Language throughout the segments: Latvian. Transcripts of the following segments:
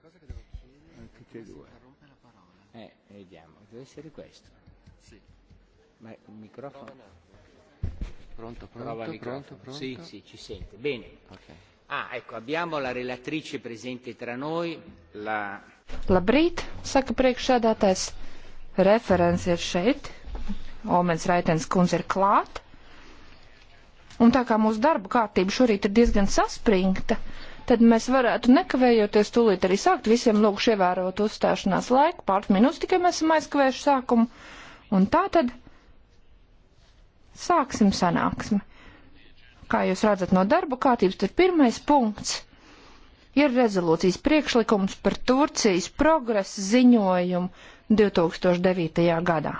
cosa che devo chiedere Ma tutte e due. interrompe la parola. Eh, vediamo, deve essere questo. Sì. Ma il microfono. Prova pronto, pronto, Prova pronto, pronto, pronto. Sì, sì, ci sente. Bene. Okay. Ah, ecco, abbiamo la relatrice presente tra noi, la... Labrīt, saka priekšsēdētājs. Referents ir šeit. Omens Raitens kundze ir klāt. Un tā kā mūsu darba kārtība šorīt ir diezgan saspringta, uh, tad mēs varētu nekavējoties tūlīt arī sākt visiem lūkšu ievērot uzstāšanās laiku. Pāris minūtes tikai mēs esam aizkavējuši sākumu. Un tā tad sāksim sanāksmi. Kā jūs redzat no darba kārtības, tad pirmais punkts ir rezolūcijas priekšlikums par Turcijas progresa ziņojumu 2009. gadā.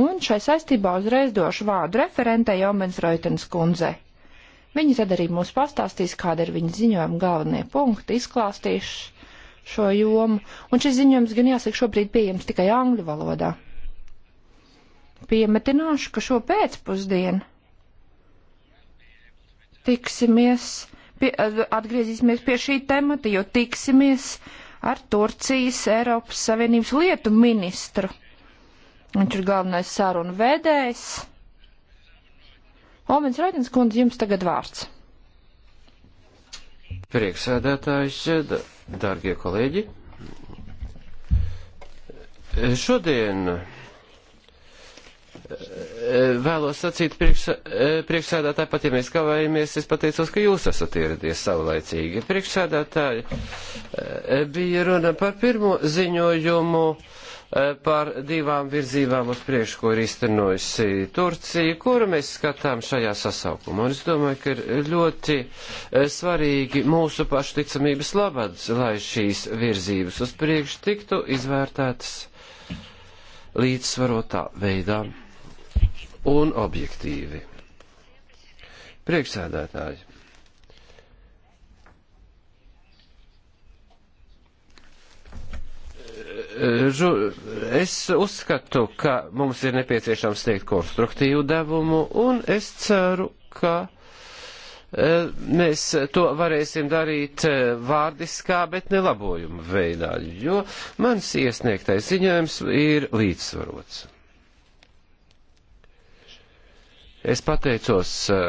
Un šai saistībā uzreiz došu vārdu referentei Omens Roitenes kundzei. Viņi tad arī mums pastāstīs, kāda ir viņa ziņojuma galvenie punkti, izklāstīs šo jomu, un šis ziņojums, gan jāsaka, šobrīd pieejams tikai angļu valodā. Piemetināšu, ka šo pēcpusdienu tiksimies, pie, atgriezīsimies pie šī temata, jo tiksimies ar Turcijas Eiropas Savienības lietu ministru. Viņš ir galvenais sarunu vedējs. Omens Raidens kundze, jums tagad vārds. Prieksēdētājs, dārgie kolēģi. Šodien e, vēlos sacīt priekš, e, priekšsēdētāji, pat ja mēs kavējamies, es pateicos, ka jūs esat ieradies savlaicīgi. Priekšsēdētāji e, bija runa par pirmo ziņojumu Eh, par divām virzībām uz priekšu, ko ir iztenojusi Turcija, kuru mēs skatām šajā sasaukumā. Un es domāju, ka ir ļoti eh, svarīgi mūsu pašu ticamības labad, lai šīs virzības uz priekšu tiktu izvērtētas līdzsvarotā veidā un objektīvi. Priekšsēdētāji, es uzskatu, ka mums ir nepieciešams sniegt konstruktīvu devumu, un es ceru, ka e, mēs to varēsim darīt e, vārdiskā, bet nelabojuma veidā, jo mans iesniegtais ziņojums ir līdzsvarots. Es pateicos e,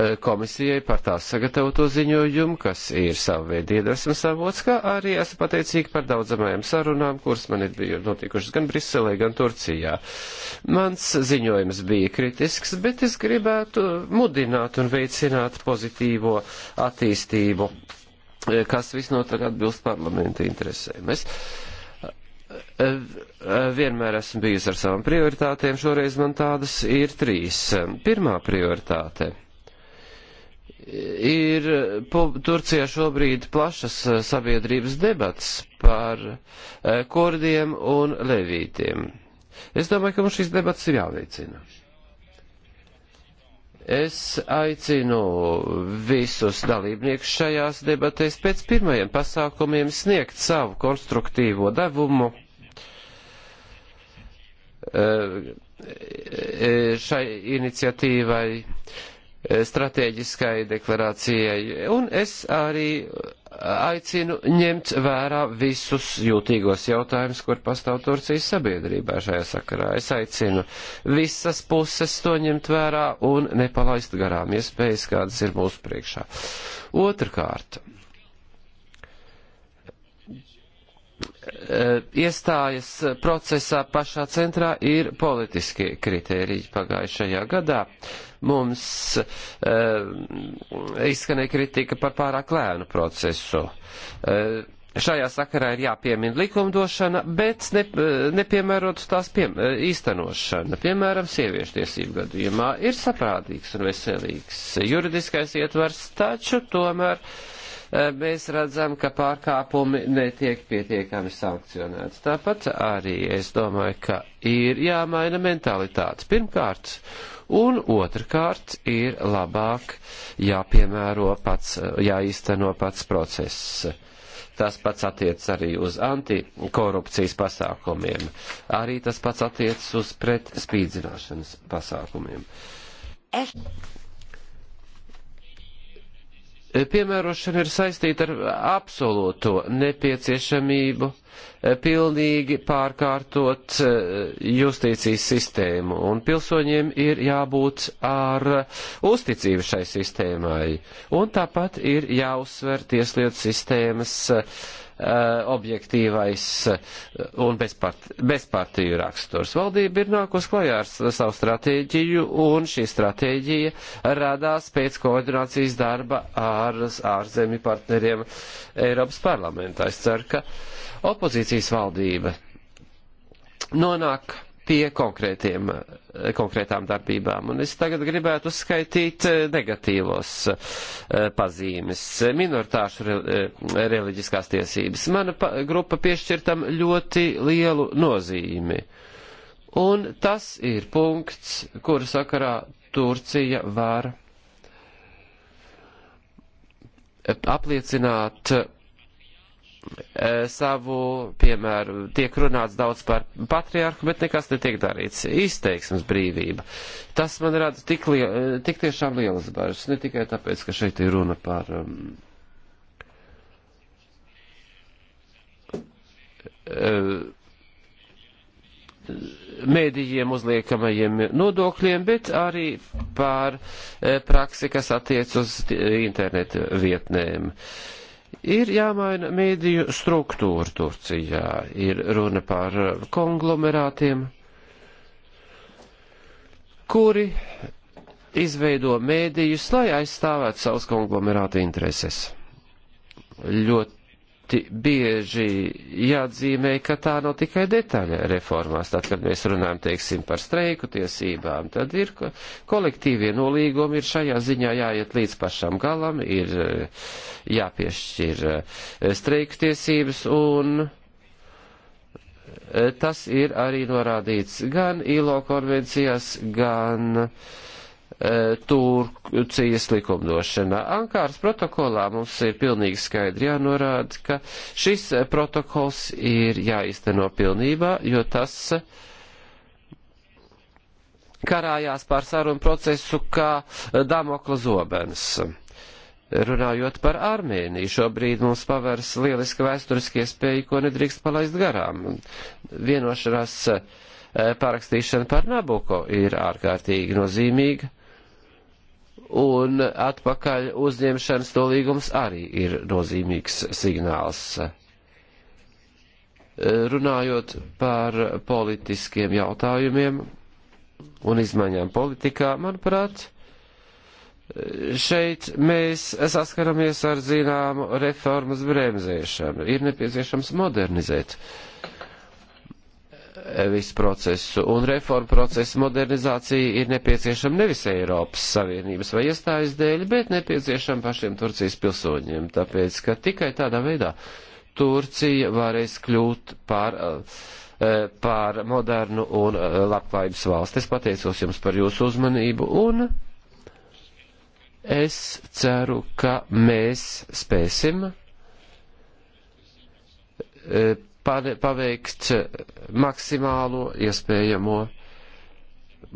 Eh, komisijai par tās sagatavoto ziņojumu, kas ir savu veidu iedvesmas avots, kā arī esmu pateicīgi par daudzamajām sarunām, kuras man ir bijušas notikušas gan Briselē, gan Turcijā. Mans ziņojums bija kritisks, bet es gribētu mudināt un veicināt pozitīvo attīstību, eh, kas visnotaļ atbilst parlamenta interesēm. Es, eh, vienmēr esmu bijusi ar savām prioritātēm, šoreiz man tādas ir trīs. Pirmā prioritāte ir Turcijā šobrīd plašas eh, sabiedrības debats par eh, kurdiem un levītiem. Es domāju, ka mums šīs debats ir jāveicina. Es aicinu visus dalībniekus šajās debatēs pēc pirmajiem pasākumiem sniegt savu konstruktīvo devumu eh, šai iniciatīvai stratēģiskai deklarācijai, un es arī aicinu ņemt vērā visus jūtīgos jautājumus, kur pastāv Turcijas sabiedrībā šajā sakarā. Es aicinu visas puses to ņemt vērā un nepalaist garām iespējas, kādas ir mūsu priekšā. Otrkārt, Eh, iestājas procesā pašā centrā ir politiskie kritēriji pagājušajā gadā. Mums uh, izskanēja kritika par pārāk lēnu procesu. Uh, Šajā sakarā ir jāpiemina likumdošana, bet ne, nepiemērot tās piem, īstenošana. Piemēram, sieviešu tiesību gadījumā ir saprātīgs un veselīgs juridiskais ietvars, taču tomēr uh, Eh, mēs redzam, ka pārkāpumi netiek pietiekami sankcionēts. Tāpat arī es domāju, ka ir jāmaina mentalitātes pirmkārt, un otrkārt ir labāk jāpiemēro pats, eh, jāīsteno pats process. Tas pats attiec arī uz antikorupcijas pasākumiem. Arī tas pats attiec uz pret spīdzināšanas pasākumiem. Es piemērošana ir saistīta ar absolūto nepieciešamību eh, pilnīgi pārkārtot eh, justīcijas sistēmu, un pilsoņiem ir jābūt ar uzticību šai sistēmai, un tāpat ir jāuzsver tieslietu sistēmas uh, Eh, objektīvais eh, un bezpartiju raksturs. Valdība ir nākus klajā ar savu stratēģiju, un šī stratēģija radās pēc koordinācijas darba ar ārzemju partneriem Eiropas parlamentā. Es ceru, ka opozīcijas valdība nonāk pie konkrētiem, konkrētām darbībām. Un es tagad gribētu uzskaitīt eh, negatīvos eh, pazīmes. Minoritāšu eh, reliģiskās tiesības. Mana grupa piešķirtam ļoti lielu nozīmi. Un tas ir punkts, kura sakarā Turcija var apliecināt E, savu, piemēram, tiek runāts daudz par patriārhu, bet nekas netiek darīts. Izteiksmes brīvība. Tas man rada tik, liel, e, tik tiešām lielas bažas, ne tikai tāpēc, ka šeit ir runa par um, e, mēdījiem uzliekamajiem nodokļiem, bet arī par praksi, kas attiec uz internetu vietnēm. Uh, Ir jāmaina mēdīju struktūra Turcijā, ir runa par konglomerātiem, kuri izveido mēdījus, lai aizstāvētu savus konglomerātu intereses. Ļoti ļoti bieži jāatzīmē, ka tā nav tikai detaļa reformās. Tad, kad mēs runājam, teiksim, par streiku tiesībām, tad ir kolektīvie nolīgumi, ir šajā ziņā jāiet līdz pašam galam, ir eh, jāpiešķir eh, streiku tiesības un. Eh, tas ir arī norādīts gan ILO konvencijās, gan uh, Turcijas likumdošanā. Ankāras protokolā mums ir pilnīgi skaidri jānorāda, ka šis protokols ir jāizteno pilnībā, jo tas karājās pār sarunu procesu kā Damokla zobens. Runājot par Armēniju, šobrīd mums pavērs lieliska vēsturiski iespēja, ko nedrīkst palaist garām. Vienošanās eh, parakstīšana par Nabuko ir ārkārtīgi nozīmīga un atpakaļ uzņemšanas to līgums arī ir nozīmīgs signāls. Runājot par politiskiem jautājumiem un izmaiņām politikā, manuprāt, šeit mēs saskaramies ar zināmu reformas bremzēšanu. Ir nepieciešams modernizēt uh, visu procesu. Un reformu procesu modernizācija ir nepieciešama nevis Eiropas Savienības vai iestājas dēļ, bet nepieciešama pašiem Turcijas pilsoņiem, tāpēc, ka tikai tādā veidā Turcija varēs kļūt par, eh, par modernu un eh, labklājības valsti. Es pateicos jums par jūsu uzmanību un es ceru, ka mēs spēsim eh, paveikt maksimālo iespējamo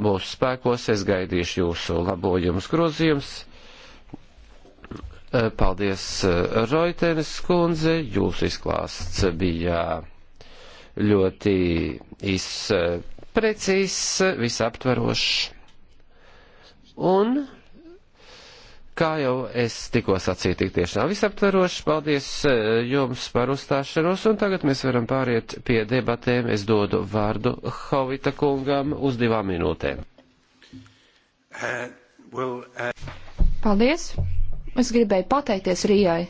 mūsu spēkos. Es gaidīšu jūsu labojumus grozījums. Eh, paldies, eh, Roitenes kundze, jūsu izklāsts bija ļoti iz, eh, precīzs, visaptverošs. Un Kā jau es tikko sacīju, tik tiešām visaptveroši, paldies eh, jums par uzstāšanos, un tagad mēs varam pāriet pie debatēm. Es dodu vārdu Hovita kungam uz divām minūtēm. Uh, well, uh... Paldies! Es gribēju pateikties Rijai,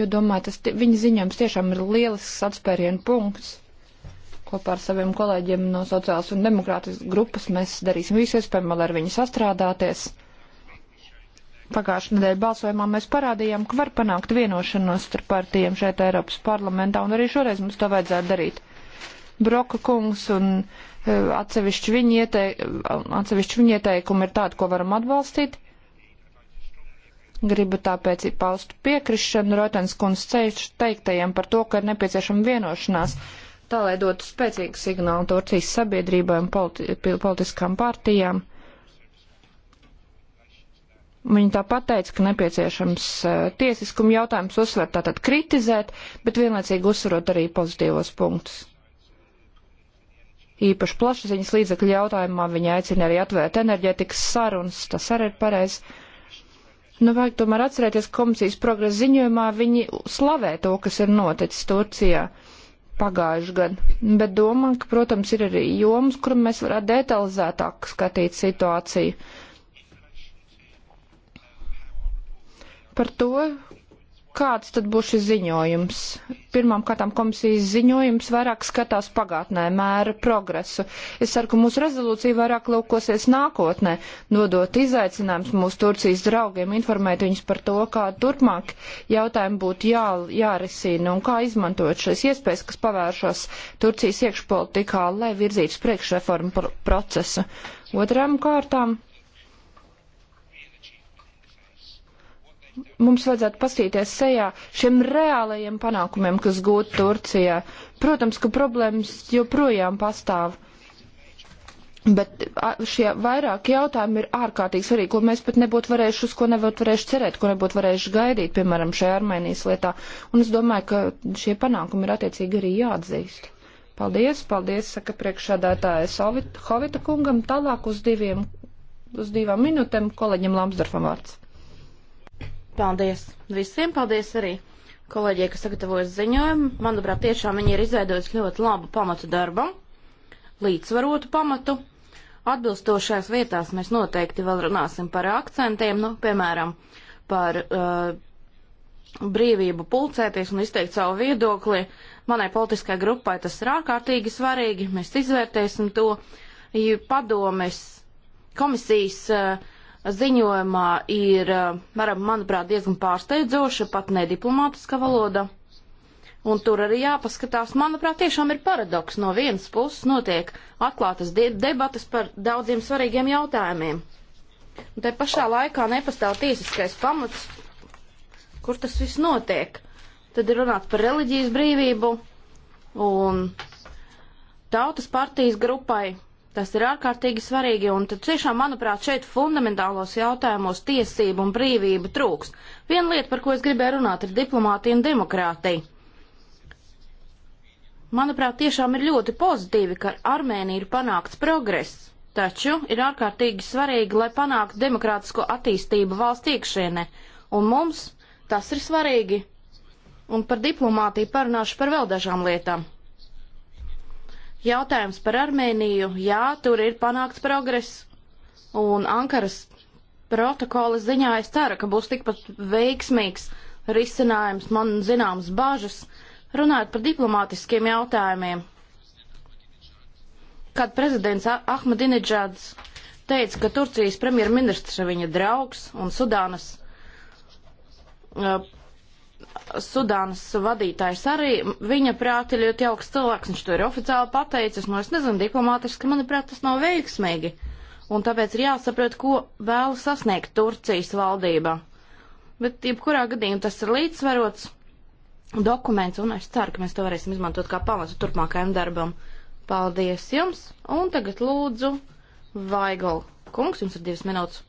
jo domāju, tas viņa ziņojums tiešām ir lielisks atspērienu punkts kopā ar saviem kolēģiem no sociālas un demokrātas grupas mēs darīsim visu iespējamo, lai ar viņu sastrādāties. Pagājušajā nedēļā balsojumā mēs parādījām, ka var panākt vienošanos starp partijiem šeit Eiropas parlamentā, un arī šoreiz mums to vajadzētu darīt. Broka kungs un e, atsevišķi viņa, ieteik, atsevišķi viņa ieteikumi ir tādi, ko varam atbalstīt. Gribu tāpēc paust piekrišanu Rotens kundas teiktajiem par to, ka ir nepieciešama vienošanās, tā lai dotu spēcīgu signālu Turcijas sabiedrībai un politi politiskām partijām Viņa tāpat teica, ka nepieciešams e, tiesiskuma jautājums uzsver tātad kritizēt, bet vienlaicīgi uzsverot arī pozitīvos punktus. Īpaši plašsaziņas līdzekļu jautājumā viņa aicina arī atvērt enerģētikas sarunas, tas arī ir pareizi. Nu, vajag tomēr atcerēties, ka komisijas progresa ziņojumā viņi slavē to, kas ir noticis Turcijā pagājuši gadu, bet domā, ka, protams, ir arī jomas, kur mēs varētu detalizētāk skatīt situāciju par to, kāds tad būs šis ziņojums? Pirmām kārtām komisijas ziņojums vairāk skatās pagātnē, mēra progresu. Es ceru, ka mūsu rezolūcija vairāk lūkosies nākotnē, dodot izaicinājums mūsu Turcijas draugiem, informēt viņus par to, kā turpmāk jautājumi būtu jā, jārisina un kā izmantot šīs iespējas, kas pavēršos Turcijas iekšpolitikā, lai virzītu priekšreformu procesu. Otrām kārtām mums vajadzētu paskatīties sejā šiem reālajiem panākumiem, kas gūt Turcijā. Protams, ka problēmas joprojām pastāv. Bet šie vairāki jautājumi ir ārkārtīgi svarīgi, ko mēs pat nebūtu varējuši, uz ko nebūtu varējuši cerēt, ko nebūtu varējuši gaidīt, piemēram, šajā Armēnijas lietā. Un es domāju, ka šie panākumi ir attiecīgi arī jāatzīst. Paldies, paldies, saka priekšādātāja Hovita kungam, tālāk uz diviem, uz divām minūtēm kolēģim Lamsdorfam vārds. Paldies visiem, paldies arī kolēģiem, kas sagatavojas ziņojumu. Manuprāt, tiešām viņi ir izveidojuši ļoti labu pamatu darbam, līdzsvarotu pamatu. Atbilstošās vietās mēs noteikti vēl runāsim par akcentiem, nu, piemēram, par uh, brīvību pulcēties un izteikt savu viedokli. Manai politiskajai grupai tas ir ārkārtīgi svarīgi, mēs izvērtēsim to. Padomes komisijas uh, ziņojumā ir, eh, manuprāt, diezgan pārsteidzoša, pat nediplomātiska valoda. Un tur arī jāpaskatās, manuprāt, tiešām ir paradoks. No vienas puses notiek atklātas debatas par daudziem svarīgiem jautājumiem. Un te pašā laikā nepastāv tiesiskais pamats, kur tas viss notiek. Tad ir runāts par reliģijas brīvību un tautas partijas grupai Tas ir ārkārtīgi svarīgi, un tad tiešām, manuprāt, šeit fundamentālos jautājumos tiesību un brīvību trūks. Viena lieta, par ko es gribēju runāt, ir diplomātija un demokrātija. Manuprāt, tiešām ir ļoti pozitīvi, ka Armēnija ir panākts progress, taču ir ārkārtīgi svarīgi, lai panāktu demokrātisko attīstību valsts iekšēnē, un mums tas ir svarīgi. Un par diplomātiju parunāšu par vēl dažām lietām. Jautājums par Armēniju. Jā, tur ir panākts progress. Un Ankaras protokola ziņā es ceru, ka būs tikpat veiksmīgs risinājums man zināmas bažas. Runājot par diplomātiskiem jautājumiem. Kad prezidents Ahmadinečāds teica, ka Turcijas premjerministrs ir viņa draugs un Sudānas Sudānas vadītājs arī, viņa prāt, ir ļoti jauks cilvēks, viņš to ir oficiāli pateicis, nu es nezinu, diplomātiski, manuprāt, tas nav veiksmīgi. Un tāpēc ir jāsaprot, ko vēl sasniegt Turcijas valdība. Bet jebkurā gadījumā tas ir līdzsvarots dokuments, un es ceru, ka mēs to varēsim izmantot kā pamatu turpmākajam darbam. Paldies jums, un tagad lūdzu Vaigal kungs, jums ir divas minūtes.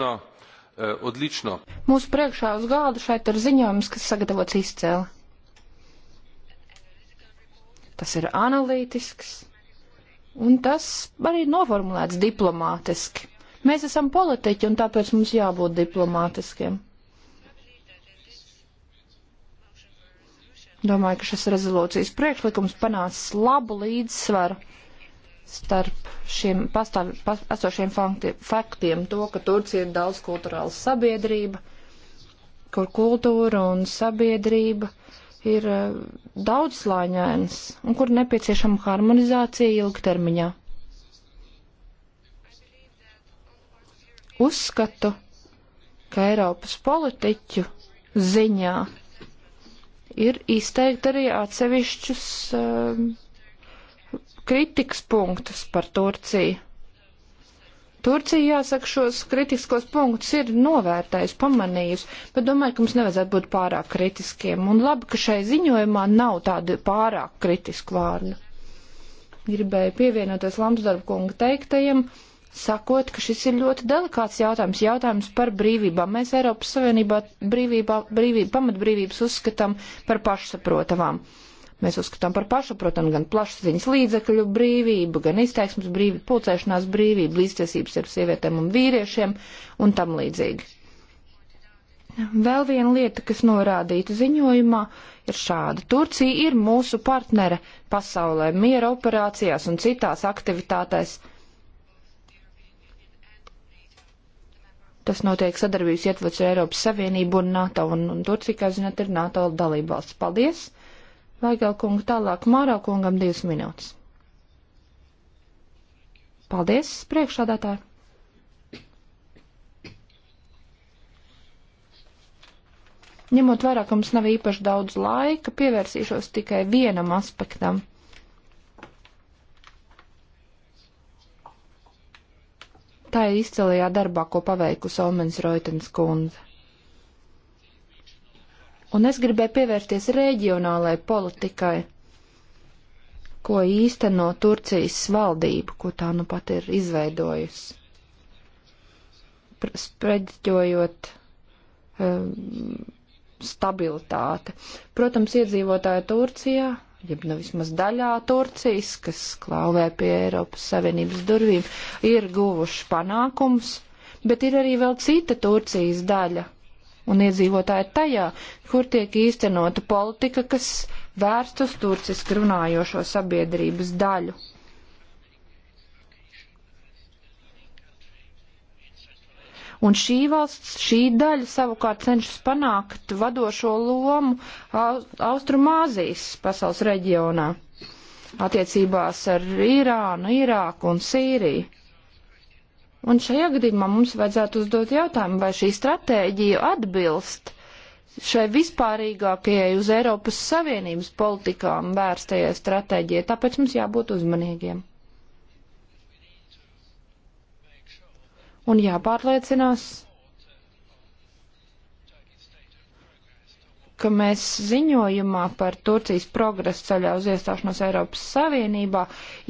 No. Eh, odlično. Mūsu priekšā uz galda šeit ir ziņojums, kas sagatavots izcēli. Tas ir analītisks, un tas arī noformulēts diplomātiski. Mēs esam politiķi, un tāpēc mums jābūt diplomātiskiem. Domāju, ka šis rezolūcijas priekšlikums panācis labu līdzsvaru starp šiem pastāv, pas, esošiem fakti, faktiem to, ka Turcija ir daudz kulturāls sabiedrība, kur kultūra un sabiedrība ir eh, daudzslāņainas un kur nepieciešama harmonizācija ilgtermiņā. Uzskatu, ka Eiropas politiķu ziņā ir izteikti arī atsevišķus uh, kritikas punktus par Turciju. Turcija, jāsaka, šos kritiskos punktus ir novērtējusi, pamanījusi, bet domāju, ka mums nevajadzētu būt pārāk kritiskiem. Un labi, ka šai ziņojumā nav tādu pārāk kritisku vārdu. Gribēju pievienoties Lamsdarba kunga teiktajiem, sakot, ka šis ir ļoti delikāts jautājums, jautājums par brīvībām. Mēs Eiropas Savienībā brīvībā, brīvība, pamatbrīvības uzskatām par pašsaprotamām. Mēs uzskatām par pašaprotam gan plašsaziņas līdzekļu brīvību, gan izteiksmes brīvību, pulcēšanās brīvību, līdztiesības ar sievietēm un vīriešiem un tam līdzīgi. Vēl viena lieta, kas norādīta ziņojumā, ir šāda. Turcija ir mūsu partnere pasaulē miera operācijās un citās aktivitātēs. Tas notiek sadarbības ietvaros ar Eiropas Savienību un NATO, un, un Turcija, kā zināt, ir NATO dalībvalsts. Paldies! Vaigel kungu tālāk Mārā kungam divas minūtes. Paldies, priekšādātāji! Ņemot vērā, ka mums nav īpaši daudz laika, pievērsīšos tikai vienam aspektam. Tā ir izcilajā darbā, ko paveikusi Olmens Roitens kundze. Un es gribēju pievērties reģionālai politikai, ko īsteno Turcijas valdību, ko tā nu pat ir izveidojusi. Spreģķojot um, stabilitāte. Protams, iedzīvotāji Turcijā, jeb nu vismaz daļā Turcijas, kas klauvē pie Eiropas Savienības durvīm, ir guvuši panākums, bet ir arī vēl cita Turcijas daļa, un iedzīvotāji tajā, kur tiek īstenota politika, kas vērst uz turciski runājošo sabiedrības daļu. Un šī valsts, šī daļa savukārt cenšas panākt vadošo lomu Austrumāzijas pasaules reģionā attiecībās ar Irānu, Irāku un Sīriju. Un šajā gadījumā mums vajadzētu uzdot jautājumu, vai šī stratēģija atbilst šai vispārīgākajai uz Eiropas Savienības politikām vērstajai stratēģijai, tāpēc mums jābūt uzmanīgiem. Un jāpārliecinās, ka mēs ziņojumā par Turcijas progresu ceļā uz iestāšanos Eiropas Savienībā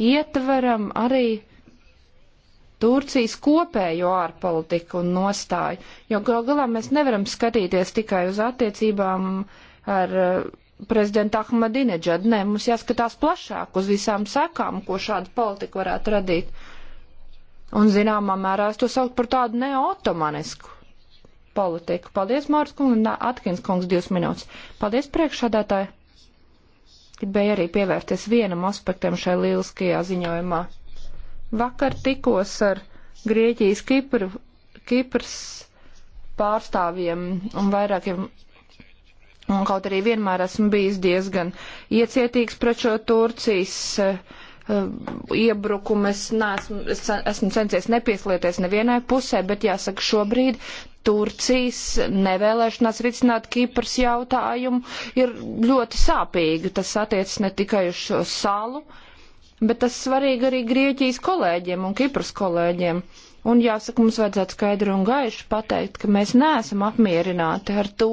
ietveram arī Turcijas kopējo ārpolitiku un nostāju, jo gal galā mēs nevaram skatīties tikai uz attiecībām ar eh, prezidentu Ahmadineģadu. Nē, mums jāskatās plašāk uz visām sekām, ko šāda politika varētu radīt. Un zināmā mērā es to saucu par tādu neotomanisku politiku. Paldies, Mārs kungs, un uh, Atkins kungs divas minūtes. Paldies, priekšādātāji. Gribēju arī pievērties vienam aspektam šai lieliskajā ziņojumā. Vakar tikos ar Grieķijas Kipru, Kipras pārstāvjiem un vairākiem. Un kaut arī vienmēr esmu bijis diezgan iecietīgs pret šo Turcijas uh, iebrukumu. Es, neesmu, es esmu centies nepieslieties nevienai pusē, bet jāsaka, šobrīd Turcijas nevēlēšanās risināt Kīpras jautājumu ir ļoti sāpīga. Tas attiecas ne tikai uz šo salu, bet tas svarīgi arī Grieķijas kolēģiem un Kipras kolēģiem. Un jāsaka, mums vajadzētu skaidri un gaiši pateikt, ka mēs neesam apmierināti ar to,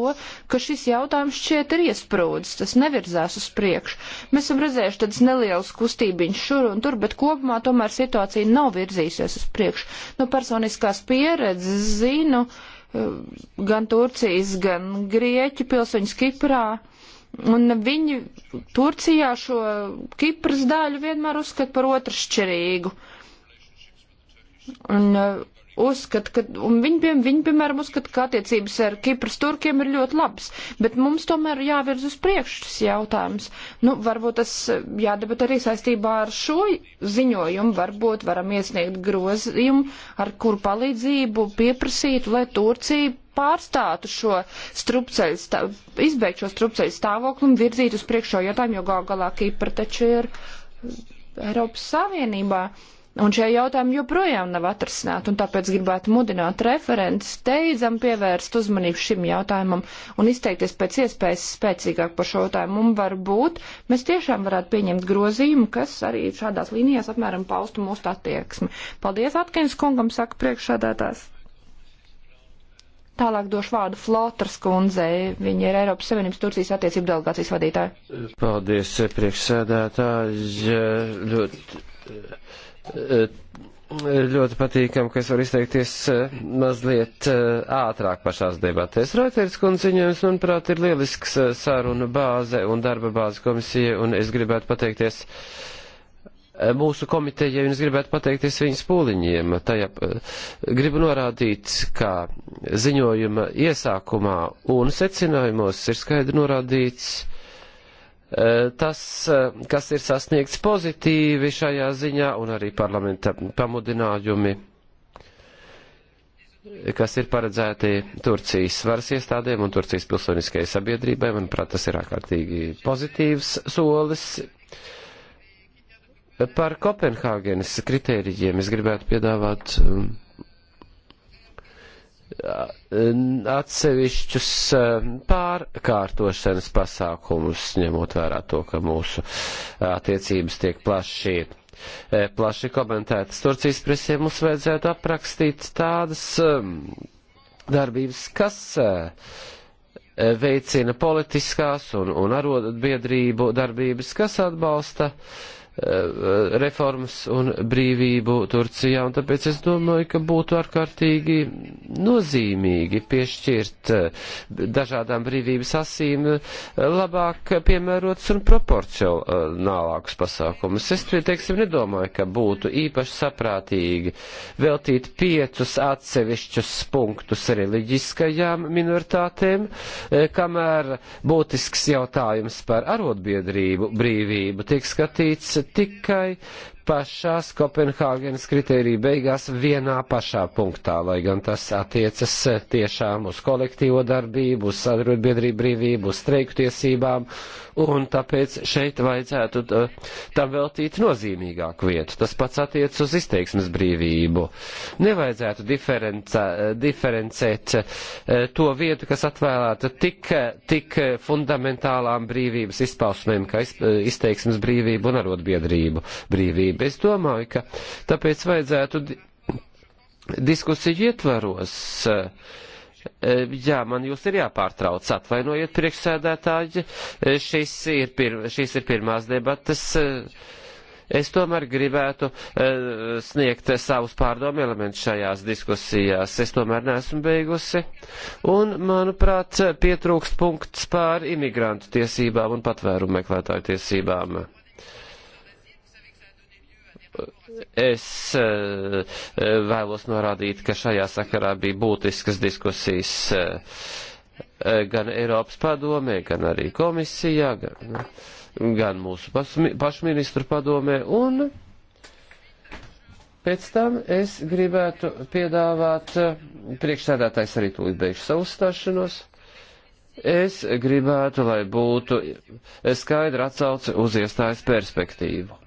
ka šis jautājums šķiet ir iesprūdis, tas nevirzās uz priekšu. Mēs esam redzējuši tādas nelielas kustībiņas šur un tur, bet kopumā tomēr situācija nav virzīsies uz priekšu. No personiskās pieredzes zinu eh, gan Turcijas, gan Grieķu pilsoņus Kiprā Un viņi Turcijā šo Kipras daļu vienmēr uzskata par otršķirīgu. Un uh, uzskata, ka, un viņi, pie, viņi, piemēram, uzskata, ka attiecības ar Kipras turkiem ir ļoti labas, bet mums tomēr jāvirz uz priekšu šis jautājums. Nu, varbūt tas jādebat arī saistībā ar šo ziņojumu, varbūt varam iesniegt grozījumu, ar kur palīdzību pieprasītu, lai Turcija pārstātu šo strupceļu, stāv, izbeigt šo strupceļu stāvokli un virzīt uz priekšo jautājumu, jo gal galā Kipra taču ir uh, Eiropas Savienībā. Un šie jautājumi joprojām nav atrasināti, un tāpēc gribētu mudināt referents steidzam pievērst uzmanību šim jautājumam un izteikties pēc iespējas spēcīgāk par šo jautājumu. Un varbūt mēs tiešām varētu pieņemt grozījumu, kas arī šādās līnijās apmēram paustu mūsu attieksmi. Paldies Atkins kungam, saka priekšādātājs. Tālāk došu vārdu Flotras kundzei. Viņa ir Eiropas Savienības Turcijas attiecību delegācijas vadītāja. Paldies, priekšsēdētāji. Ļoti, ļoti patīkam, ka es varu izteikties eh, mazliet eh, ātrāk pašās debatēs. Raitērs kundziņojums, manuprāt, ir lielisks eh, sarunu bāze un darba bāze komisija, un es gribētu pateikties Eh, mūsu komitejai, un es gribētu pateikties viņas pūliņiem. Tajā eh, gribu norādīt, ka ziņojuma iesākumā un secinājumos ir skaidri norādīts eh, tas, kas ir sasniegts pozitīvi šajā ziņā, un arī parlamenta pamudinājumi kas ir paredzēti Turcijas varas iestādēm un Turcijas pilsoniskajai sabiedrībai. Manuprāt, tas ir ārkārtīgi pozitīvs solis Par Kopenhāgenes kritērijiem es gribētu piedāvāt um, atsevišķus um, pārkārtošanas pasākumus, ņemot vērā to, ka mūsu attiecības tiek plaši, e, plaši komentētas Turcijas presē, mums vajadzētu aprakstīt tādas um, darbības, kas e, e, veicina politiskās un, un arotbiedrību darbības, kas atbalsta uh, Eh, reformas un brīvību Turcijā, un tāpēc es domāju, ka būtu ārkārtīgi nozīmīgi piešķirt eh, dažādām brīvības asīm eh, labāk piemērots un proporcionālākus pasākumus. Es, teiksim, nedomāju, ka būtu īpaši saprātīgi veltīt piecus atsevišķus punktus reliģiskajām minoritātēm, kamēr būtisks jautājums par arotbiedrību brīvību tiek skatīts tikai pašās Kopenhāgenes kritērija beigās vienā pašā punktā, lai gan tas attiecas eh, tiešām uz kolektīvo darbību, uz sadarbību brīvību, uz streiku tiesībām, un tāpēc šeit vajadzētu eh, tam veltīt nozīmīgāku vietu. Tas pats attiec uz izteiksmes brīvību. Nevajadzētu eh, diferencēt to vietu, kas atvēlēta tik, tik fundamentālām brīvības izpausmēm, kā izteiksmes brīvību un arotbiedrību brīvību savienība. Es domāju, ka tāpēc vajadzētu diskusiju ietvaros. Eh, jā, man jūs ir jāpārtrauc, atvainojiet priekšsēdētāji, eh, šis ir pir, šīs ir pirmās debatas. Eh, es tomēr gribētu uh, sniegt savus pārdomu elementus šajās diskusijās. Es tomēr neesmu beigusi. Un, manuprāt, pietrūkst punkts pār imigrantu tiesībām un patvērumu meklētāju tiesībām es eh, vēlos norādīt, ka šajā sakarā bija būtiskas diskusijas eh, eh, gan Eiropas padomē, gan arī komisijā, gan, gan mūsu pašministru padomē. Un pēc tam es gribētu piedāvāt, priekšsēdētājs arī tūlīt beigšu savu stāšanos, es gribētu, lai būtu skaidra atsauce uz iestājas perspektīvu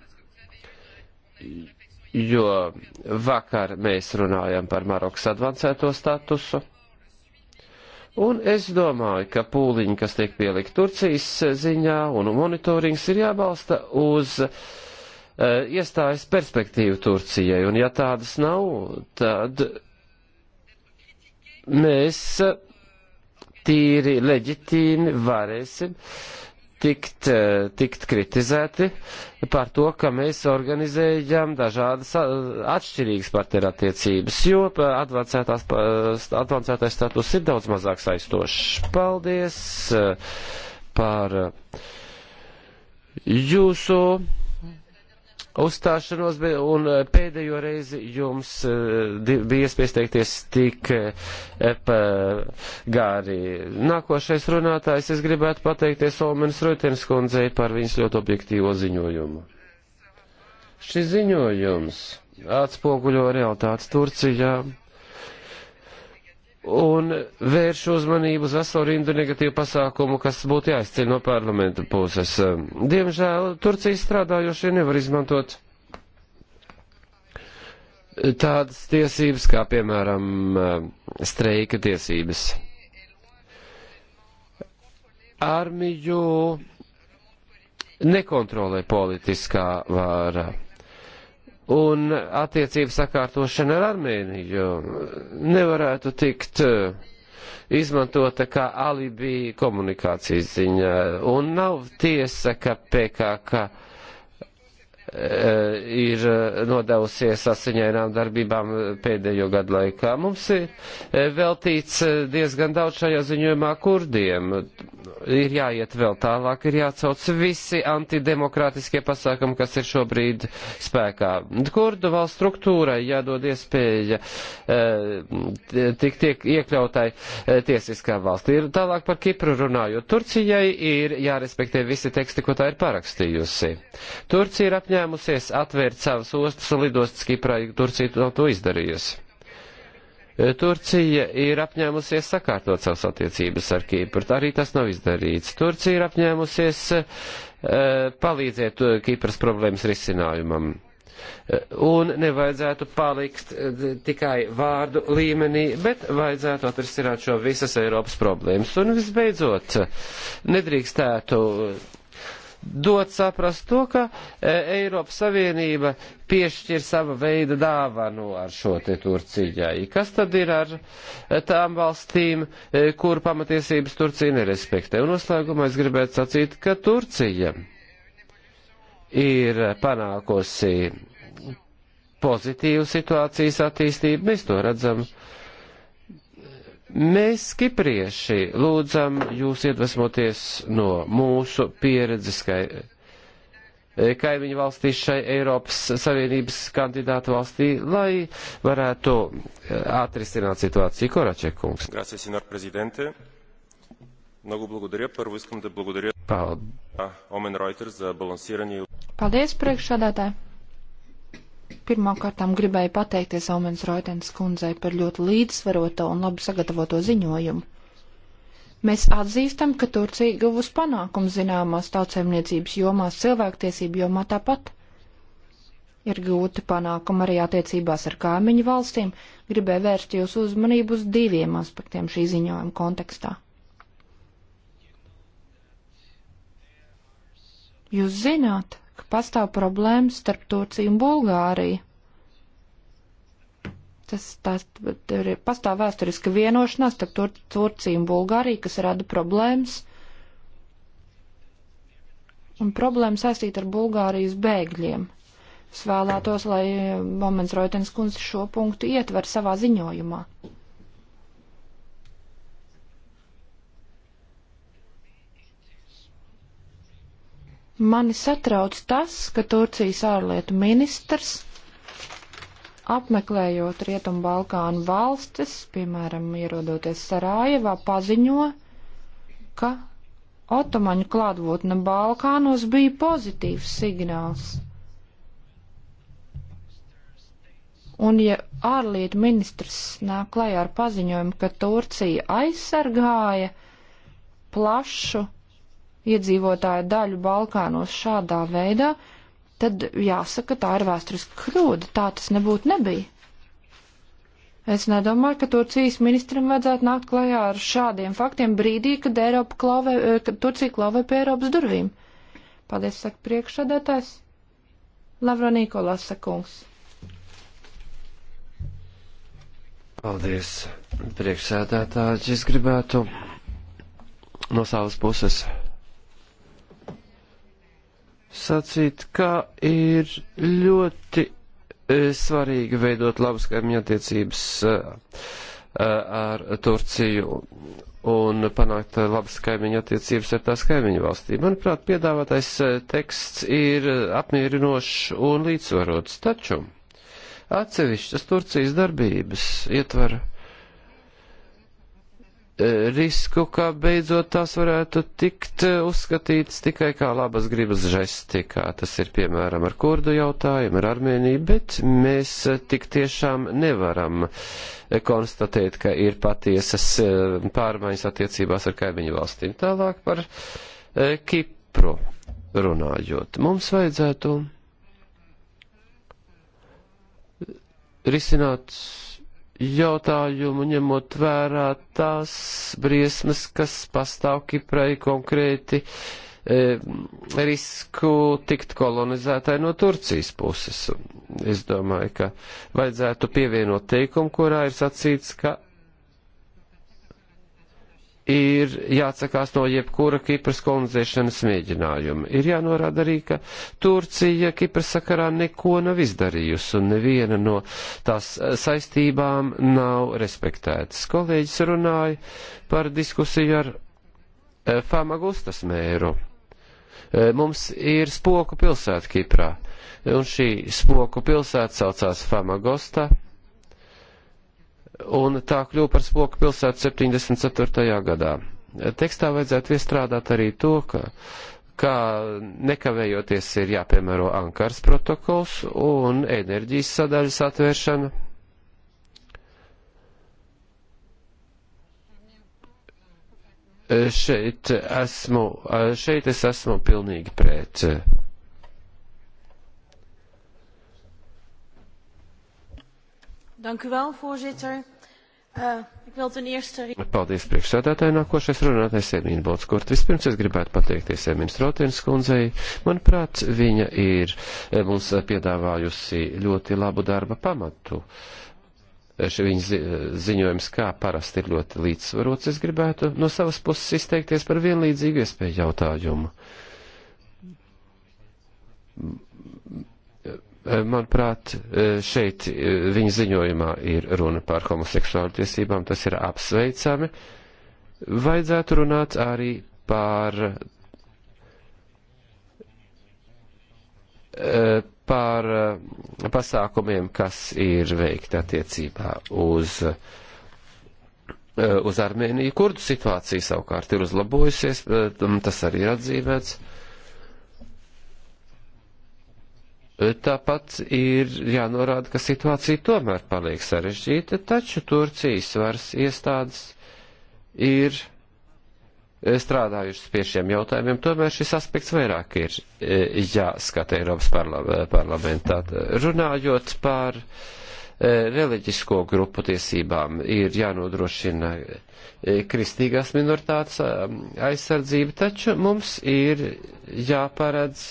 jo vakar mēs runājam par Marokas advancēto statusu. Un es domāju, ka pūliņi, kas tiek pielikt Turcijas ziņā un monitorings ir jābalsta uz uh, iestājas perspektīvu Turcijai, un ja tādas nav, tad mēs tīri leģitīmi varēsim uh, tikt, eh, tikt kritizēti par to, ka mēs organizējam dažādas eh, atšķirīgas partnerattiecības, jo eh, advancētais status ir daudz mazāk saistošs. Paldies par jūsu uzstāšanos, un eh, pēdējo reizi jums eh, bija iespējas teikties tik eh, gāri. Nākošais runātājs es gribētu pateikties Olmenis Rutens kundzei par viņas ļoti objektīvo ziņojumu. Šis ziņojums atspoguļo realitātes Turcijā un vērš uzmanību uz veselu rindu negatīvu pasākumu, kas būtu jāizceļ no parlamenta puses. Diemžēl Turcijas strādājošie nevar izmantot tādas tiesības, kā piemēram streika tiesības. Armiju nekontrolē politiskā vāra un attiecību sakārtošana ar Armēniju nevarētu tikt eh, izmantota kā alibi komunikācijas ziņa. Un nav tiesa, ka PKK. Ka Eh, ir eh, nodevusies asiņainām darbībām eh, pēdējo gadu laikā. Mums ir veltīts diezgan daudz šajā ziņojumā kurdiem. Ir jāiet vēl tālāk, ir jācauc visi antidemokrātiskie pasākumi, kas ir šobrīd spēkā. Kurdu valsts struktūrai jādod iespēja tik tiek iekļautai tiesiskā valstī. Ir tālāk par Kipru runājot. Turcijai ir jārespektē visi teksti, ko tā ir parakstījusi. Turcija ir apņēmusies apņēmusies atvērt savas ostas un lidostas Kiprā, ja Turcija nav to izdarījusi. E, Turcija ir apņēmusies sakārtot savas attiecības ar Kipru, arī tas nav izdarīts. Turcija ir apņēmusies uh, palīdzēt e, Kipras problēmas risinājumam. Un nevajadzētu palikt tikai vārdu līmenī, bet vajadzētu atrisināt šo visas Eiropas problēmas. Un visbeidzot, nedrīkstētu dot saprast to, ka e, Eiropas Savienība piešķir sava veida dāvanu ar šo te Turcijai. Kas tad ir ar e, tām valstīm, e, kur pamatiesības Turcija nerespektē? Un noslēgumā es gribētu sacīt, ka Turcija ir panākusi pozitīvu situācijas attīstību. Mēs to redzam Mēs, kiprieši, lūdzam jūs iedvesmoties no mūsu pieredzes, ka e, kaimiņu valstīs šai Eiropas Savienības kandidātu valstī, lai varētu e, atrisināt situāciju. Koračekungs. Gracias, senor prezidente. Много благодаря. Първо искам да благодаря Пал... Омен Ройтер за балансиране. Paldies, priekšsādātāji! Pirmkārtām gribēju pateikties Aumens Roitens kundzei par ļoti līdzsvaroto un labi sagatavoto ziņojumu. Mēs atzīstam, ka Turcija guvusi panākumu zināmās tautsēmniecības jomās, cilvēktiesību jomā tāpat. Ir gūti panākumi arī attiecībās ar kaimiņu valstīm, gribēju vērst jūsu uzmanību uz diviem aspektiem šī ziņojuma kontekstā. Jūs zināt, pastāv problēmas starp Turciju un Bulgāriju. Tas tās, ir pastāv vēsturiska vienošanās starp Tur Turciju un Bulgāriju, kas rada problēmas. Un problēma saistīta ar Bulgārijas bēgļiem. Es vēlētos, lai eh, Momens Roitens kundze šo punktu ietver savā ziņojumā. Mani satrauc tas, ka Turcijas ārlietu ministrs, apmeklējot Rietumu Balkānu valstis, piemēram, ierodoties Sarajevā, paziņo, ka Otomaņu klātbūtne Balkānos bija pozitīvs signāls. Un ja ārlietu ministrs nāk klajā ar paziņojumu, ka Turcija aizsargāja plašu iedzīvotāju daļu Balkānos šādā veidā, tad jāsaka, tā ir vēsturiska kļūda. Tā tas nebūtu nebija. Es nedomāju, ka Turcijas ministram vajadzētu nākt klajā ar šādiem faktiem brīdī, kad, Eiropa klauvē, eh, kad Turcija klauvē pie Eiropas durvīm. Paldies, saka priekšsādētājs. Lavro Nikolās sakungs. Paldies, priekšsēdētāji. Es gribētu no savas puses sacīt, ka ir ļoti e, svarīgi veidot labas kaimiņa attiecības e, e, ar Turciju un panākt labas kaimiņa attiecības ar tās kaimiņu valstī. Manuprāt, piedāvātais teksts ir apmierinošs un līdzsvarots, taču atsevišķas Turcijas darbības ietvara Eh, risku, ka beidzot tās varētu tikt eh, uzskatītas tikai kā labas gribas žesti, kā tas ir piemēram ar kurdu jautājumu, ar Armēniju, bet mēs eh, tik tiešām nevaram konstatēt, ka ir patiesas pārmaiņas attiecībās ar kaimiņu valstīm. Tālāk par Kipru runājot. Mums vajadzētu risināt jautājumu, ņemot vērā tās briesmas, kas pastāv Kiprai konkrēti e, risku tikt kolonizētāji no Turcijas puses. Es domāju, ka vajadzētu pievienot teikumu, kurā ir sacīts, ka ir jāatsakās no jebkura Kipras kolonizēšanas mēģinājuma. Ir jānorāda arī, ka Turcija Kipras sakarā neko nav izdarījusi un neviena no tās saistībām nav respektētas. Kolēģis runāja par diskusiju ar eh, Famagustas mēru. Eh, mums ir spoku pilsēta Kiprā, un šī spoku pilsēta saucās Famagosta un tā kļuva par spoku pilsētu 74. gadā. Tekstā vajadzētu iestrādāt arī to, ka, ka nekavējoties ir jāpiemēro Ankaras protokols un enerģijas sadaļas atvēršana. Šeit, esmu, šeit es esmu pilnīgi pret. Dank u wel, voorzitter. Uh, ik wil ten eerste... Paldies priekšsēdētāji, nākošais runātais Emīna Bolskort. Vispirms es gribētu pateikties Emīnas Rotēnas kundzei. Manuprāt, viņa ir eh, mums piedāvājusi ļoti labu darba pamatu. Eh, viņa ziņojums, kā parasti, ir ļoti līdzsvarots. Es gribētu no savas puses izteikties par vienlīdzīgu iespēju jautājumu Manuprāt, šeit eh, viņa ziņojumā ir runa par homoseksuālu tiesībām, tas ir apsveicami. Vajadzētu runāt arī par, eh, par eh, pasākumiem, kas ir veikti attiecībā uz, uz Armēniju. Kurdu situācija savukārt ir uzlabojusies, tas arī ir atzīmēts Tāpat ir jānorāda, ka situācija tomēr paliek sarežģīta, taču Turcijas varas iestādes ir eh, strādājušas pie šiem jautājumiem, tomēr šis aspekts vairāk ir eh, jāskata Eiropas parlamentā. Runājot par eh, reliģisko grupu tiesībām, ir jānodrošina kristīgās minoritātes ehm, aizsardzība, taču mums ir jāparedz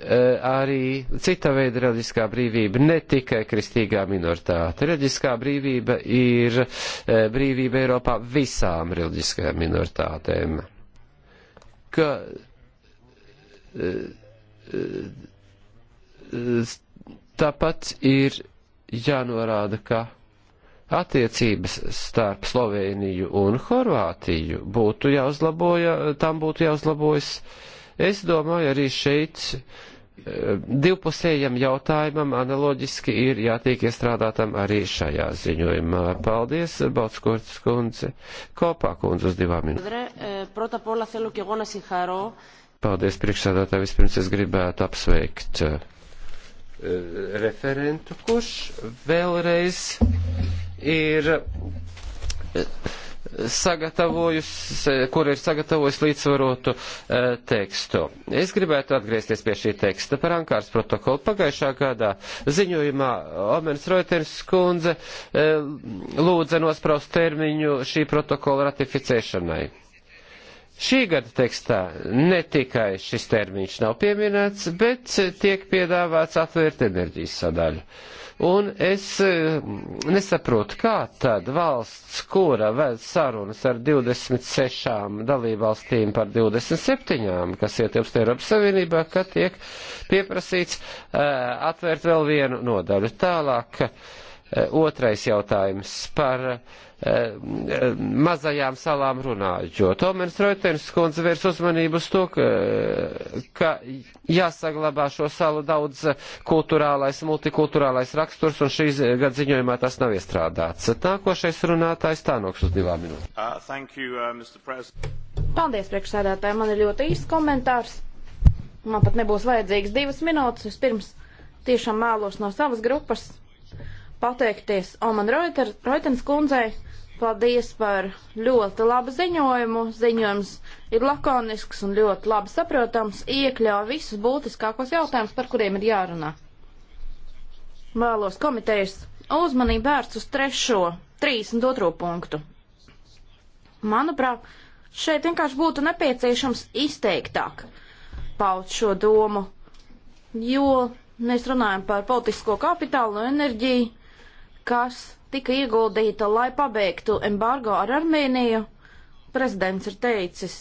Eh, arī cita veida reliģiskā brīvība, ne tikai kristīgā minoritāte. Reliģiskā brīvība ir eh, brīvība Eiropā visām reliģiskajām minoritātēm. Ka, eh, tāpat ir jānorāda, ka attiecības starp Sloveniju un Horvātiju būtu jāuzlaboja, tam būtu jāuzlabojas. Uh, Es domāju, arī šeit eh, divpusējam jautājumam analoģiski ir jātiek iestrādātam arī šajā ziņojumā. Paldies, Bautskurts kundze. Kopā kundze uz divām minūtēm. Eh, Paldies, priekšsēdētāji. Vispirms es gribētu apsveikt eh, referentu, kurš vēlreiz ir sagatavojusi, eh, kur ir sagatavojusi līdzsvarotu e, tekstu. Es gribētu atgriezties pie šī teksta par Ankāras protokolu. Pagājušā gadā ziņojumā Omenas Reuters kundze e, lūdza nospraust termiņu šī protokola ratificēšanai. Šī gada tekstā ne tikai šis termiņš nav pieminēts, bet tiek piedāvāts atvērt enerģijas sadaļu. Uh, Un es eh, nesaprotu, kā tad valsts, kura ved sarunas ar 26 dalībvalstīm par 27, kas ietilpst Eiropas Savienībā, ka tiek pieprasīts uh, atvērt vēl vienu nodaļu. Tālāk uh, otrais jautājums par uh, Eh, mazajām salām runājot. Tomēr Reuters kundze vērs uzmanību uz to, ka, ka jāsaglabā šo salu daudz kulturālais, multikulturālais raksturs, un šīs gada ziņojumā tas nav iestrādāts. Nākošais runātājs Tānoks uz divām minūtēm. Uh, you, uh, Paldies, priekšsēdētāji. Man ir ļoti īsts komentārs. Man pat nebūs vajadzīgs divas minūtes. Vispirms tiešām mēlos no savas grupas pateikties Oman Reuters kundzei Paldies par ļoti labu ziņojumu. Ziņojums ir lakonisks un ļoti labi saprotams, iekļauj visus būtiskākos jautājumus, par kuriem ir jārunā. Vēlos komitejas uzmanību vērst uz trešo, 32. punktu. Manuprāt, šeit vienkārši būtu nepieciešams izteiktāk paut šo domu, jo mēs runājam par politisko kapitālu un enerģiju, kas tika ieguldīta, lai pabeigtu embargo ar Armēniju. Prezidents ir teicis,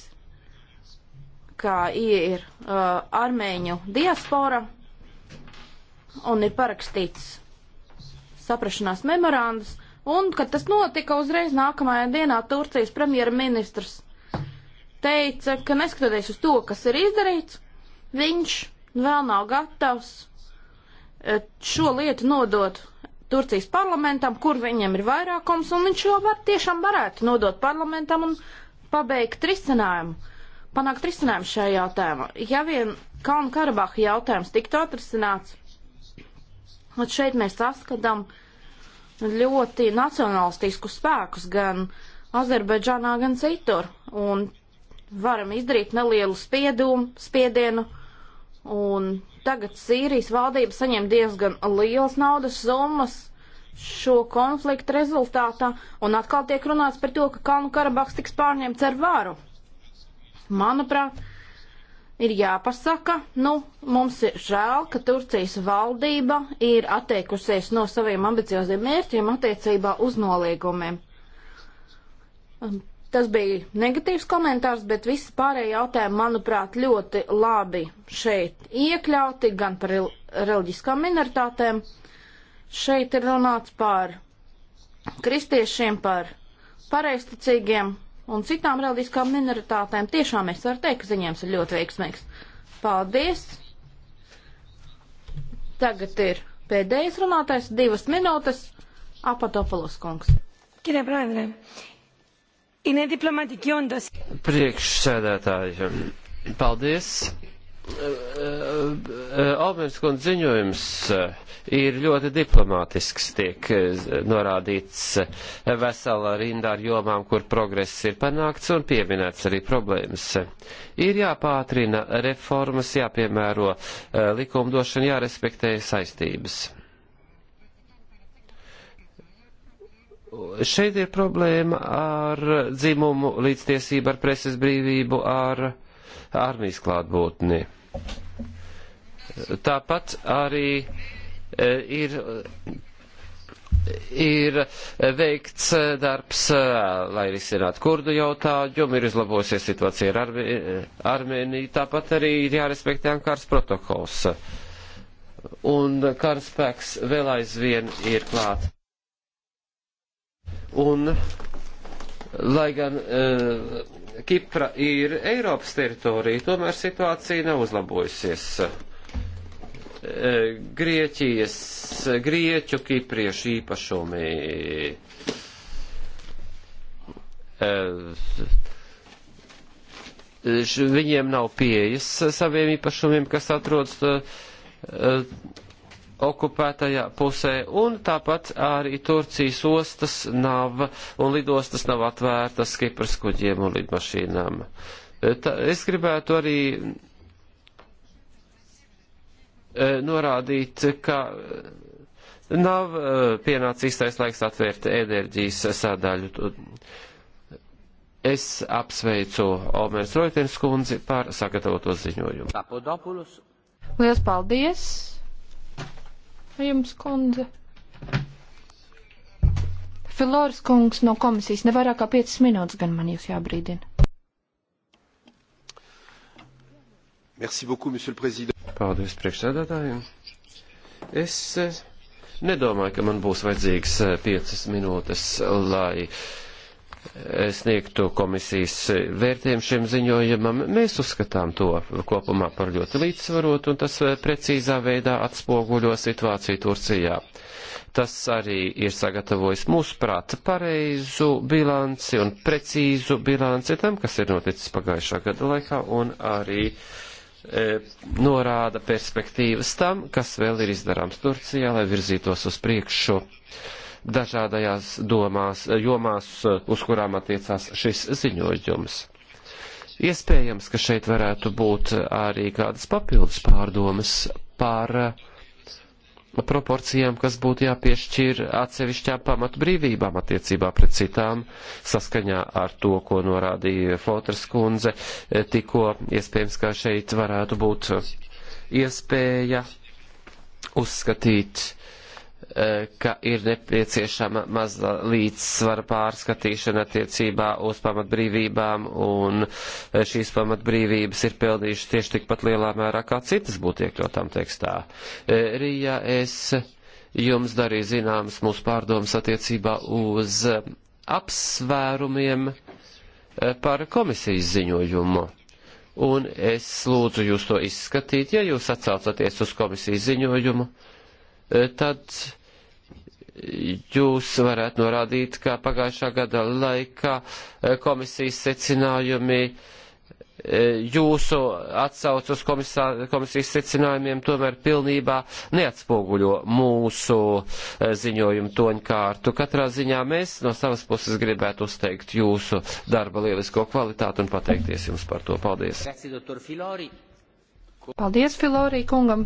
ka ir uh, armēņu diaspora un ir parakstīts saprašanās memorandus, un, kad tas notika, uzreiz nākamajā dienā Turcijas premjerministrs teica, ka neskatoties uz to, kas ir izdarīts, viņš vēl nav gatavs uh, šo lietu nodot Turcijas parlamentam, kur viņam ir vairākums, un viņš jau var tiešām varētu nodot parlamentam un pabeigt risinājumu, panākt risinājumu šajā jautājumā. Ja vien Kalnu Karabahu jautājums tiktu atrisināts, un šeit mēs saskatām ļoti nacionalistiskus spēkus gan Azerbaidžānā, gan citur, un varam izdarīt nelielu spiedumu, spiedienu, un Tagad Sīrijas valdība saņem diezgan lielas naudas summas šo konfliktu rezultātā, un atkal tiek runāts par to, ka Kalnu Karabaks tiks pārņemts ar varu. Manuprāt, ir jāpasaka, nu, mums ir žēl, ka Turcijas valdība ir atteikusies no saviem ambicioziem mērķiem attiecībā uz noliegumiem. Tas bija negatīvs komentārs, bet visi pārējie jautājumi, manuprāt, ļoti labi šeit iekļauti, gan par reliģiskām minoritātēm. Šeit ir runāts par kristiešiem, par pareisticīgiem un citām reliģiskām minoritātēm. Tiešām es varu teikt, ka ziņojums ir ļoti veiksmīgs. Paldies! Tagad ir pēdējais runātais, divas minūtes, Apatopolos kungs. Kirjā Brainrē, Είναι διπλωματική όντως. Priekšsēdētāji, paldies. Almēns kundze ziņojums eh, ir ļoti diplomātisks, tiek eh, norādīts eh, vesela rinda ar jomām, kur progress ir panākts un pieminēts arī problēmas. Ir jāpātrina reformas, jāpiemēro likumdošana, jārespektē saistības Šeit ir problēma ar dzimumu līdztiesību, ar preses brīvību, ar armijas klātbūtni. Tāpat arī e, ir ir veikts darbs, e, lai risinātu kurdu jautājumu, ir uzlabosies situācija ar Armē, Armēniju, tāpat arī ir jārespektē Ankaras protokols. Un karaspēks vēl aizvien ir klāt. Un, lai gan uh, Kipra ir Eiropas teritorija, tomēr situācija nav uzlabojusies. Uh, Grieķijas, Grieķu, Kipriešu īpašumi. Uh, viņiem nav pieejas saviem īpašumiem, kas atrodas uh, okupētajā pusē, un tāpat arī Turcijas ostas nav un lidostas nav atvērtas Kipras kuģiem un lidmašīnām. E, Tā, es gribētu arī e, norādīt, ka nav e, pienācis īstais laiks atvērt enerģijas sadaļu. Es apsveicu Omeras Roitens kundzi par sagatavoto ziņojumu. Lielas paldies! jums, kundze. Filors kungs no komisijas nevairāk kā 5 minūtes gan man jūs jābrīdina. Merci beaucoup, monsieur le président. Paldies priekšsēdētājiem. Es eh, nedomāju, ka man būs vajadzīgs 5 eh, minūtes, lai uh, sniegtu komisijas vērtējumu šiem ziņojumam. Mēs uzskatām to kopumā par ļoti līdzsvarotu, un tas eh, precīzā veidā atspoguļo situāciju Turcijā. Tas arī ir sagatavojis mūsu prāta pareizu bilanci un precīzu bilanci tam, kas ir noticis pagājušā gada laikā, un arī e, norāda perspektīvas tam, kas vēl ir izdarāms Turcijā, lai virzītos uz priekšu. E, dažādajās domās, jomās, uz kurām attiecās šis ziņojums. Iespējams, ka šeit varētu būt arī kādas papildus pārdomas par uh, proporcijām, kas būtu jāpiešķir atsevišķām pamatbrīvībām attiecībā pret citām, saskaņā ar to, ko norādīja Flotras kundze, e, tikko iespējams, ka šeit varētu būt iespēja uzskatīt E, ka ir nepieciešama maza līdzsvara pārskatīšana attiecībā uz pamatbrīvībām, un e, šīs pamatbrīvības ir peldījušas tieši tikpat lielā mērā, kā citas būtu iekļautām tekstā. E, Rījā es jums darīju zināmas mūsu pārdomas attiecībā uz apsvērumiem par komisijas ziņojumu un es lūdzu jūs to izskatīt. Ja jūs atsaucaties uz komisijas ziņojumu, tad jūs varētu norādīt, ka pagājušā gada laikā eh, komisijas secinājumi eh, jūsu atsauc uz komisā, komisijas secinājumiem tomēr pilnībā neatspoguļo mūsu eh, ziņojumu toņkārtu. Katrā ziņā mēs no savas puses gribētu uzteikt jūsu darba lielisko kvalitāti un pateikties jums par to. Paldies! Paldies, Filorī kungam!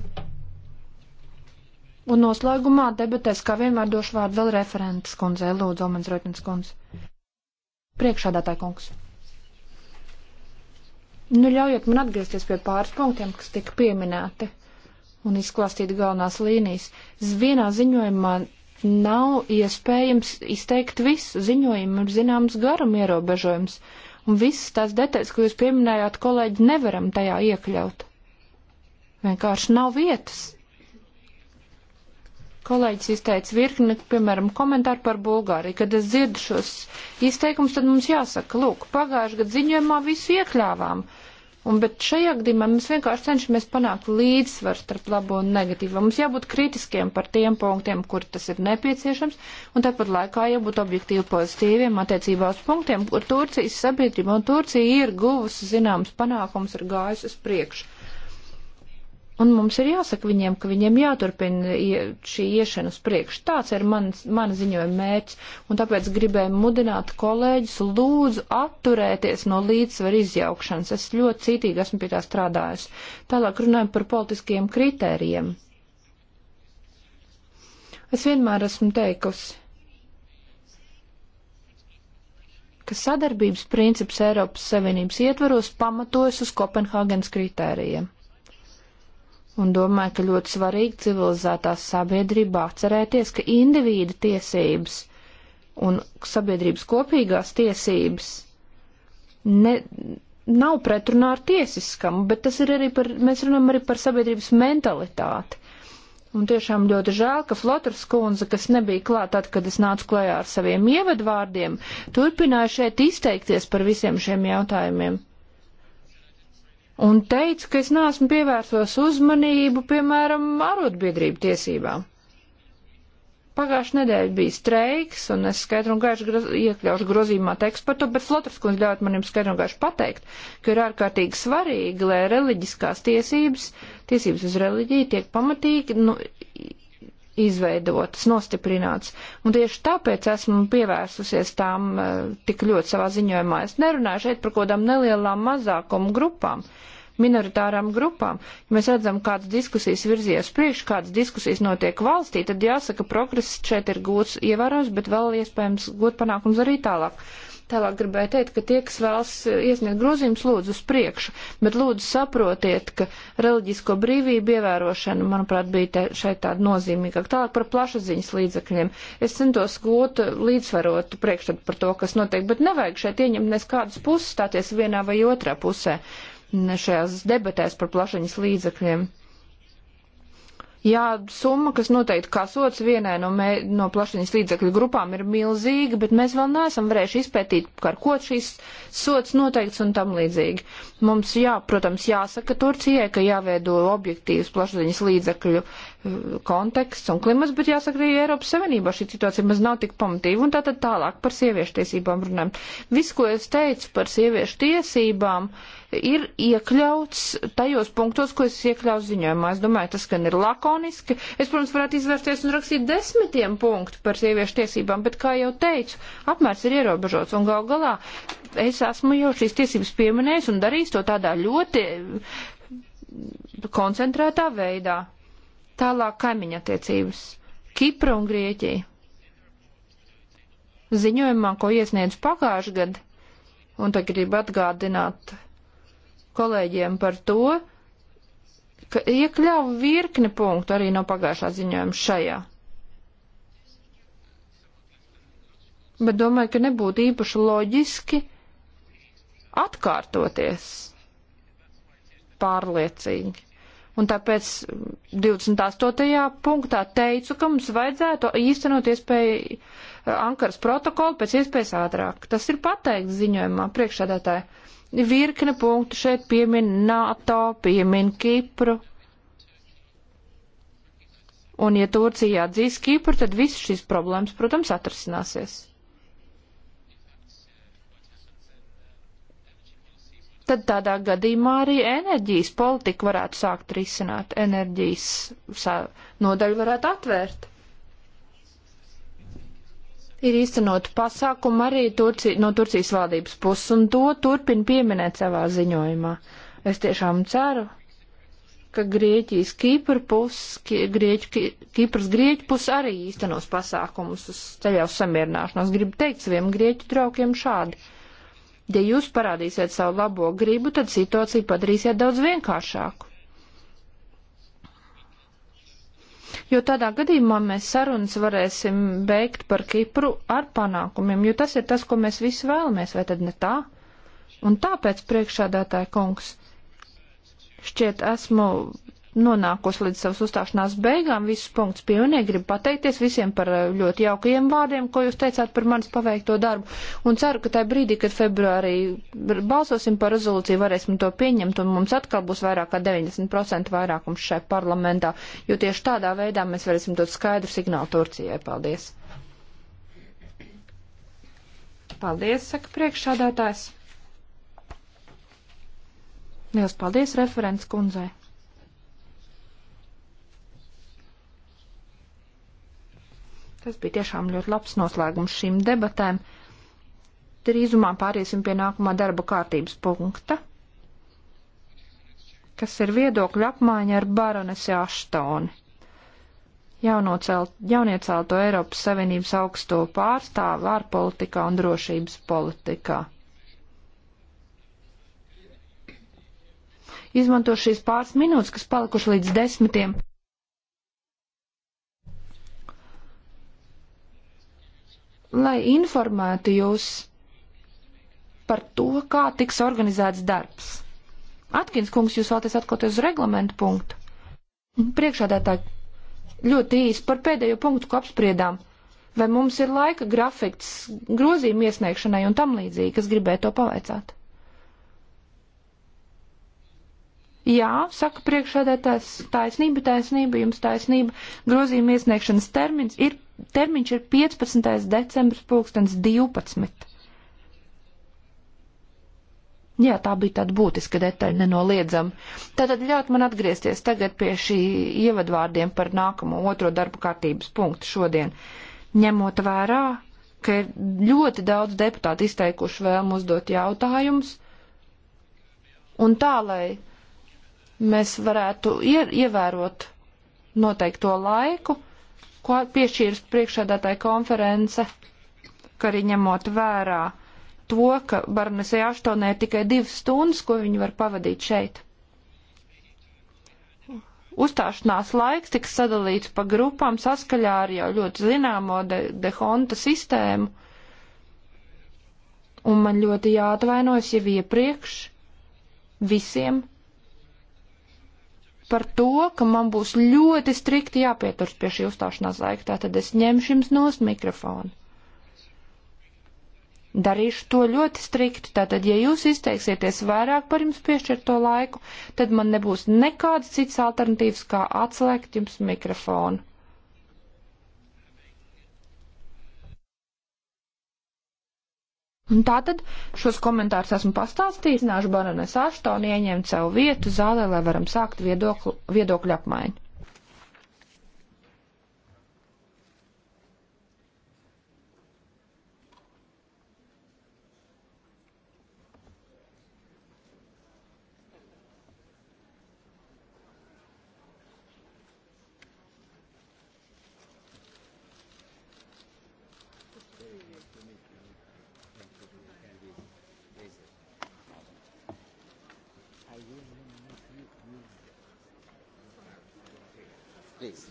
Un noslēgumā debatēs, kā vienmēr, došu vārdu vēl referentes kundzei, lūdzu, Omens Rotins kundze. Priekšādātāja kungs. Nu, ļaujiet man atgriezties pie pāris punktiem, kas tika pieminēti un izklāstīt galvenās līnijas. Vienā ziņojumā nav iespējams izteikt visu ziņojumu, ir zināms garuma ierobežojums, un visas tās detaļas, ko jūs pieminējāt, kolēģi, nevaram tajā iekļaut. Vienkārši nav vietas Kolēģis izteica virkni, piemēram, komentāru par Bulgāriju. Kad es dzirdu šos izteikumus, tad mums jāsaka, lūk, pagājušajā gadā ziņojumā visu iekļāvām. Un, bet šajā gadījumā mēs vienkārši cenšamies panākt līdzsvaru starp labo un negatīvu. Mums jābūt kritiskiem par tiem punktiem, kur tas ir nepieciešams, un tāpat laikā jābūt objektīvi pozitīviem attiecībā uz punktiem, kur Turcijas sabiedrība un Turcija ir guvusi zināmas panākums, ir gājusi uz priekšu. Un mums ir jāsaka viņiem, ka viņiem jāturpina šī iešana uz priekšu. Tāds ir mans, mana ziņojuma mērķis, un tāpēc gribēju mudināt kolēģis lūdzu atturēties no līdzsvaru izjaukšanas. Es ļoti cītīgi esmu pie tā strādājusi. Tālāk runājam par politiskajiem kritērijiem. Es vienmēr esmu teikusi, ka sadarbības princips Eiropas Savienības ietvaros pamatojas uz Kopenhāgenes kritērijiem. Un domāju, ka ļoti svarīgi civilizētās sabiedrībā atcerēties, ka indivīda tiesības un sabiedrības kopīgās tiesības ne, nav pretrunā ar tiesiskam, bet tas ir arī par, mēs runājam arī par sabiedrības mentalitāti. Un tiešām ļoti žēl, ka Flotras kundze, kas nebija klāt tad, kad es nācu klajā ar saviem ievadvārdiem, turpināja šeit izteikties par visiem šiem jautājumiem un teicu, ka es neesmu pievērsos uzmanību, piemēram, arotbiedrību tiesībām. Pagājušā nedēļa bija streiks, un es skaidru un gaišu groz, iekļaušu grozījumā tekstu par to, bet Flotras kundze ļaut man jums skaidru un gaišu pateikt, ka ir ārkārtīgi svarīgi, lai reliģiskās tiesības, tiesības uz reliģiju tiek pamatīgi nu, izveidotas, nostiprinātas. Un tieši tāpēc esmu pievērsusies tām eh, tik ļoti savā ziņojumā. Es nerunāju šeit par kodām nelielām mazākumu grupām, minoritārām grupām. Ja mēs redzam, kādas diskusijas virzies priekš, kādas diskusijas notiek valstī, tad jāsaka, progress šeit ir gūts ievērojams, bet vēl iespējams gūt panākums arī tālāk. Tālāk gribēju teikt, ka tie, kas vēlas iesniegt grozījumus, lūdzu uz priekšu, bet lūdzu saprotiet, ka reliģisko brīvību ievērošana, manuprāt, bija te, šeit tāda nozīmīgāka. Tālāk par plašaziņas līdzekļiem. Es centos gūt līdzsvarot priekšstatu par to, kas notiek, bet nevajag šeit ieņemt neskādus puses, stāties vienā vai otrā pusē šajās debatēs par plašaņas līdzekļiem. Jā, summa, kas noteikti kasots vienai no, mē, no plašiņas līdzekļu grupām ir milzīga, bet mēs vēl neesam varējuši izpētīt, ar ko šīs sots noteikts un tam līdzīgi. Mums, jā, protams, jāsaka Turcijai, ka jāveido objektīvs plašiņas līdzekļu konteksts un klimats, bet jāsaka arī Eiropas Savienībā šī situācija maz nav tik pamatīva un tātad tālāk par sieviešu tiesībām runājam. Viss, ko es teicu par sieviešu tiesībām, ir iekļauts tajos punktos, ko es iekļauju ziņojumā. Es domāju, tas gan ir lakoniski. Es, protams, varētu izvērsties un rakstīt desmitiem punktu par sieviešu tiesībām, bet, kā jau teicu, apmērs ir ierobežots un gal galā es esmu jau šīs tiesības pieminējis un darījis to tādā ļoti koncentrētā veidā. Tālāk kaimiņa attiecības. Kipra un Grieķija. Ziņojumā, ko iesniedz pagājuši gadu, un tagad gribu atgādināt kolēģiem par to, ka iekļauj virkni punktu arī no pagājušā ziņojuma šajā. Bet domāju, ka nebūtu īpaši loģiski atkārtoties pārliecīgi. Un tāpēc 28. Mm, punktā teicu, ka mums vajadzētu īstenot iespēju eh, Ankaras protokolu pēc iespējas ātrāk. Tas ir pateikts ziņojumā priekšādātāji. Virkne punktu šeit piemin NATO, piemin Kipru. Un ja Turcija atzīs Kipru, tad visas šīs problēmas, protams, atrisināsies. tad tādā gadījumā arī enerģijas politika varētu sākt risināt, enerģijas nodaļu varētu atvērt. Ir īstenot pasākumu arī Turci, no Turcijas valdības puses, un to turpin pieminēt savā ziņojumā. Es tiešām ceru, ka Grieķijas Kīpra puses, Grieķu, Kīpras Grieķu puses arī īstenos pasākumus uz ceļā uz samierināšanos. Gribu teikt saviem Grieķu draugiem šādi Ja jūs parādīsiet savu labo gribu, tad situāciju padarīsiet daudz vienkāršāku. Jo tādā gadījumā mēs sarunas varēsim beigt par Kipru ar panākumiem, jo tas ir tas, ko mēs visi vēlamies, vai tad ne tā? Un tāpēc priekšādātāja kungs šķiet esmu nonākusi līdz savas uzstāšanās beigām. Visus punktus pieminēju, gribu pateikties visiem par eh, ļoti jaukajiem vārdiem, ko jūs teicāt par manis paveikto darbu. Un ceru, ka tajā brīdī, kad februārī balsosim par rezolūciju, varēsim to pieņemt un mums atkal būs vairāk kā 90% vairākums šai parlamentā, jo tieši tādā veidā mēs varēsim dot skaidru signālu Turcijai. Paldies! Paldies, saka priekšsādātājs. Liels paldies referents kundzei! Tas bija tiešām ļoti labs noslēgums šīm debatēm. Drīzumā pāriesim pie nākamā darba kārtības punkta, kas ir viedokļu apmaiņa ar baronesi Aštoni. Jauniecelt, jauniecelto Eiropas Savienības augsto pārstāvu ārpolitikā un drošības politikā. Izmanto šīs pāris minūtes, kas palikuši līdz desmitiem lai informētu jūs par to, kā tiks organizēts darbs. Atkins kungs, jūs vēlaties atkoties uz reglamentu punktu? Priekšādātāji, ļoti īsi par pēdējo punktu, ko apspriedām. Vai mums ir laika grafiks grozījuma iesniegšanai un tam līdzīgi, kas gribēja to pavaicāt? Jā, saka priekšādātājs, taisnība, taisnība, jums taisnība. Grozījuma iesniegšanas termins ir termiņš ir 15. decembris 2012. Jā, tā bija tāda būtiska detaļa, nenoliedzama. Tātad ļaut man atgriezties tagad pie šī ievadvārdiem par nākamo otro darba kārtības punktu šodien, ņemot vērā, ka ir ļoti daudz deputātu izteikuši vēlmu uzdot jautājumus, un tā, lai mēs varētu ievērot noteikto laiku, ko piešķīras priekšēdātāja konference, ka arī ņemot vērā to, ka Barnesē Aštonē ir tikai divas stundas, ko viņi var pavadīt šeit. Uzstāšanās laiks tiks sadalīts pa grupām saskaļā ar jau ļoti zināmo dehonta de sistēmu. Un man ļoti jāatvainojas jau iepriekš visiem par to, ka man būs ļoti strikti jāpieturs pie šī uzstāšanās laika, tātad es ņemšu jums nost mikrofonu. Darīšu to ļoti strikti, tātad, ja jūs izteiksieties vairāk par jums piešķirto laiku, tad man nebūs nekādas citas alternatīvas, kā atslēgt jums mikrofonu. Un tātad šos komentārus esmu pastāstījis, nāšu baronesa Aštoni ieņemt savu vietu zālē, lai varam sākt viedokļu, viedokļu apmaiņu. please.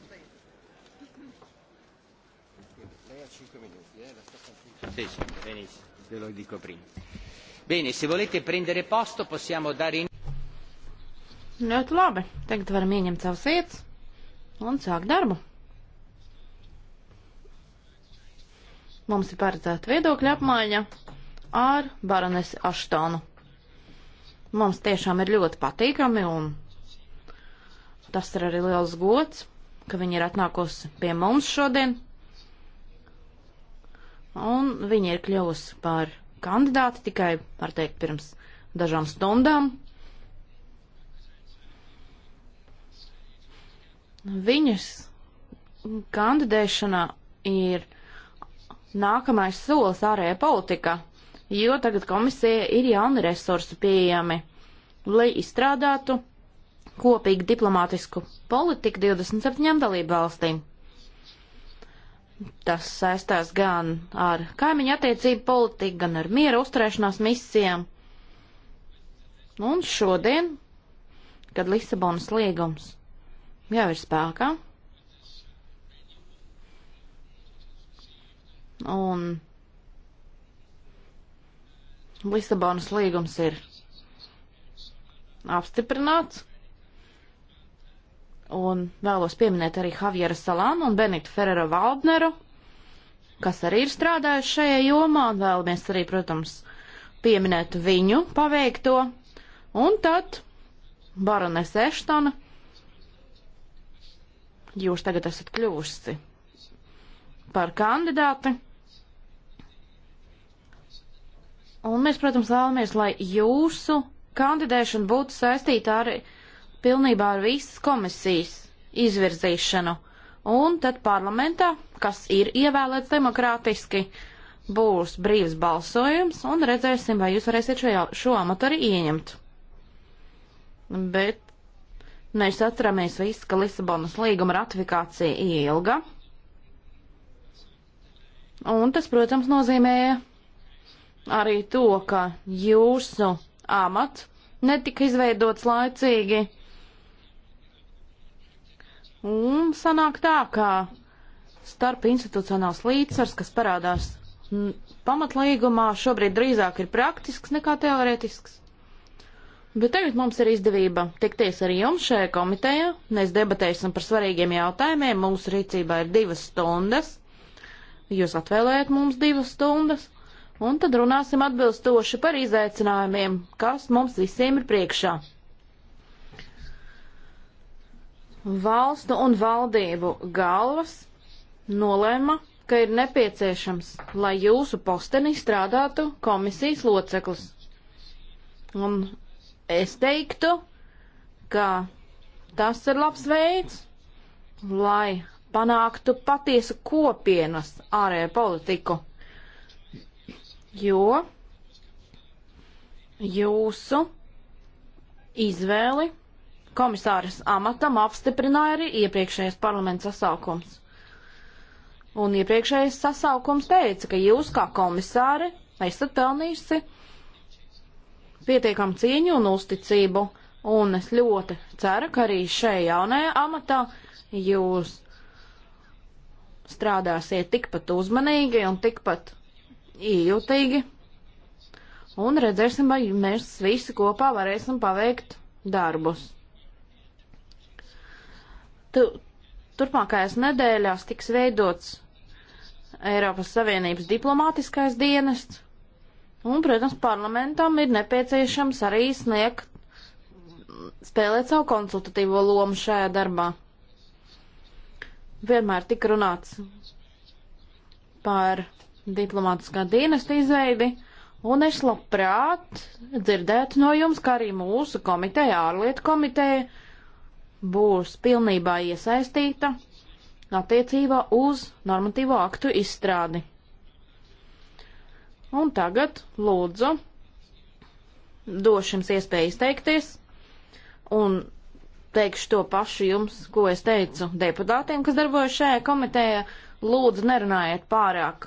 Lei ha 5 minuti, eh? la sto sentendo. Sì, sì, benissimo, ve lo dico prima. Bene, se volete prendere posto possiamo dare in... Ļoti labi. Tagad varam ieņemt savas vietas un sākt darbu. Mums ir paredzēta viedokļa apmaiņa ar baronesi Aštonu. Mums tiešām ir ļoti patīkami un tas ir arī liels gods ka viņa ir atnākusi pie mums šodien, un viņa ir kļuvusi par kandidāti tikai, var teikt, pirms dažām stundām. Viņas kandidēšanā ir nākamais solis ārējā politikā, jo tagad komisija ir jauni resursi pieejami, lai izstrādātu kopīgu diplomātisku politiku 27 dalību valstīm. Tas saistās gan ar kaimiņu attiecību politiku, gan ar miera uzturēšanās misijām. Un šodien, kad Lisabonas liegums jau ir spēkā, un Lisabonas līgums ir apstiprināts un vēlos pieminēt arī Javieru Salānu un Benitu Ferrero Valdneru, kas arī ir strādājuši šajā jomā, un vēlamies arī, protams, pieminēt viņu paveikto. Un tad Barones Eštona, jūs tagad esat kļūsti par kandidāti. Un mēs, protams, vēlamies, lai jūsu kandidēšana būtu saistīta arī ar pilnībā ar visas komisijas izvirzīšanu. Un tad parlamentā, kas ir ievēlēts demokrātiski, būs brīvs balsojums un redzēsim, vai jūs varēsiet šo, šo amatu arī ieņemt. Bet mēs atceramies visu, ka Lisabonas līguma ratifikācija ilga. Un tas, protams, nozīmēja arī to, ka jūsu amats netika izveidots laicīgi Un sanāk tā, ka starp institucionāls līdzsvars, kas parādās pamatlīgumā, šobrīd drīzāk ir praktisks nekā teorētisks. Bet tagad mums ir izdevība tikties ar jums šajā komitejā. Mēs debatēsim par svarīgiem jautājumiem. Mūsu rīcībā ir divas stundas. Jūs atvēlējat mums divas stundas, un tad runāsim atbilstoši par izaicinājumiem, kas mums visiem ir priekšā. valstu un valdību galvas nolēma, ka ir nepieciešams, lai jūsu postenī strādātu komisijas loceklis. Un es teiktu, ka tas ir labs veids, lai panāktu patiesu kopienas ārēju politiku. Jo jūsu izvēli komisāras amatam apstiprināja arī iepriekšējais parlaments sasaukums. Un iepriekšējais sasaukums teica, ka jūs kā komisāri esat pelnījusi pietiekam cieņu un uzticību. Un es ļoti ceru, ka arī šajā jaunajā amatā jūs strādāsiet tikpat uzmanīgi un tikpat ījūtīgi. Un redzēsim, vai mēs visi kopā varēsim paveikt darbus tu, turpmākajās nedēļās tiks veidots Eiropas Savienības diplomātiskais dienests, un, protams, parlamentam ir nepieciešams arī sniegt, spēlēt savu konsultatīvo lomu šajā darbā. Vienmēr tika runāts par diplomātiskā dienesta izveidi, un es labprāt dzirdētu no jums, kā arī mūsu komiteja, ārlietu komiteja, būs pilnībā iesaistīta attiecībā uz normatīvo aktu izstrādi. Un tagad lūdzu došu jums iespēju izteikties un teikšu to pašu jums, ko es teicu deputātiem, kas darbojas šajā komitejā. Lūdzu, nerunājiet pārāk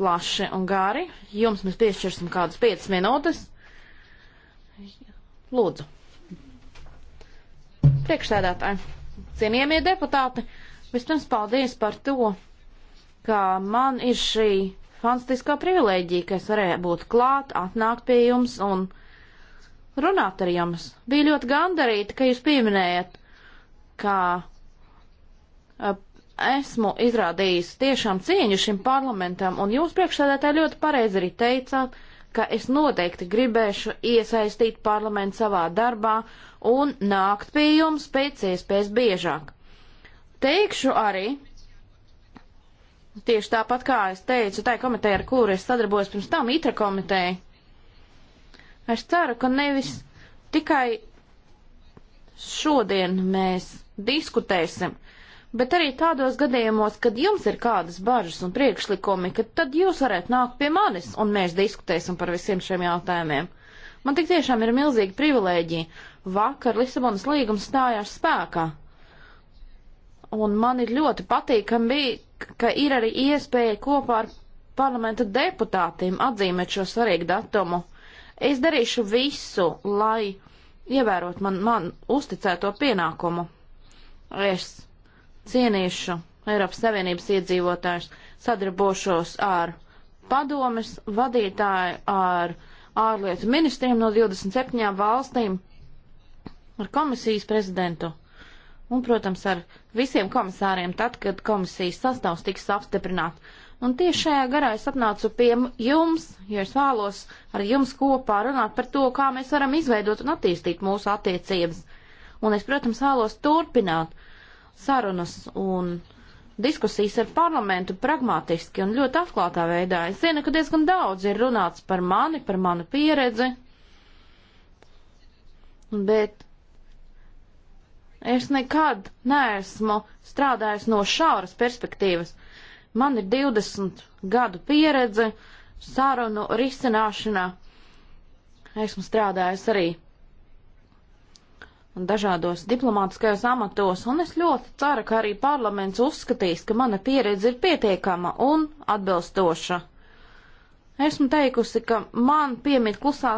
plaši un gāri. Jums mēs piešķirsim kādas 5 minūtes. Lūdzu. Priekšsēdētāji, cienījamie deputāti, vispirms paldies par to, ka man ir šī fantastiskā privilēģija, ka es varēju būt klāt, atnākt pie jums un runāt ar jums. Bija ļoti gandarīti, ka jūs pieminējat, ka esmu izrādījis tiešām cieņu šim parlamentam, un jūs priekšsēdētāji ļoti pareizi arī teicāt, ka es noteikti gribēšu iesaistīt parlamentu savā darbā un nākt pie jums pēc iespējas biežāk. Teikšu arī, tieši tāpat kā es teicu, tai komiteja, ar kuru es sadarbojos pirms tam, itra komiteja, es ceru, ka nevis tikai šodien mēs diskutēsim, uh, bet arī tādos gadījumos, kad jums ir kādas bažas un priekšlikumi, ka tad jūs varētu nākt pie manis un mēs diskutēsim par visiem šiem jautājumiem. Man tik tiešām ir milzīga privilēģija. Vakar Lisabonas līgums stājās spēkā. Un man ir ļoti patīkami bija, ka ir arī iespēja kopā ar parlamenta deputātiem atzīmēt šo svarīgu datumu. Es darīšu visu, lai ievērot man, man uzticēto pienākumu. Es cienīšu Eiropas Savienības iedzīvotājus, sadarbošos ar padomes vadītāju, ar ārlietu ministriem no 27 valstīm, ar komisijas prezidentu un, protams, ar visiem komisāriem tad, kad komisijas sastāvs tiks apstiprināts. Un tieši šajā garā es atnācu pie jums, jo es vēlos ar jums kopā runāt par to, kā mēs varam izveidot un attīstīt mūsu attiecības. Un es, protams, vēlos turpināt sarunas un diskusijas ar parlamentu pragmatiski un ļoti atklātā veidā. Es zinu, ka diezgan daudz ir runāts par mani, par manu pieredzi, bet es nekad neesmu strādājis no šauras perspektīvas. Man ir 20 gadu pieredze sarunu risināšanā. Esmu strādājis arī un dažādos diplomātiskajos amatos, un es ļoti ceru, ka arī parlaments uzskatīs, ka mana pieredze ir pietiekama un atbilstoša. Esmu teikusi, ka man piemīt klusā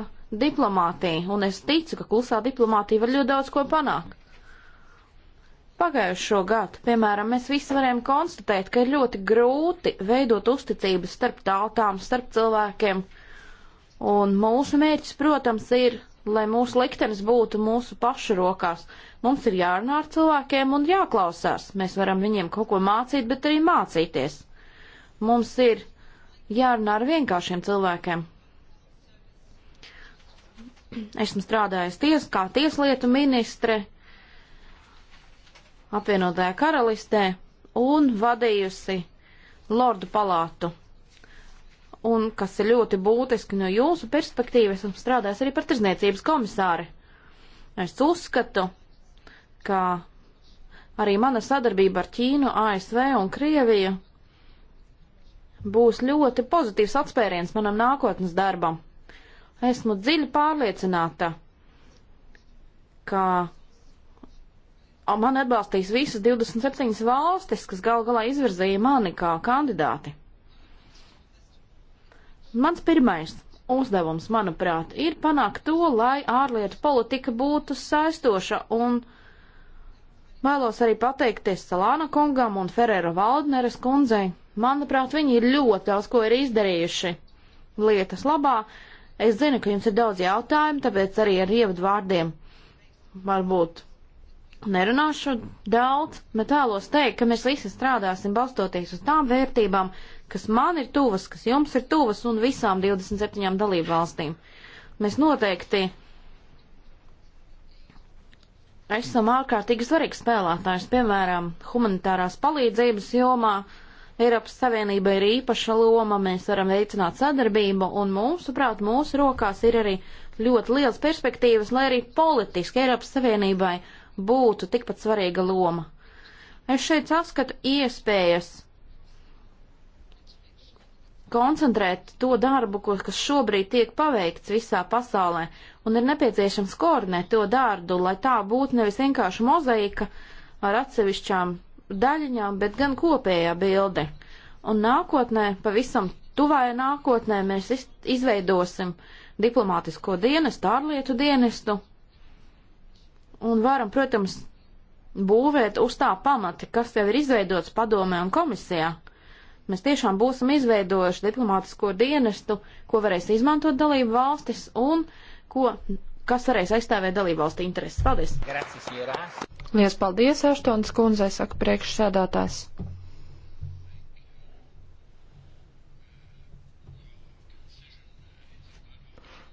diplomātija, un es ticu, ka klusā diplomātija var ļoti daudz ko panākt. Pagājušo gadu, piemēram, mēs visi varējām konstatēt, ka ir ļoti grūti veidot uzticības starp tautām, starp cilvēkiem, un mūsu mērķis, protams, ir lai mūsu liktenis būtu mūsu pašu rokās. Mums ir jārunā ar cilvēkiem un jāklausās. Mēs varam viņiem kaut ko mācīt, bet arī mācīties. Mums ir jārunā ar vienkāršiem cilvēkiem. Esmu strādājis ties, kā tieslietu ministre apvienotajā karalistē un vadījusi Lordu palātu un kas ir ļoti būtiski no jūsu perspektīvas, un strādājis arī par tirzniecības komisāri. Es uzskatu, ka arī mana sadarbība ar Ķīnu, ASV un Krieviju būs ļoti pozitīvs atspēriens manam nākotnes darbam. Esmu dziļi pārliecināta, ka man atbalstīs visas 27 valstis, kas gal galā izvirzīja mani kā kandidāti. Mans pirmais uzdevums, manuprāt, ir panākt to, lai ārlietu politika būtu saistoša un vēlos arī pateikties Salāna kungam un Ferēra Valdneres kundzei. Manuprāt, viņi ir ļoti daudz ko ir izdarījuši lietas labā. Es zinu, ka jums ir daudz jautājumu, tāpēc arī ar ievadu vārdiem varbūt nerunāšu daudz, bet vēlos teikt, ka mēs visi strādāsim balstoties uz tām vērtībām, kas man ir tuvas, kas jums ir tuvas un visām 27 dalību valstīm. Mēs noteikti esam ārkārtīgi svarīgs spēlētājs, piemēram, humanitārās palīdzības jomā. Eiropas Savienība ir īpaša loma, mēs varam veicināt sadarbību, un mūsuprāt, mūsu rokās ir arī ļoti liels perspektīvas, lai arī politiski Eiropas Savienībai būtu tikpat svarīga loma. Es šeit saskatu iespējas koncentrēt to darbu, ko, kas šobrīd tiek paveikts visā pasaulē, un ir nepieciešams koordinēt to darbu, lai tā būtu nevis vienkārši mozaika ar atsevišķām daļiņām, bet gan kopējā bilde. Un nākotnē, pavisam tuvāja nākotnē, mēs izveidosim diplomātisko dienestu, ārlietu dienestu, un varam, protams, būvēt uz tā pamata, kas jau ir izveidots padomē un komisijā. Mēs tiešām būsim izveidojuši diplomātisko dienestu, ko varēs izmantot dalību valstis un ko, kas varēs aizstāvēt dalību valstu intereses. Paldies! Lielas paldies, Aštons kundzei, saka priekšsēdātājs.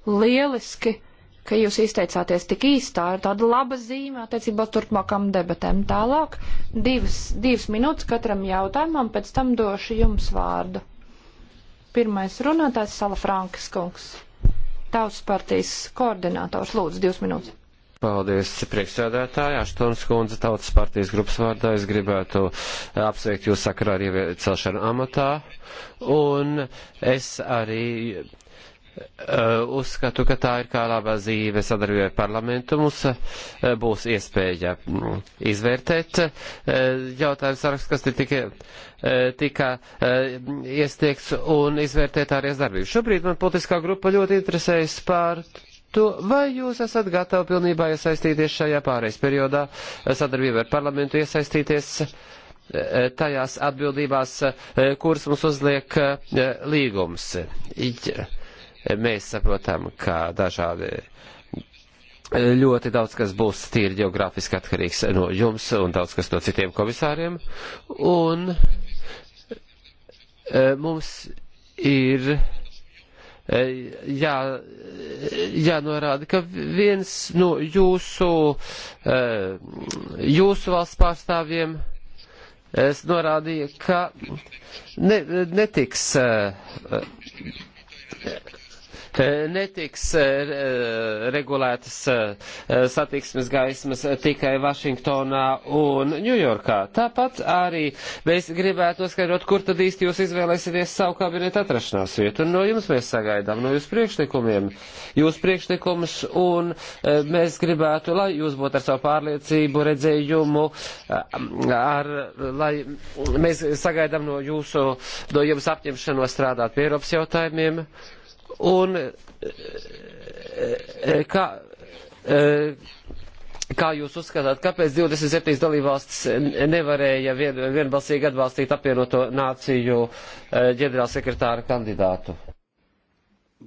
Lieliski! ka jūs izteicāties tik īsti. Tā ir tāda laba zīme attiecībā uz turpmākām debatēm. Tālāk divas, divas minūtes katram jautājumam, pēc tam došu jums vārdu. Pirmais runātājs Sala Frankas kungs. Tautas partijas koordinātors. Lūdzu, divas minūtes. Paldies, priekšsēdētāji. Aštons kundze, Tautas partijas grupas vārdā. Es gribētu apsveikt jūs sakarā ar iecelšanu amatā. Un es arī Eh, uzskatu, ka tā ir kā labā zīve sadarbība ar parlamentu. Mums eh, būs iespēja mm, izvērtēt eh, jautājumu sarakstu, kas tika, tika iesniegts un izvērtēt arī es darbību. Šobrīd man politiskā grupa ļoti interesējas par to, vai jūs esat gatavi pilnībā iesaistīties šajā pārējais periodā sadarbībā ar parlamentu iesaistīties tajās atbildībās, kuras mums uzliek līgums Mēs saprotam, ka dažādi e, ļoti daudz kas būs tīri geogrāfiski atkarīgs no jums un daudz kas no citiem komisāriem. Un e, mums ir e, jā, jānorāda, ka viens no jūsu, jūsu valsts pārstāvjiem norādīja, ka ne, netiks netiks eh, regulētas eh, satiksmes gaismas tikai Vašingtonā un Ņujorkā. Tāpat arī mēs gribētu noskaidrot, kur tad īsti jūs izvēlēsieties savu kabinetu atrašanās vietu. Un no jums mēs sagaidām, no jūsu priekšlikumiem, jūsu priekšlikumus, un eh, mēs gribētu, lai jūs būtu ar savu pārliecību, redzējumu, ar, lai mēs sagaidām no jūsu, no jums apņemšanos strādāt pie Eiropas jautājumiem. Un e, e, e, kā, kā jūs uzskatāt, kāpēc 27 dalībvalstis nevarēja vien, vienbalsīgi atbalstīt apvienoto nāciju ģenerālsekretāra kandidātu?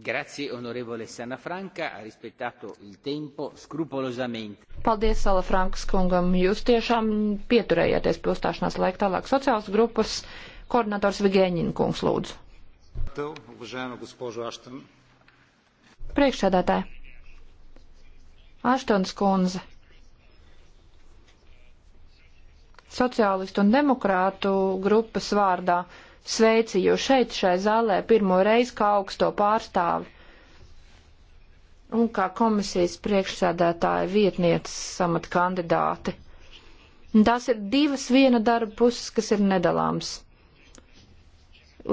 Grazie onorevole Sanafranca, ha rispettato il tempo scrupolosamente. Paldies Salafrankas kungam, jūs tiešām pieturējāties pie uzstāšanās laika tālāk sociālas grupas koordinators Vigēņin kungs lūdzu. Priekšsēdētāji. Aštons kundze. Sociālistu un demokrātu grupas vārdā sveici jau šeit, šai zālē, pirmo reizi kā augsto pārstāvi un kā komisijas priekšsēdētāja vietnieces samata kandidāti. Un tās ir divas viena darba puses, kas ir nedalāmas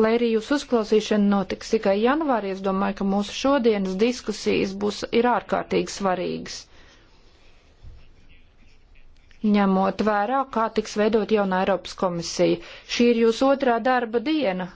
lai arī jūsu uzklausīšana notiks tikai janvārī, es domāju, ka mūsu šodienas diskusijas būs, ir ārkārtīgi svarīgas. Ņemot vērā, kā tiks veidot jauna Eiropas komisija. Šī ir jūsu otrā darba diena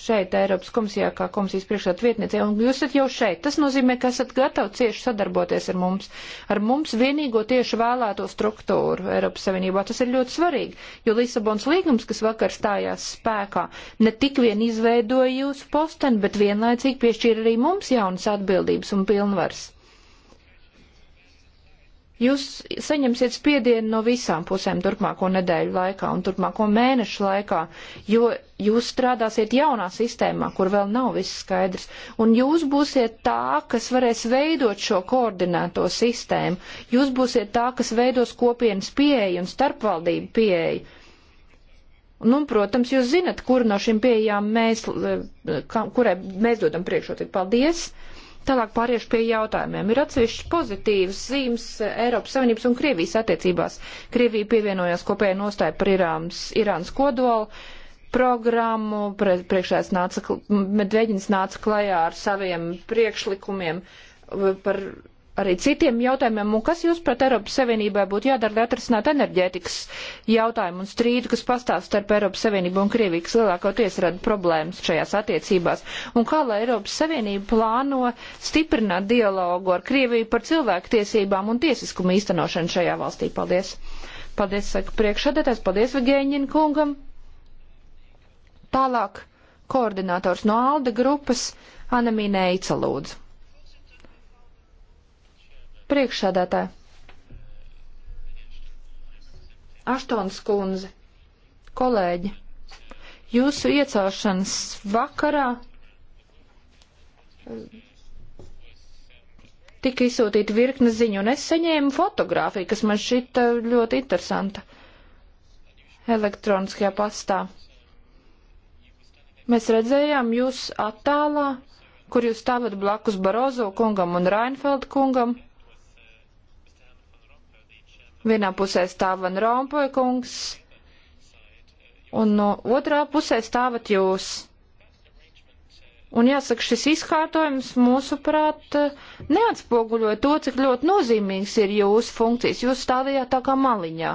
šeit Eiropas komisijā kā komisijas priekšsēdētāja vietniece, un jūs esat jau šeit. Tas nozīmē, ka esat gatavi cieši sadarboties ar mums, ar mums vienīgo tieši vēlēto struktūru Eiropas Savienībā. Tas ir ļoti svarīgi, jo Lisabons līgums, kas vakar stājās spēkā, ne tik vien izveidoja jūsu posteni, bet vienlaicīgi piešķīra arī mums jaunas atbildības un pilnvars. Jūs saņemsiet spiedienu no visām pusēm turpmāko nedēļu laikā un turpmāko mēnešu laikā, jo jūs strādāsiet jaunā sistēmā, kur vēl nav viss skaidrs, un jūs būsiet tā, kas varēs veidot šo koordinēto sistēmu. Jūs būsiet tā, kas veidos kopienas pieeju un starpvaldību pieeju. Nu, protams, jūs zinat, kur no šīm pieejām mēs, eh, kurai mēs dodam priekšrocību. Paldies! Tālāk pāriešu pie jautājumiem. Ir atsevišķi pozitīvas zīmes Eiropas Savienības un Krievijas attiecībās. Krievija pievienojās kopējai nostāja par Irāns, Irānas kodolu programmu, priekšēs nāca, Medveģins nāca klajā ar saviem priekšlikumiem par arī citiem jautājumiem, un kas, jūsuprāt, Eiropas Savienībai būtu jādara, lai atrisinātu enerģētikas jautājumu un strīdu, kas pastāv starp Eiropas Savienību un Krieviju, kas lielākoties rada problēmas šajās attiecībās, un kā, lai Eiropas Savienība plāno stiprināt dialogu ar Krieviju par cilvēktiesībām un tiesiskumu īstenošanu šajā valstī. Paldies! Paldies, saka priekšsēdētājs, paldies Vigēņina kungam! Tālāk koordinators no Alde grupas Anamīne Eica lūdzu. Priekšsēdētāji. Aštons kundze, kolēģi, jūsu iecelšanas vakarā eh, tika izsūtīta virkne ziņu, un es saņēmu fotografiju, kas man šita ļoti interesanta elektroniskajā pastā. Mēs redzējām jūs attālā, kur jūs stāvat blakus Barozo kungam un Reinfeld kungam. Vienā pusē stāv Van Rompuy kungs, un no otrā pusē stāvat jūs. Un jāsaka, šis izkārtojums mūsuprāt eh, neatspoguļoja to, cik ļoti nozīmīgs ir jūsu funkcijas. Jūs stādījāt tā kā maliņā.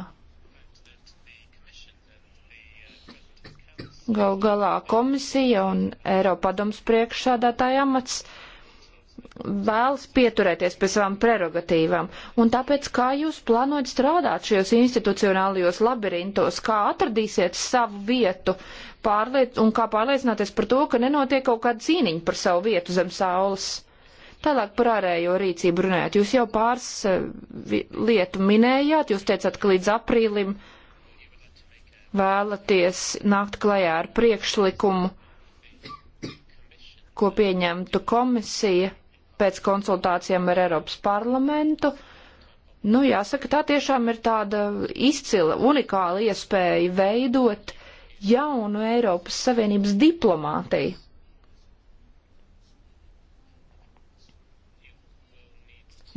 Gal galā komisija un Eiropadoms priekšsādātāja amats vēlas pieturēties pie savām prerogatīvām. Un tāpēc, kā jūs plānojat strādāt šajos institucionālajos labirintos, kā atradīsiet savu vietu pārliec un kā pārliecināties par to, ka nenotiek kaut kāda cīniņa par savu vietu zem saules? Tālāk par ārējo rīcību runājot. Jūs jau pāris eh, lietu minējāt, jūs teicāt, ka līdz aprīlim vēlaties nākt klajā ar priekšlikumu, ko pieņemtu komisija pēc konsultācijām ar Eiropas parlamentu. Nu, jāsaka, tā tiešām ir tāda izcila, unikāla iespēja veidot jaunu Eiropas Savienības diplomātiju.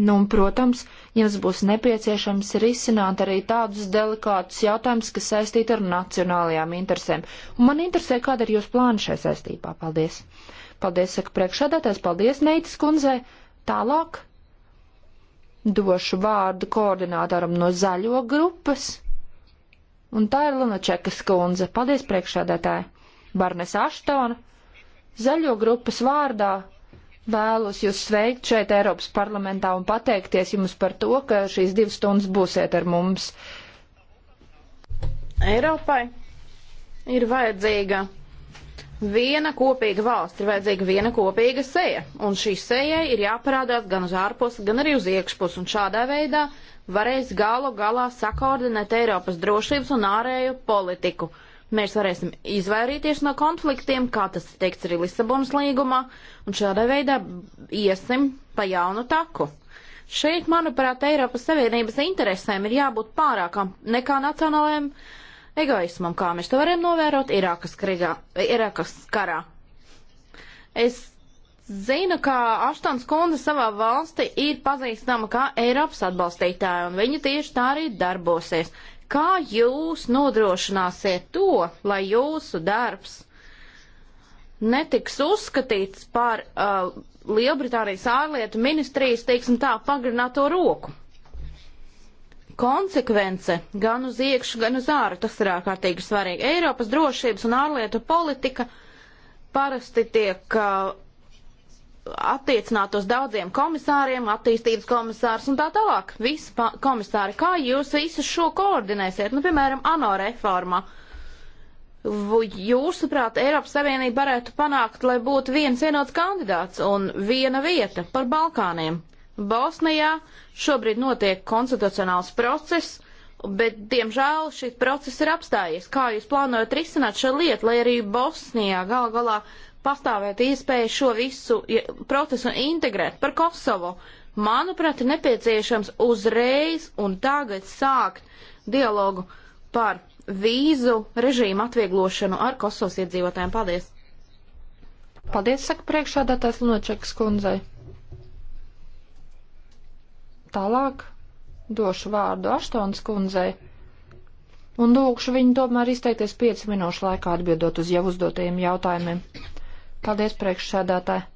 Nu, un, protams, jums būs nepieciešams risināt arī tādus delikātus jautājumus, kas saistīti ar nacionālajām interesēm. Un man interesē, kāda ir jūsu plāna šai saistībā. Paldies! Paldies, saka priekšādātājs, paldies Neitas kundzei. Tālāk došu vārdu koordinātoram no zaļo grupas. Un tā ir Lunačekas kundze. Paldies, priekšādātāji. Barnes Aštona. Zaļo grupas vārdā vēlos jūs sveikt šeit Eiropas parlamentā un pateikties jums par to, ka šīs divas stundas būsiet ar mums. Eiropai ir vajadzīga viena kopīga valsts, ir vajadzīga viena kopīga seja, un šī sejai ir jāparādās gan uz ārpusi, gan arī uz iekšpusi, un šādā veidā varēs galu galā sakoordinēt Eiropas drošības un ārēju politiku. Mēs varēsim izvairīties no konfliktiem, kā tas teikts arī Lisabonas līgumā, un šādā veidā iesim pa jaunu taku. Šeit, manuprāt, Eiropas Savienības interesēm ir jābūt pārākām nekā nacionālajiem uh, egoismam, kā mēs to varam novērot Irākas, krigā, Irākas karā. Es zinu, ka Aštons kundze savā valsti ir pazīstama kā Eiropas atbalstītāja, un viņa tieši tā arī darbosies. Kā jūs nodrošināsiet to, lai jūsu darbs netiks uzskatīts par uh, Lielbritānijas ārlietu ministrijas, teiksim tā, pagrināto roku? konsekvence gan uz iekšu, gan uz āru. Tas ir ārkārtīgi svarīgi. Eiropas drošības un ārlietu politika parasti tiek uh, attiecināt uz daudziem komisāriem, attīstības komisārs un tā tālāk. Visi komisāri, kā jūs visu šo koordinēsiet? Nu, piemēram, ANO reformā. Jūsuprāt, Eiropas Savienība varētu panākt, lai būtu viens vienots kandidāts un viena vieta par Balkāniem. Bosnijā šobrīd notiek konstitucionāls process, bet, diemžēl, šis process ir apstājies. Kā jūs plānojat risināt šo lietu, lai arī Bosnijā gal galā pastāvētu iespēja šo visu procesu integrēt par Kosovo? Manuprāt, ir nepieciešams uzreiz un tagad sākt dialogu par vīzu režīmu atvieglošanu ar Kosovas iedzīvotājiem. Paldies! Paldies, saka priekšādātājs Lunačekas kundzei. Tālāk došu vārdu Aštons kundzei un lūkšu viņu tomēr izteikties 5 minūšu laikā atbildot uz jau uzdotajiem jautājumiem. Paldies, priekšsēdētāji!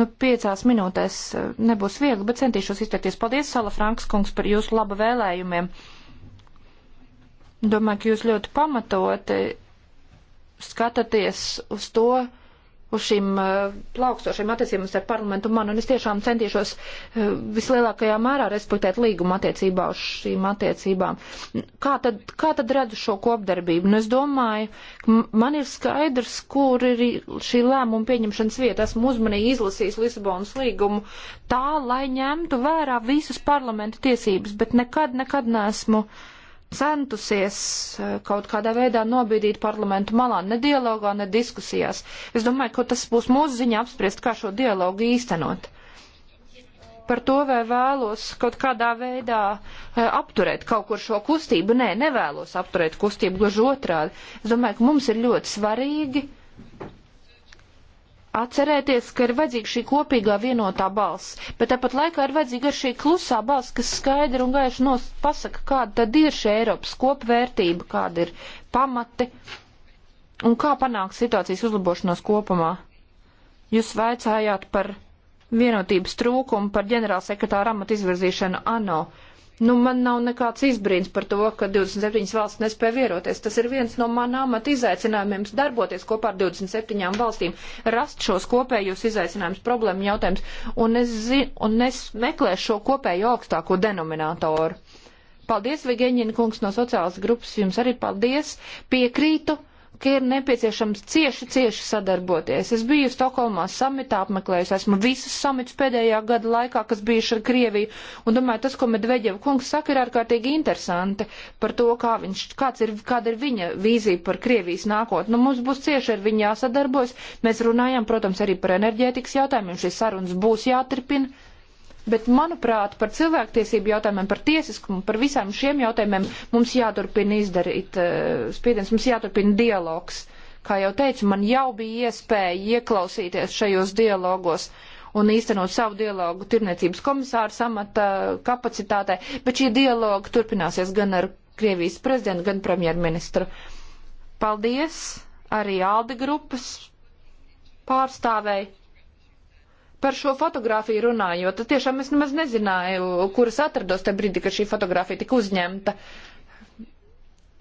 Nu, piecās minūtēs eh, nebūs viegli, bet centīšos izteikties. Paldies, Sala Franks kungs, par jūsu laba vēlējumiem. Domāju, ka jūs ļoti pamatoti eh, skatāties uz to, uz šīm uh, plaukstošiem attiecībām ar parlamentu man, un es tiešām centīšos uh, vislielākajā mērā respektēt līgumu attiecībā uz šīm attiecībām. Kā tad, kā tad redzu šo kopdarbību? Nu, es domāju, ka man ir skaidrs, kur ir šī lēmuma pieņemšanas vieta. Esmu uzmanīgi izlasījis Lisabonas līgumu tā, lai ņemtu vērā visas parlamenta tiesības, bet nekad, nekad neesmu. Uh, centusies eh, kaut kādā veidā nobīdīt parlamentu malā, ne dialogā, ne diskusijās. Es domāju, ka tas būs mūsu ziņa apspriest, kā šo dialogu īstenot. Par to, vai vēlos kaut kādā veidā eh, apturēt kaut kur šo kustību. Nē, nevēlos apturēt kustību, gluži otrādi. Es domāju, ka mums ir ļoti svarīgi uh, atcerēties, ka ir vajadzīga šī kopīgā vienotā balss, bet tāpat laikā ir vajadzīga arī šī klusā balss, kas skaidri un gaiši nos pasaka, kāda tad ir šī Eiropas kopvērtība, kāda ir pamati un kā panākt situācijas uzlabošanos kopumā. Jūs vaicājāt par vienotības trūkumu, par ģenerālsekretāra amatu izvirzīšanu ANO. Nu, man nav nekāds izbrīns par to, ka 27 valsts nespēja vieroties. Tas ir viens no manām izaicinājumiem darboties kopā ar 27 valstīm, rast šos kopējos izaicinājumus, problēmu jautājumus, un es, zin, un es meklēšu šo kopējo augstāko denominatoru. Paldies, Vigeņina kungs no sociālas grupas, jums arī paldies, piekrītu ka ir nepieciešams cieši, cieši sadarboties. Es biju Stokholmā samitā apmeklējis, esmu visus samitus pēdējā gada laikā, kas bijuši ar Krieviju, un domāju, tas, ko Medveģeva kungs saka, ir ārkārtīgi interesanti par to, kā viņš, kāds ir, kāda ir viņa vīzija par Krievijas nākotni. Nu, mums būs cieši ar viņu jāsadarbojas. Mēs runājām, protams, arī par enerģētikas jautājumiem. Šīs sarunas būs jāturpina Bet, manuprāt, par cilvēktiesību jautājumiem, par tiesiskumu, par visām šiem jautājumiem mums jāturpina izdarīt eh, spiediens, mums jāturpina dialogs. Kā jau teicu, man jau bija iespēja ieklausīties šajos dialogos un īstenot savu dialogu tirniecības komisāra samata kapacitātē, bet šie dialogi turpināsies gan ar Krievijas prezidentu, gan premjerministru. Paldies arī Alde grupas pārstāvēji par šo fotografiju runājot, tad tiešām es nemaz nezināju, kuras atrados te brīdi, kad šī fotografija tika uzņemta.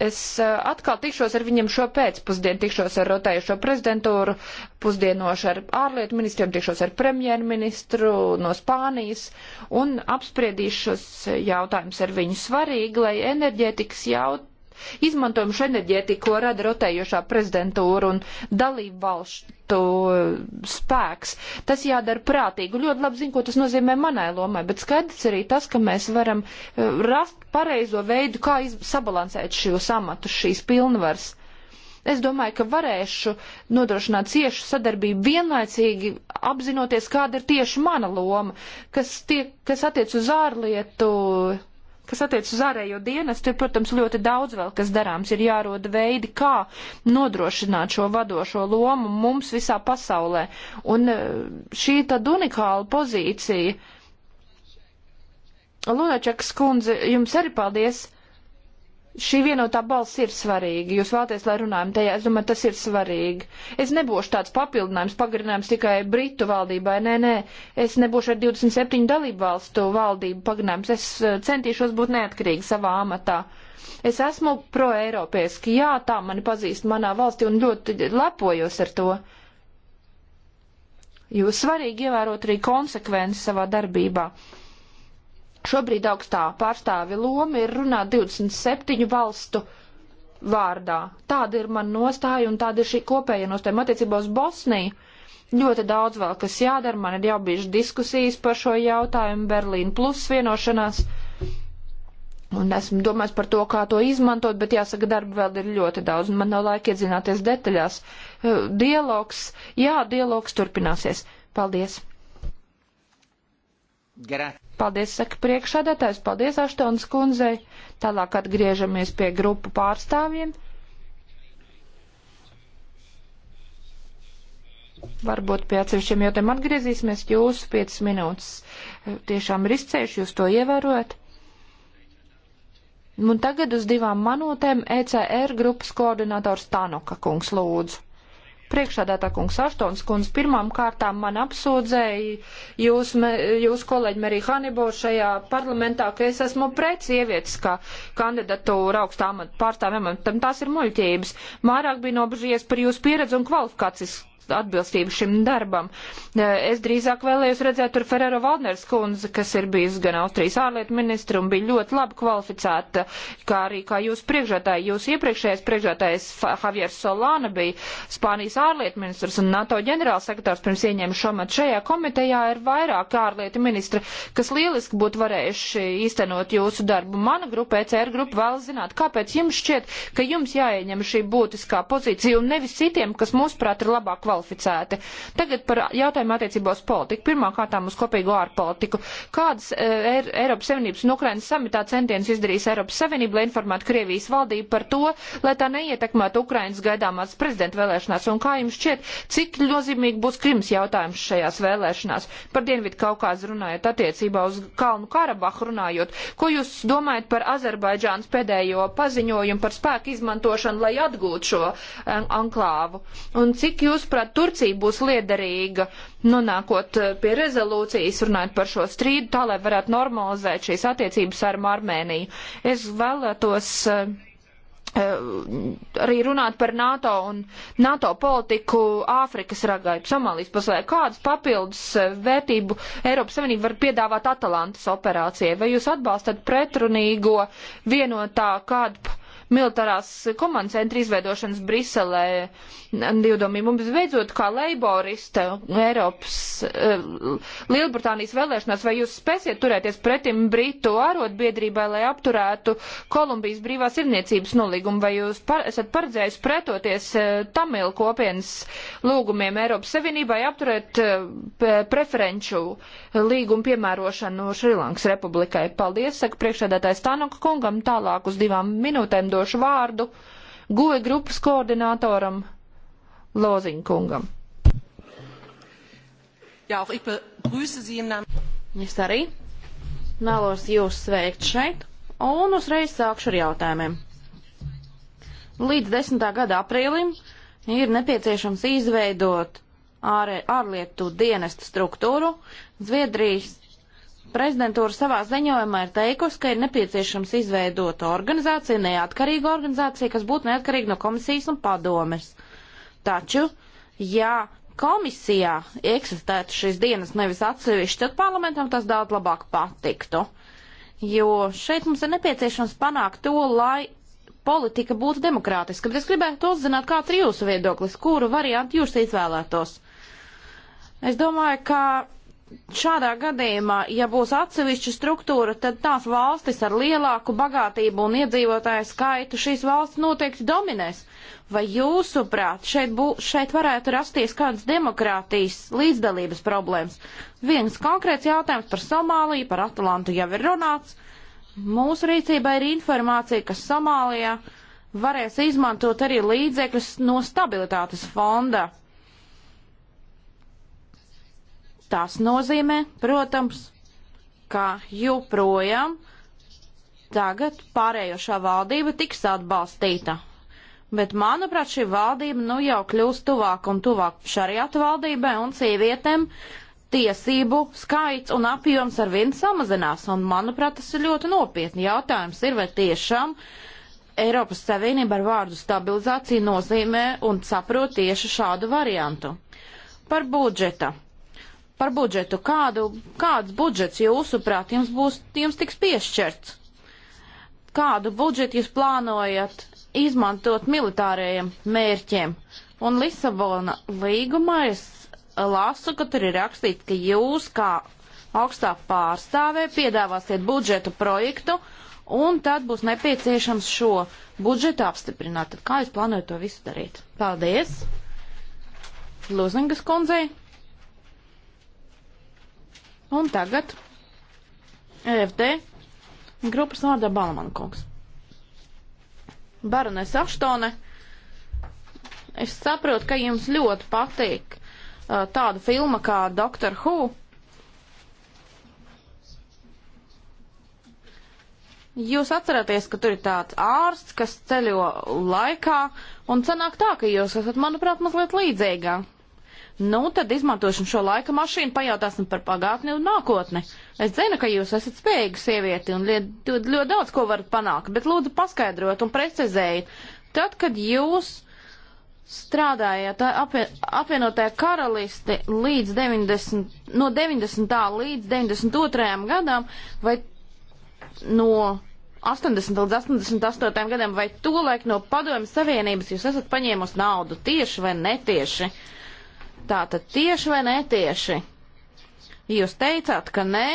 Es eh, atkal tikšos ar viņiem šo pēcpusdienu, tikšos ar rotējušo prezidentūru, pusdienošu ar ārlietu ministriem, tikšos ar premjerministru no Spānijas un apspriedīšos jautājums ar viņu svarīgi, lai enerģētikas jautājums Izmantojam šo enerģētiku, ko rada rotējošā prezidentūra un dalību valstu eh, spēks. Tas jādara prātīgi. Ļoti labi zinu, ko tas nozīmē manai lomai, bet skaidrs arī tas, ka mēs varam eh, rast pareizo veidu, kā sabalansēt šo samatu, šīs pilnvars. Es domāju, ka varēšu nodrošināt ciešu sadarbību vienlaicīgi apzinoties, kāda ir tieši mana loma, kas, tie, kas attiec uz ārlietu Kas attiec uz ārējo dienestu, ir, protams, ļoti daudz vēl, kas darāms. Ir jāroda veidi, kā nodrošināt šo vadošo lomu mums visā pasaulē. Un e, šī tad unikāla pozīcija. Lunačakas kundze, jums arī paldies! Šī vienotā balss ir svarīga. Jūs vēlaties, lai runājam tajā, es domāju, tas ir svarīgi. Es nebūšu tāds papildinājums, pagarinājums tikai Britu valdībai. Nē, nē, es nebūšu ar 27 dalību valstu valdību pagarinājums. Es eh, centīšos būt neatkarīgi savā amatā. Es esmu pro-eiropieski. Jā, tā mani pazīst manā valstī un ļoti lepojos ar to. Jo svarīgi ievērot arī konsekvenci savā darbībā. Šobrīd augstā pārstāvi loma ir runāt 27 valstu vārdā. Tāda ir man nostāja un tāda ir šī kopēja nostāja attiecībā uz Bosniju. Ļoti daudz vēl, kas jādara, man ir jau bijušas diskusijas par šo jautājumu, Berlīna plus vienošanās. Un esmu domājis par to, kā to izmantot, bet jāsaka, darba vēl ir ļoti daudz, un man nav laika iedzināties detaļās. Uh, dialogs, jā, dialogs turpināsies. Paldies! Garā. Paldies, saka priekšādātājs, paldies Aštons kundzei. Tālāk atgriežamies pie grupu pārstāvjiem. Varbūt pie atsevišķiem jautājumiem atgriezīsimies. Jūsu 5 minūtes eh, tiešām ir izcējuši, jūs to ievērojat. Un tagad uz divām minūtēm ECR grupas koordinators Tanuka kungs lūdzu. Priekšādātā kungs Aštons kundz pirmām kārtām man apsūdzēja jūs, me, jūs kolēģi Merī Hanibo šajā parlamentā, ka es esmu pret sievietes kā kandidatūra augstā amata pārstāvēm. Tās ir muļķības. Mārāk bija nobežies par jūsu pieredzi un kvalifikācijas atbilstību šim darbam. Es drīzāk vēlējos redzēt tur Ferrero Valdners kundze, kas ir bijusi gan Austrijas ārlietu ministra un bija ļoti labi kvalificēta, kā arī kā jūs priekšētāji. Jūs iepriekšējais priekšētājs Javier Solana bija Spānijas ārlietu ministrs un NATO ģenerālsekretārs pirms ieņēma šomet. Šajā komitejā ir vairāk ārlietu ministri, kas lieliski būtu varējuši īstenot jūsu darbu. Mana grupa, ECR grupa, vēl zināt, kāpēc jums šķiet, ka jums jāieņem šī būtiskā pozīcija un nevis citiem, kas mūsuprāt ir labāk kvalificēti. Tagad par jautājumu attiecībā uz politiku. Pirmkārtām uz kopīgo ārpolitiku. Kādas e, Eiropas Savienības un Ukrainas samitā centienus izdarīs Eiropas Savienība, lai informētu Krievijas valdību par to, lai tā neietekmētu Ukrainas gaidāmās prezidenta vēlēšanās? Un kā jums šķiet, cik nozīmīgi būs Krimas jautājums šajās vēlēšanās? Par Dienvidu Kaukāzu runājot attiecībā uz Kalnu Karabahu runājot. Ko jūs domājat par Azerbaidžānas pēdējo paziņojumu par spēku izmantošanu, lai atgūtu šo um, anklāvu? Un cik jūs prāt, Manuprāt, Turcija būs liederīga nonākot eh, pie rezolūcijas, runājot par šo strīdu, tā lai varētu normalizēt šīs attiecības ar Armēniju. Es vēlētos eh, eh, arī runāt par NATO un NATO politiku Āfrikas ragai, Somālijas pasaulē. Kādas papildus vērtību Eiropas Savienība var piedāvāt Atalantas operācijai? Vai jūs atbalstat pretrunīgo vienotā kādu militārās komandas centra izveidošanas Briselē divdomību. Un visbeidzot, kā leiboriste Eiropas eh, Lielbritānijas vēlēšanās, vai jūs spēsiet turēties pretim Britu arotbiedrībai, lai apturētu Kolumbijas brīvās irniecības nolīgumu, vai jūs par, esat paredzējis pretoties eh, Tamilu kopienas lūgumiem Eiropas Savienībai apturēt eh, preferenču līgumu piemērošanu Šrilankas republikai? Paldies, saka priekšsēdētājs Tanuka kungam, tālāk uz divām minūtēm došu došu vārdu goja grupas koordinatoram Loziņkungam. Jā, ich begrüße Sie im Namen. Es arī vēlos jūs sveikt šeit un uzreiz sākšu ar jautājumiem. Līdz 10. gada aprīlim ir nepieciešams izveidot ārē, ārlietu dienestu struktūru. Zviedrijas Prezidentūra savā ziņojumā ir teikusi, ka ir nepieciešams izveidot organizāciju, neatkarīgu organizāciju, kas būtu neatkarīga no komisijas un padomes. Taču, ja komisijā eksistētu šīs dienas nevis atsevišķi, tad parlamentam tas daudz labāk patiktu. Jo šeit mums ir nepieciešams panākt to, lai politika būtu demokrātiska. Bet es gribētu uzzināt, kāds ir jūsu viedoklis, kuru variantu jūs izvēlētos. Es domāju, ka šādā gadījumā, ja būs atsevišķa struktūra, tad tās valstis ar lielāku bagātību un iedzīvotāju skaitu šīs valsts noteikti dominēs. Vai jūsuprāt, šeit, bū, šeit varētu rasties kādas demokrātijas līdzdalības problēmas? Viens konkrēts jautājums par Somāliju, par Atlantu jau ir runāts. Mūsu rīcībā ir informācija, ka Somālijā varēs izmantot arī līdzekļus no stabilitātes fonda Tas nozīmē, protams, ka joprojām tagad pārējošā valdība tiks atbalstīta. Bet, manuprāt, šī valdība nu jau kļūst tuvāk un tuvāk šariatu valdībai un sievietēm tiesību skaits un apjoms ar vienu samazinās. Un, manuprāt, tas ir ļoti nopietni jautājums ir, vai tiešām Eiropas Savienība ar vārdu stabilizācija nozīmē un saprot tieši šādu variantu. Par budžeta par budžetu. Kādu, kāds budžets jūsuprāt jums būs, jums tiks piešķirts? Kādu budžetu jūs plānojat izmantot militārajiem mērķiem? Un Lisabona līgumā es lasu, ka tur ir rakstīts, ka jūs kā augstā pārstāvē piedāvāsiet budžetu projektu, un tad būs nepieciešams šo budžetu apstiprināt. Tad kā jūs plānojat to visu darīt? Paldies! Lūzingas kundzei! Un tagad EFD grupas vārdā Balamana kungs. Baronēs Aštone, es saprotu, ka jums ļoti patīk uh, tāda filma kā Doctor Who. Jūs atceraties, ka tur ir tāds ārsts, kas ceļo laikā, un sanāk tā, ka jūs esat, manuprāt, mazliet līdzīgā. Nu, tad izmantosim šo laika mašīnu, pajautāsim par pagātni un nākotni. Es zinu, ka jūs esat spējīga sievieti un ļoti, ļoti daudz ko varat panākt, bet lūdzu paskaidrot un precizējiet. Tad, kad jūs strādājāt apvienotajā karalisti līdz 90, no 90. līdz 92. gadam, vai no 80 līdz 88 gadiem, vai tolaik no padomjas Savienības jūs esat paņēmusi naudu tieši vai netieši? Uh, Tātad tieši vai netieši? Jūs teicāt, ka nē.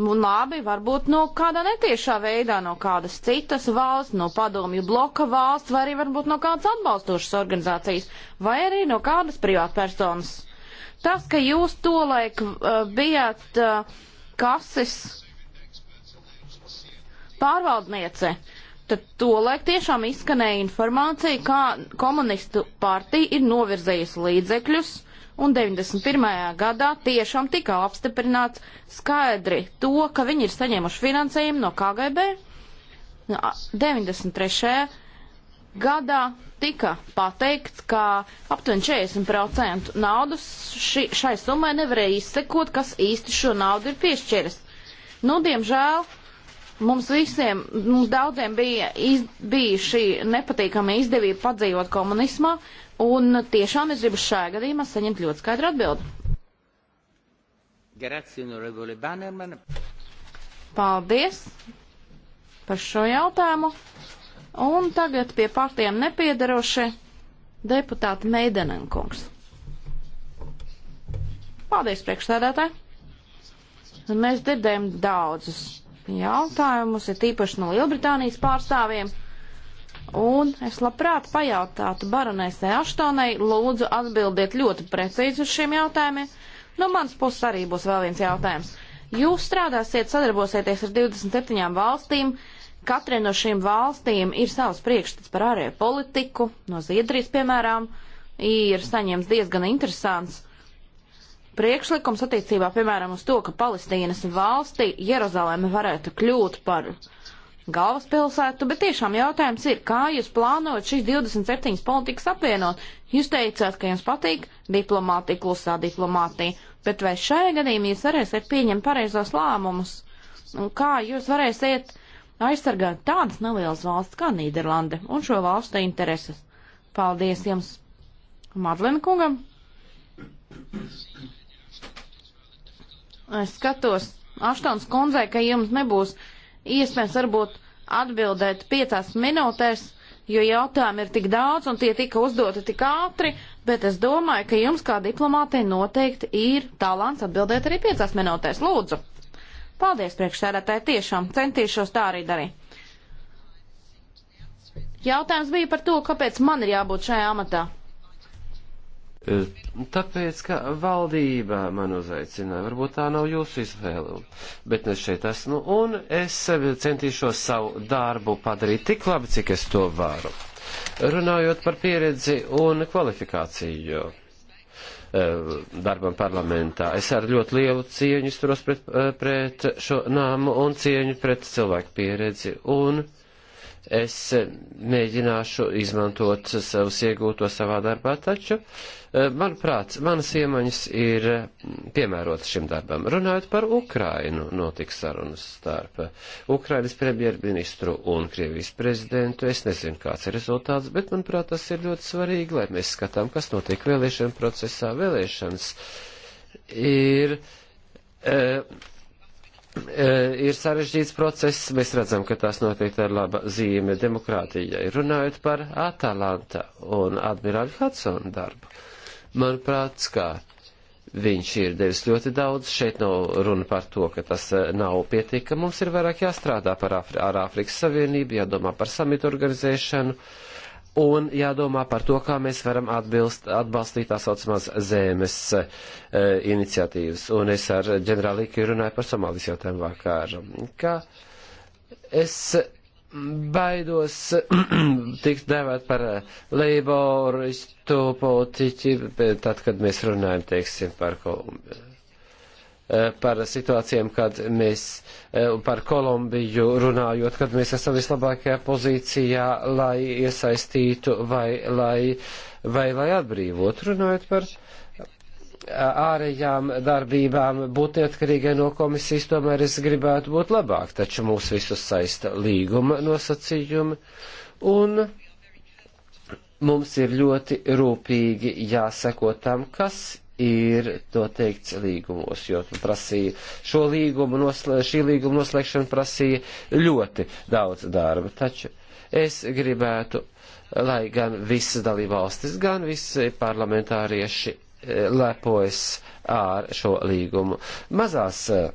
Nu, labi, varbūt no kāda netiešā veidā, no kādas citas valsts, no padomju bloka valsts, vai arī varbūt no kādas atbalstošas organizācijas, vai arī no kādas privātpersonas. Tas, ka jūs tolaik uh, bijāt uh, kases pārvaldniece, uh, tad tolaik tiešām izskanēja informācija, kā komunistu partija ir novirzējusi līdzekļus, un 91. gadā tiešām tika apstiprināts skaidri to, ka viņi ir saņēmuši finansējumu no KGB. 93. Nu, gadā tika pateikts, ka aptuveni 40% naudas ši, šai summai nevarēja izsekot, kas īsti šo naudu ir piešķiris. Nu, diemžēl Mums visiem, mums daudziem bija, iz, bija šī nepatīkama izdevība padzīvot komunismā, un tiešām es gribu šajā gadījumā saņemt ļoti skaidru atbildi. Grazie, onorevole Bannerman. Paldies par šo jautājumu. Un tagad pie partijām nepiedarošie deputāti Meidenenkungs. Paldies, priekšstādātāji! Mēs dzirdējam daudzus jautājumus, ir tīpaši no Lielbritānijas pārstāvjiem. Un es labprāt pajautātu baronēsē Aštonai, lūdzu atbildiet ļoti precīzi uz šiem jautājumiem. No manas puses arī būs vēl viens jautājums. Jūs strādāsiet, sadarbosieties ar 27 valstīm. Katrai no šīm valstīm ir savs priekšstats par ārēju politiku. No Zviedrijas, piemēram, ir saņemts diezgan interesants priekšlikums attiecībā, piemēram, uz to, ka Palestīnas valstī Jeruzaleme varētu kļūt par galvaspilsētu, bet tiešām jautājums ir, kā jūs plānojat šīs 27 politikas apvienot? Jūs teicāt, ka jums patīk diplomātija, klusā diplomātija, bet vai šajā gadījumā jūs varēsiet pieņemt pareizos lēmumus? Un kā jūs varēsiet aizsargāt tādas nelielas valsts kā Nīderlande un šo valstu intereses? Paldies jums, Madlina kungam! Es skatos, Aštons kundzei, ka jums nebūs iespējams varbūt atbildēt piecās minūtēs, jo jautājumi ir tik daudz un tie tika uzdoti tik ātri, bet es domāju, ka jums kā diplomātei noteikti ir talants atbildēt arī piecās minūtēs. Lūdzu! Paldies, priekšsēdētāji, tiešām centīšos tā arī darīt. Jautājums bija par to, kāpēc man ir jābūt šajā amatā. Eh, tāpēc, ka valdība man uzaicināja, varbūt tā nav jūsu izvēle, bet es šeit esmu un es centīšos savu darbu padarīt tik labi, cik es to varu. Runājot par pieredzi un kvalifikāciju eh, darbam parlamentā. Es ar ļoti lielu cieņu izturos pret, eh, pret šo nāmu un cieņu pret cilvēku pieredzi un es mēģināšu izmantot savus iegūto savā darbā, taču uh, Eh, manuprāt, manas iemaņas ir mm, piemērotas šim darbam. Runājot par Ukrainu, notiks sarunas starp eh, Ukrainas premjerministru un Krievijas prezidentu. Es nezinu, kāds ir rezultāts, bet, manuprāt, tas ir ļoti svarīgi, lai mēs skatām, kas notiek vēlēšana procesā. Vēlēšanas ir. E, ir sarežģīts process, mēs redzam, ka tās noteikti ir laba zīme demokrātijai. Runājot par Atalanta un admirāļu Hudsonu darbu, manuprāt, kā viņš ir devis ļoti daudz. Šeit nav runa par to, ka tas eh, nav pietiekami. Mums ir vairāk jāstrādā par Afri ar Āfrikas Savienību, jādomā par samitu organizēšanu un jādomā par to, kā mēs varam atbilst, atbalstīt tā saucamās zēmes e, iniciatīvas. Un es ar ģenerāli Līku runāju par Somālijas jautājumu vakar. Kā es baidos tikt devēt par eh, leiboristu politiķi, bet tad, kad mēs runājam, teiksim, par, eh, par situācijām, kad mēs eh, par Kolumbiju runājot, kad mēs esam vislabākajā pozīcijā, lai iesaistītu vai lai, vai, lai atbrīvotu runājot par. Uh, ārējām darbībām būt neatkarīgai no komisijas, tomēr es gribētu būt labāk, taču mūs visus saista līguma nosacījumi, un mums ir ļoti rūpīgi jāseko tam, kas ir to teikts līgumos, jo prasīja šo līgumu, noslē, šī līguma noslēgšana prasīja ļoti daudz darba. Taču es gribētu, lai gan visas dalībvalstis, gan visi parlamentārieši lepojas ar šo līgumu. Mazās eh,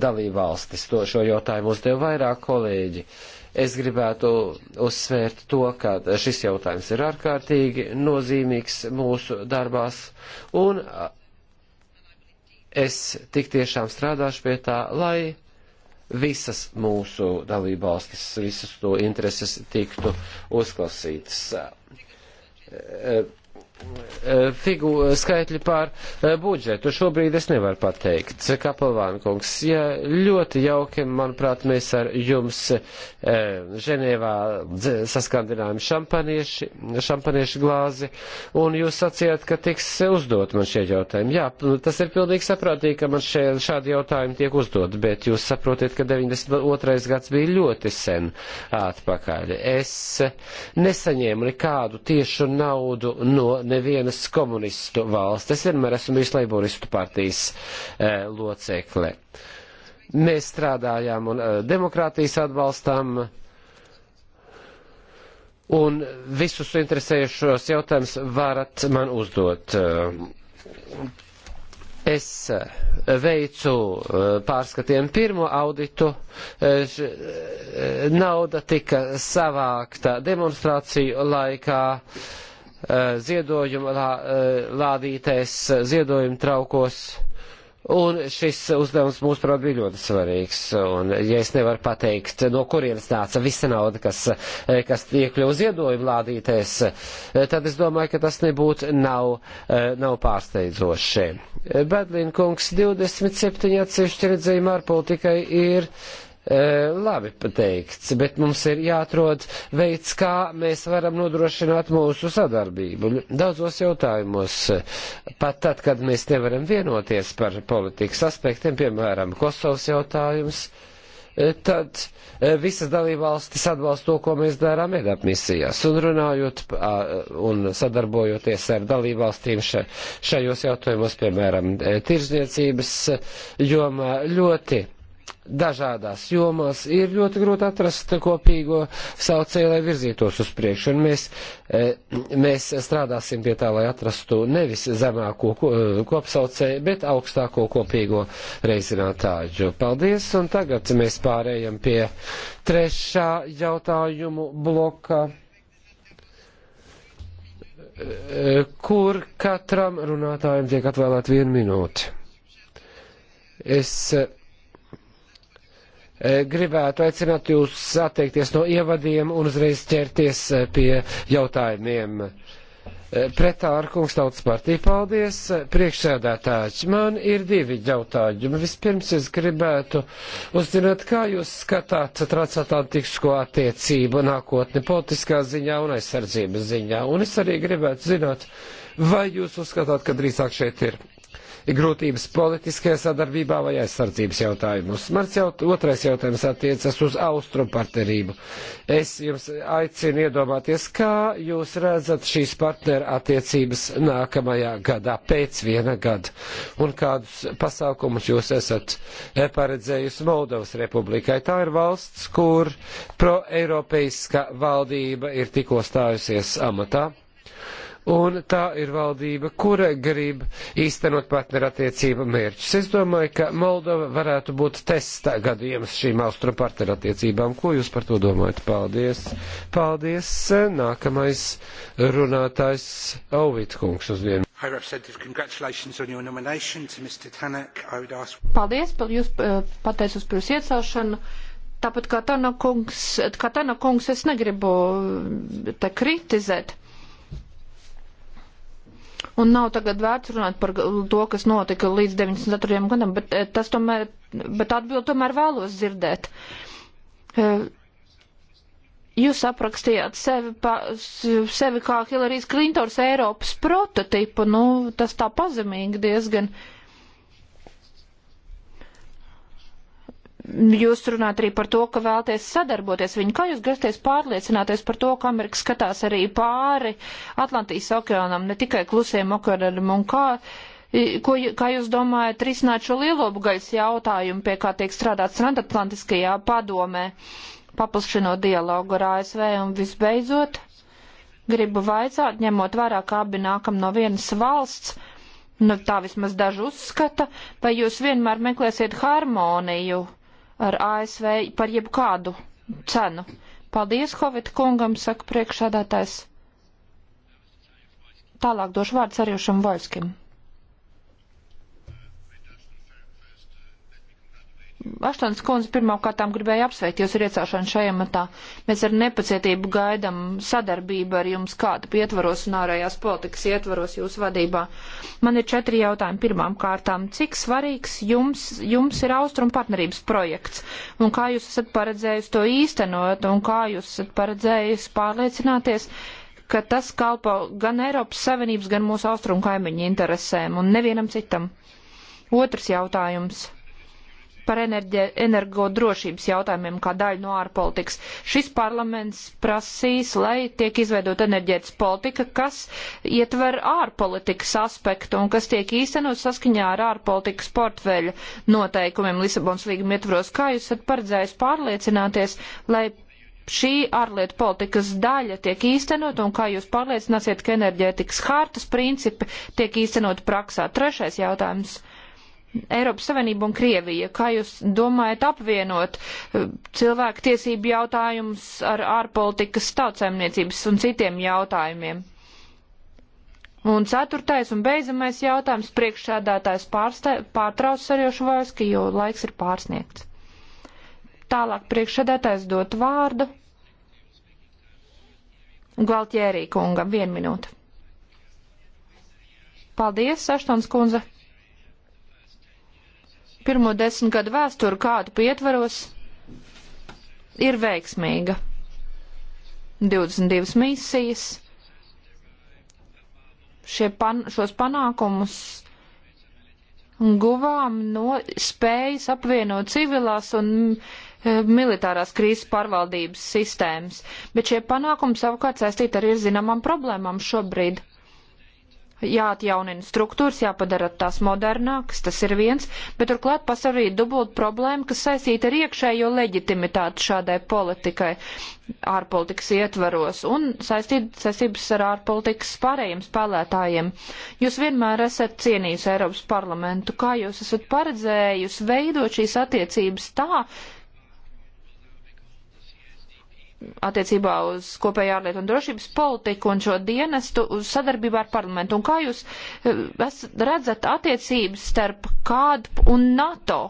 dalībvalstis to šo jautājumu uzdev vairāk kolēģi. Es gribētu uzsvērt to, ka šis jautājums ir ārkārtīgi nozīmīgs mūsu darbās, un eh, es tik tiešām strādāšu pie tā, lai visas mūsu dalībvalstis, visas to intereses tiktu uzklausītas. Eh, E, figu, e, skaitļi pār e, budžetu. Šobrīd es nevaru pateikt. Kapelvāna kungs, jā, ļoti jauki, manuprāt, mēs ar jums Ženēvā saskandinājām šampanieši, šampanieši glāzi, un jūs sacījāt, ka tiks uzdot man šie jautājumi. Jā, tas ir pilnīgi saprātīgi, ka man šie, šādi jautājumi tiek uzdot, bet jūs saprotiet, ka 92. gads bija ļoti sen atpakaļ. Es nesaņēmu nekādu tiešu naudu no nevienas komunistu valsts. Es vienmēr esmu bijis Leiboristu partijas eh, locekle. Mēs strādājām un eh, demokrātijas atbalstām. Un visus interesējušos jautājumus varat man uzdot. Es eh, veicu eh, pārskatiem pirmo auditu. Eh, nauda tika savākta demonstrāciju laikā Eh, ziedojuma lā, eh, lādītēs, ziedojuma traukos. Un šis uzdevums mūs prāt bija ļoti svarīgs. Un, ja es nevaru pateikt, no kurienes nāca visa nauda, kas, eh, kas iekļuva ziedojumu lādītēs, tad es domāju, ka tas nebūtu nav, nav pārsteidzoši. Bedlīna kungs 27 atsevišķi redzējumi ārpolitikai ir labi pateikts, bet mums ir jāatrod veids, kā mēs varam nodrošināt mūsu sadarbību. Daudzos jautājumos, pat tad, kad mēs nevaram vienoties par politikas aspektiem, piemēram, Kosovas jautājums, tad visas dalībvalstis atbalsta to, ko mēs darām EDAP misijās. Un runājot un sadarbojoties ar dalībvalstīm šajos jautājumos, piemēram, tirzniecības jomā ļoti dažādās jomās, ir ļoti grūti atrast kopīgo saucēju, lai virzītos uz priekšu. Un mēs, e, mēs strādāsim pie tā, lai atrastu nevis zemāko e, kopsaucēju, bet augstāko kopīgo reizinātāju. Paldies, un tagad mēs pārējam pie trešā jautājumu bloka e, kur katram runātājam tiek atvēlēta viena minūte. Es E, gribētu aicināt jūs atteikties no ievadiem un uzreiz ķerties e, pie jautājumiem. E, Pretāra kungs tautas partija, paldies. Priekšsēdētāji, man ir divi jautājumi. Vispirms es gribētu uzzināt, kā jūs skatāt transatlantisko attiecību nākotni politiskā ziņā un aizsardzības ziņā. Un es arī gribētu zināt, vai jūs uzskatāt, ka drīzāk šeit ir grūtības politiskajā sadarbībā vai aizsardzības jautājumus. Mans jaut, otrais jautājums attiecas uz austrumu partnerību. Es jums aicinu iedomāties, kā jūs redzat šīs partneru attiecības nākamajā gadā, pēc viena gada, un kādus pasākumus jūs esat e, paredzējusi Moldovas republikai. Tā ir valsts, kur proeiropeiska valdība ir tikko stājusies amatā un tā ir valdība, kura grib īstenot partnerattiecību mērķus. Es domāju, ka Moldova varētu būt testa gadījums šīm austru partnerattiecībām. Ko jūs par to domājat? Paldies! Paldies! Nākamais runātājs Auvitkungs uz vienu. High Representative, congratulations on your nomination to Mr. Tanak. I would ask... Paldies, pa, jūs eh, pateicos par jūsu iecelšanu. Tāpat kā Tana kungs, eh, kā Tana kungs, es negribu eh, te kritizēt Un nav tagad vērts runāt par to, kas notika līdz 94. gadam, bet, eh, tas tomēr, bet atbild tomēr vēlos dzirdēt. Eh, jūs aprakstījāt sevi, pa, sevi kā Hilarijas Klintors Eiropas prototipu, nu, tas tā pazemīgi diezgan. Uh, Jūs runājat arī par to, ka vēlties sadarboties viņu. Kā jūs grasties pārliecināties par to, ka Amerika skatās arī pāri Atlantijas okeānam, ne tikai klusiem okeānam, un kā, ko, kā jūs domājat risināt šo lielobu gaisa jautājumu, pie kā tiek strādāts transatlantiskajā padomē, paplašinot dialogu ar ASV un visbeidzot? Gribu vaicāt, ņemot vērā, ka abi nākam no vienas valsts, nu tā vismaz daži uzskata, vai jūs vienmēr meklēsiet harmoniju ar ASV par jebkādu cenu. Paldies, Hovita kungam, saka priekšādātājs. Tālāk došu vārdu Sarjušam Voļskim. Aštons kundze pirmkārtām gribēja apsveikt jūs ar iecāšanu šajā matā. Mēs ar nepacietību gaidam sadarbību ar jums kāda pietvaros un ārējās politikas ietvaros jūs vadībā. Man ir četri jautājumi pirmām kārtām. Cik svarīgs jums, jums ir austrum partnerības projekts? Un kā jūs esat paredzējis to īstenot? Un kā jūs esat paredzējis pārliecināties? ka tas kalpo gan Eiropas Savienības, gan mūsu austrumu kaimiņu interesēm un nevienam citam. Otrs jautājums par energodrošības jautājumiem kā daļu no ārpolitikas. Šis parlaments prasīs, lai tiek izveidot enerģētas politika, kas ietver ārpolitikas aspektu un kas tiek īstenot saskaņā ar ārpolitikas portfeļa noteikumiem Lisabons līguma ietvaros. Kā jūs esat paredzējis pārliecināties, lai šī ārlietu politikas daļa tiek īstenot un kā jūs pārliecināsiet, ka enerģētikas hārtas principi tiek īstenot praksā? Trešais jautājums. Uh, Eiropas Savienība un Krievija. Kā jūs domājat apvienot eh, cilvēku tiesību jautājumus ar ārpolitikas tautsēmniecības un citiem jautājumiem? Un ceturtais un beidzamais jautājums priekšsēdētājs pārtrauc sarjošu vaiski, jo laiks ir pārsniegts. Tālāk priekšsēdētājs dot vārdu Galtjērī kungam. Vienu minūtu. Paldies, Saštons kundze pirmo desmit gadu vēsturi kādu pietvaros ir veiksmīga. 22 misijas. Šie pan, šos panākumus guvām no spējas apvienot civilās un e, militārās krīzes pārvaldības sistēmas, bet šie panākumi savukārt saistīti arī ar zināmām problēmām šobrīd jāatjaunina struktūras, jāpadara tās modernākas, tas ir viens, bet turklāt pasaulē ir dubult problēma, kas saistīta ar iekšējo leģitimitāti šādai politikai ārpolitikas ietvaros un saistīt, saistības ar ārpolitikas pārējiem spēlētājiem. Jūs vienmēr esat cienījis Eiropas parlamentu, kā jūs esat paredzējis veidot šīs attiecības tā, attiecībā uz kopējā ārlietu un drošības politiku un šo dienestu sadarbībā ar parlamentu. Un kā jūs eh, redzat attiecības starp kādu un NATO?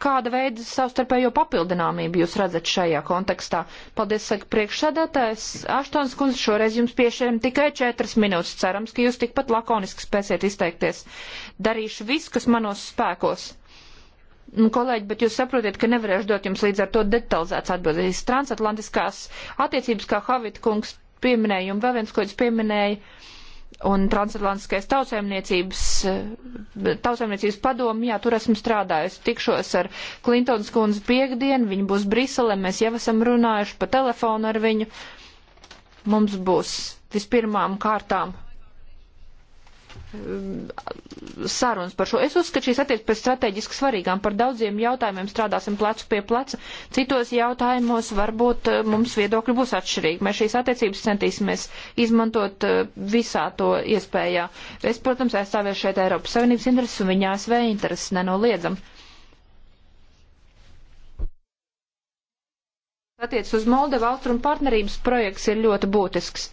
Kāda veida savstarpējo papildināmību jūs redzat šajā kontekstā? Paldies, saka priekšsēdētājs Aštons kundze, šoreiz jums piešķiram tikai četras minūtes. Cerams, ka jūs tikpat lakoniski spēsiet izteikties. Darīšu visu, kas manos spēkos. Nu, kolēģi, bet jūs saprotiet, ka nevarēšu dot jums līdz ar to detalizēts atbildīs. Transatlantiskās attiecības, kā Havita kungs pieminēja, un vēl viens, ko es pieminēju, un transatlantiskais tautsēmniecības, eh, tautsēmniecības padomu, jā, tur esmu strādājusi. Tikšos ar Klintons kundzi piekdien, viņa būs Brisele, mēs jau esam runājuši pa telefonu ar viņu. Mums būs vispirmām kārtām sarunas par šo. Es uzskatu šīs attiecības par strateģiski svarīgām. Par daudziem jautājumiem strādāsim plecu pie pleca. Citos jautājumos varbūt eh, mums viedokļi būs atšķirīgi. Mēs šīs attiecības centīsimies izmantot eh, visā to iespējā. Es, protams, aizstāvēšu šeit Eiropas Savienības intereses un viņa ASV intereses nenoliedzam. Attiec uz Moldevu austrumu partnerības projekts ir ļoti būtisks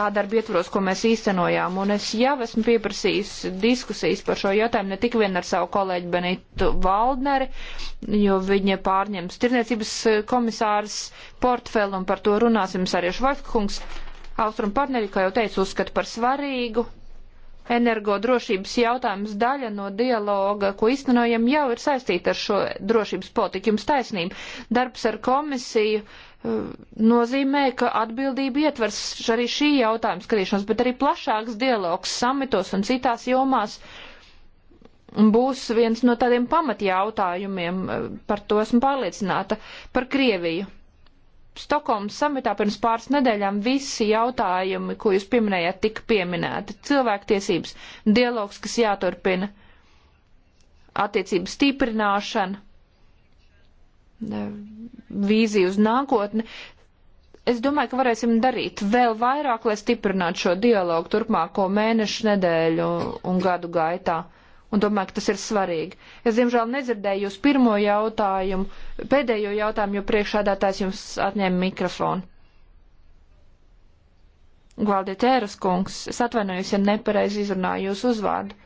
tā darba ietvaros, ko mēs īstenojām. Un es jau esmu pieprasījis diskusijas par šo jautājumu ne tik vien ar savu kolēģi Benitu Valdneri, jo viņa pārņems tirniecības eh, komisāras portfeli un par to runāsim arī Švaitkungs. Austrum partneri, kā jau teicu, uzskata par svarīgu. Energodrošības jautājums daļa no dialoga, ko iztenojam, jau ir saistīta ar šo drošības politiku. Jums taisnība. Darbs ar komisiju uh, nozīmē, ka atbildība ietvers arī šī jautājuma skatīšanos, bet arī plašāks dialogs samitos un citās jomās būs viens no tādiem pamatjautājumiem, par to esmu pārliecināta, par Krieviju. Stokholmas samitā pirms pāris nedēļām visi jautājumi, ko jūs pieminējāt, tika pieminēti. Cilvēktiesības, dialogs, kas jāturpina, attiecības stiprināšana vīziju uz nākotni. Es domāju, ka varēsim darīt vēl vairāk, lai stiprinātu šo dialogu turpmāko mēnešu, nedēļu un gadu gaitā un domāju, ka tas ir svarīgi. Es, diemžēl, nedzirdēju jūs pirmo jautājumu, pēdējo jautājumu, jo priekšādātājs jums atņēma mikrofonu. Gvaldietēras kungs, es atvainojos, ja nepareizi izrunāju jūsu uzvārdu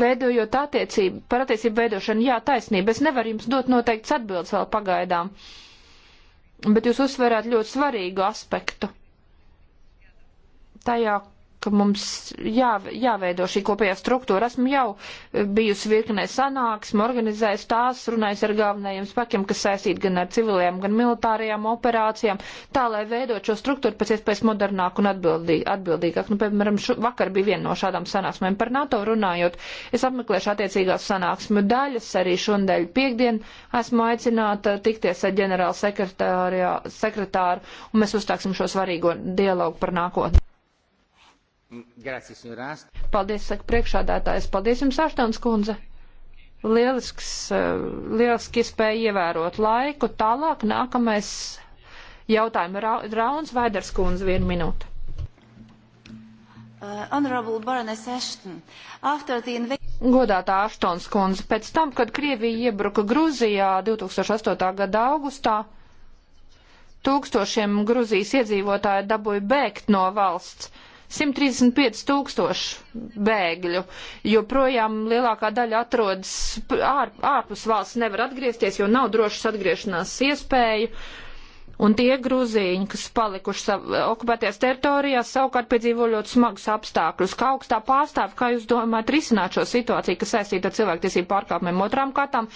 veidojot attiecību, par attiecību veidošanu, jā, taisnība, es nevaru jums dot noteikts atbildes vēl pagaidām, bet jūs uzsverāt ļoti svarīgu aspektu tajā, ka mums jā, jāveido šī kopējā struktūra. Esmu jau eh, bijusi virknē sanāksmi, organizējusi tās, runājusi ar galvenajiem spēkiem, kas saistīti gan ar civiliem, gan militārajām operācijām, tā, lai veidot šo struktūru pēc iespējas modernāku un atbildī, atbildīgāku. Nu, piemēram, šo, vakar bija viena no šādām sanāksmēm par NATO runājot. Es apmeklēšu attiecīgās sanāksmu daļas, arī šonadēļ piekdien esmu aicināta tikties ar ģenerāla sekretāru, un mēs uzstāksim šo svarīgo dialogu par nākotni. Grācis, paldies, saka priekšādātājs. Paldies jums, Aštons kundze. Lielisks, eh, lieliski spēja ievērot laiku. Tālāk nākamais jautājuma ra rauns Vaidars kundze vienu minūtu. Uh, Godātā Aštons kundze, pēc tam, kad Krievija iebruka Gruzijā 2008. gada augustā, tūkstošiem Gruzijas iedzīvotāji dabūja bēgt no valsts 135 tūkstoši bēgļu, joprojām lielākā daļa atrodas ār, ārpus valsts, nevar atgriezties, jo nav drošas atgriešanās iespēju. Un tie gruzīņi, kas palikuši sav, okupētajās teritorijās, savukārt piedzīvo ļoti smagus apstākļus. Kā augstā pārstāv, kā jūs domājat risināt šo situāciju, kas saistīta ar cilvēktiesību pārkāpumiem? Otrām kārtām,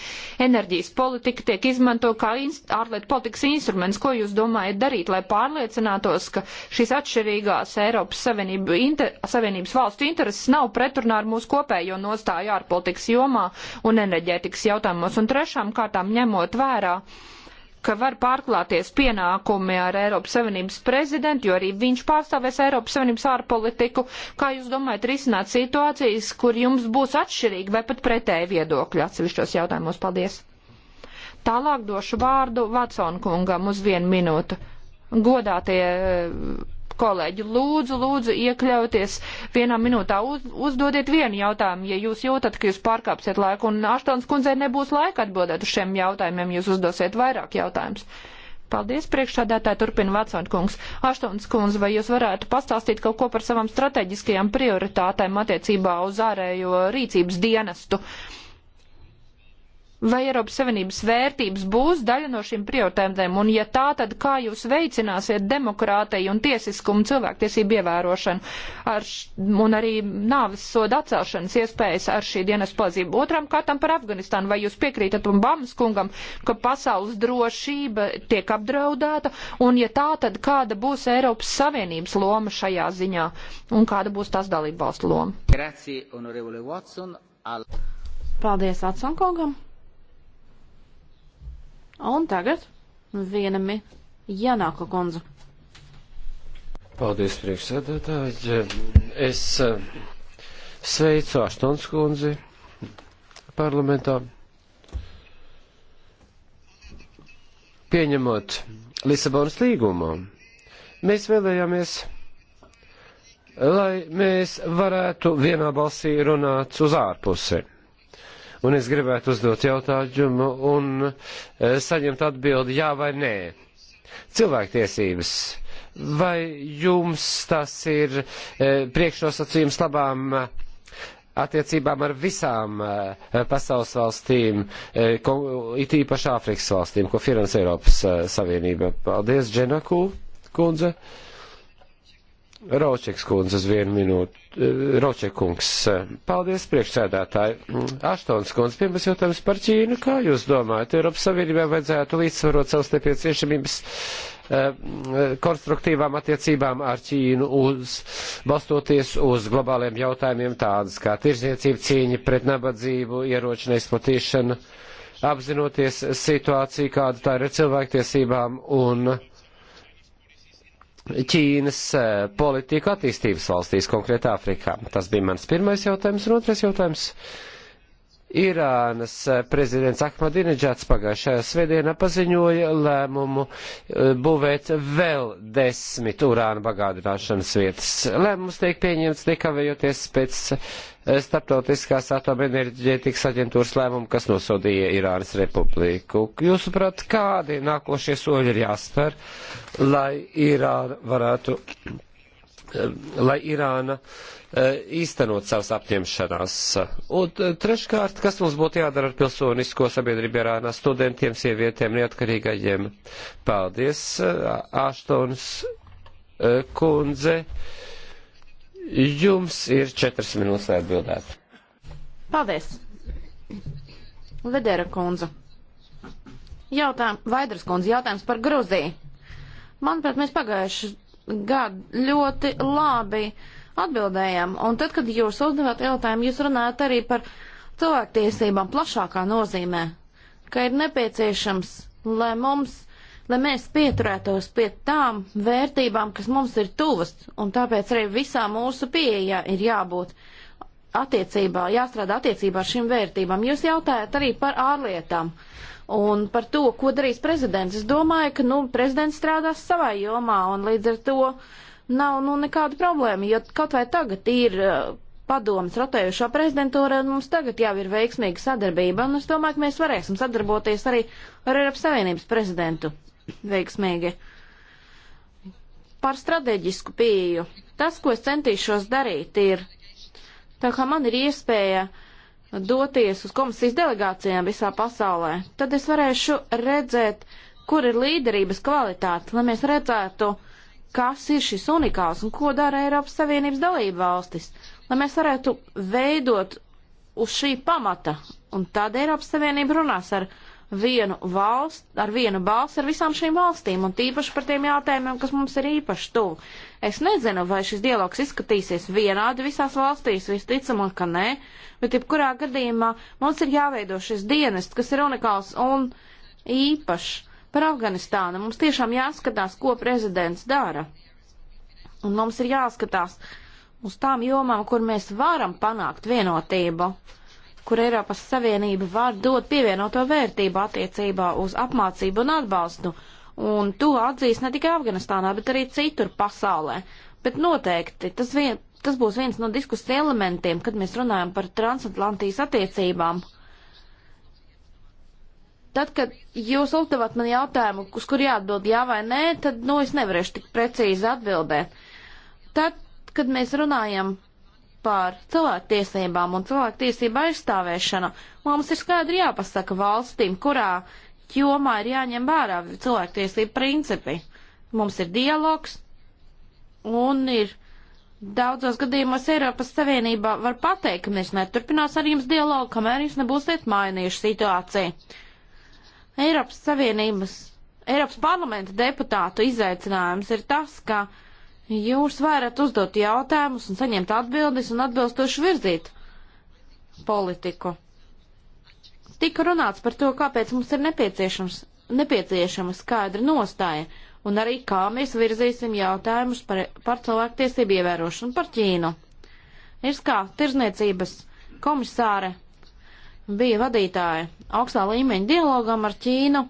enerģijas politika tiek izmanto kā ārlietu politikas instruments. Ko jūs domājat darīt, lai pārliecinātos, ka šīs atšķirīgās Eiropas Savienība, inter, Savienības valstu intereses nav pretrunā ar mūsu kopējo nostāju ārpolitikas jomā un enerģētikas jautājumos? Un trešām kārtām ņemot vērā. Uh, ka var pārklāties pienākumi ar Eiropas Savienības prezidentu, jo arī viņš pārstāvēs Eiropas Savienības ārpolitiku. Kā jūs domājat risināt situācijas, kur jums būs atšķirīgi vai pat pretēji viedokļi atsevišķos jautājumos? Paldies! Tālāk došu vārdu Vatsona kungam uz vienu minūtu. Godātie kolēģi, lūdzu, lūdzu, iekļauties vienā minūtā. Uz, uzdodiet vienu jautājumu, ja jūs jūtat, ka jūs pārkāpsiet laiku, un Aštons kundzei nebūs laika atbildēt uz šiem jautājumiem, jūs uzdosiet vairāk jautājumus. Paldies, priekšādātāji, turpina Vatsona kungs. Aštons kungs, vai jūs varētu pastāstīt kaut ko par savām strateģiskajām prioritātēm attiecībā uz ārējo rīcības dienestu? Uh, Vai Eiropas Savienības vērtības būs daļa no šīm prioritēm, un ja tā, tad kā jūs veicināsiet demokrātiju un tiesiskumu cilvēktiesību ievērošanu ar, un arī nāves soda atcelšanas iespējas ar šī dienas palīdzību? Otram kārtam par Afganistānu, vai jūs piekrītat Obamas kungam, ka pasaules drošība tiek apdraudēta, un ja tā, tad kāda būs Eiropas Savienības loma šajā ziņā, un kāda būs tās dalību valstu loma? Grazie, Paldies Atsonkaugam! Un tagad vienami Janāko kundze. Paldies, priekšsēdētāji. Es eh, sveicu Aštons kundzi parlamentā. Pieņemot Lisabonas līgumu, mēs vēlējāmies, lai mēs varētu vienā balsī runāt uz ārpusi un es gribētu uzdot jautājumu un e, saņemt atbildi jā vai nē. Cilvēktiesības. Vai jums tas ir e, priekšnosacījums labām attiecībām ar visām e, pasaules valstīm, it īpaši Āfrikas valstīm, ko finansē Eiropas Savienība? Paldies, Dženakū kundze. Uh, Raučeks kundzes vienu minūtu. Eh, Raučekungs, eh, paldies priekšsēdētāji. Mm, Aštons kundze, pirmais jautājums par Ķīnu. Kā jūs domājat, Eiropas Savienībā vajadzētu līdzsvarot savas nepieciešamības eh, konstruktīvām attiecībām ar Ķīnu, uz, balstoties uz globāliem jautājumiem tādas kā tirzniecība, cīņa pret nabadzību, ieroču neizplatīšana, apzinoties situāciju, kāda tā ir ar cilvēktiesībām un uh, Ķīnas eh, politiku attīstības valstīs, konkrēti Āfrikā. Tas bija mans pirmais jautājums, un otrais jautājums. Irānas eh, prezidents Ahmadinečāts pagājušajā svētdienā paziņoja lēmumu eh, būvēt vēl desmit urāna bagādināšanas vietas. Lēmums tiek pieņemts nekavējoties pēc starptautiskās atomenerģētikas aģentūras lēmumu, kas nosodīja Irānas republiku. Jūsuprāt, kādi nākošie soļi ir jāspēr, lai Irāna varētu, lai Irāna eh, īstenot savas apņemšanās? Un eh, treškārt, kas mums būtu jādara ar pilsonisko sabiedrību Irānā, studentiem, sievietēm, neatkarīgajiem? Paldies, Āštons eh, kundze. Uh, Jums ir četras minūtes, lai atbildētu. Paldies! Vedera kundze. Jautājums, Vaidras kundze, jautājums par Gruziju. Manuprāt, mēs pagājuši gadu ļoti labi atbildējām, un tad, kad jūs uzdevāt jautājumu, jūs runājat arī par cilvēktiesībām plašākā nozīmē, ka ir nepieciešams, lai mums lai mēs pieturētos pie tām vērtībām, kas mums ir tuvas, un tāpēc arī visā mūsu pieejā ir jābūt attiecībā, jāstrādā attiecībā ar šīm vērtībām. Jūs jautājat arī par ārlietām un par to, ko darīs prezidents. Es domāju, ka, nu, prezidents strādās savā jomā, un līdz ar to nav, nu, nekāda problēma, jo kaut vai tagad ir uh, padomas rotējušo prezidentūru, un mums tagad jau ir veiksmīga sadarbība, un es domāju, ka mēs varēsim sadarboties arī ar Eiropas Savienības prezidentu veiksmīgi par strateģisku pieeju. Tas, ko es centīšos darīt, ir, tā kā man ir iespēja doties uz komisijas delegācijām visā pasaulē, tad es varēšu redzēt, kur ir līderības kvalitāte, lai mēs redzētu, kas ir šis unikāls un ko dara Eiropas Savienības dalība valstis, lai mēs varētu veidot uz šī pamata, un tad Eiropas Savienība runās ar vienu valstu, ar vienu balsi ar visām šīm valstīm, un tīpaši par tiem jautājumiem, kas mums ir īpaši tuvu. Es nezinu, vai šis dialogs izskatīsies vienādi visās valstīs, visticamāk, ka nē, bet jebkurā gadījumā mums ir jāveido šis dienests, kas ir unikāls un īpašs. Par Afganistānu mums tiešām jāskatās, ko prezidents dara. Un mums ir jāskatās uz tām jomām, kur mēs varam panākt vienotību kur Eiropas Savienība var dot pievienoto vērtību attiecībā uz apmācību un atbalstu. Un to atzīs ne tikai Afganistānā, bet arī citur pasaulē. Bet noteikti tas, vien, tas būs viens no diskusijas elementiem, kad mēs runājam par transatlantijas attiecībām. Tad, kad jūs uzdevāt man jautājumu, uz kur jāatbild jā vai nē, tad, nu, es nevarēšu tik precīzi atbildēt. Tad, kad mēs runājam par cilvēktiesībām un cilvēktiesību aizstāvēšanu, mums ir skaidri jāpasaka valstīm, kurā jomā ir jāņem vērā cilvēktiesību principi. Mums ir dialogs un ir daudzos gadījumos Eiropas Savienībā var pateikt, ka mēs neturpinās ar jums dialogu, kamēr jūs nebūsiet mainījuši situāciju. Eiropas Savienības, Eiropas parlamenta deputātu izaicinājums ir tas, ka Jūs varat uzdot jautājumus un saņemt atbildes un atbilstoši virzīt politiku. Tika runāts par to, kāpēc mums ir nepieciešams, nepieciešama skaidra nostāja un arī kā mēs virzīsim jautājumus par, par cilvēktiesību ievērošanu par Ķīnu. Es kā tirzniecības komisāre bija vadītāja augstā līmeņa dialogam ar Ķīnu,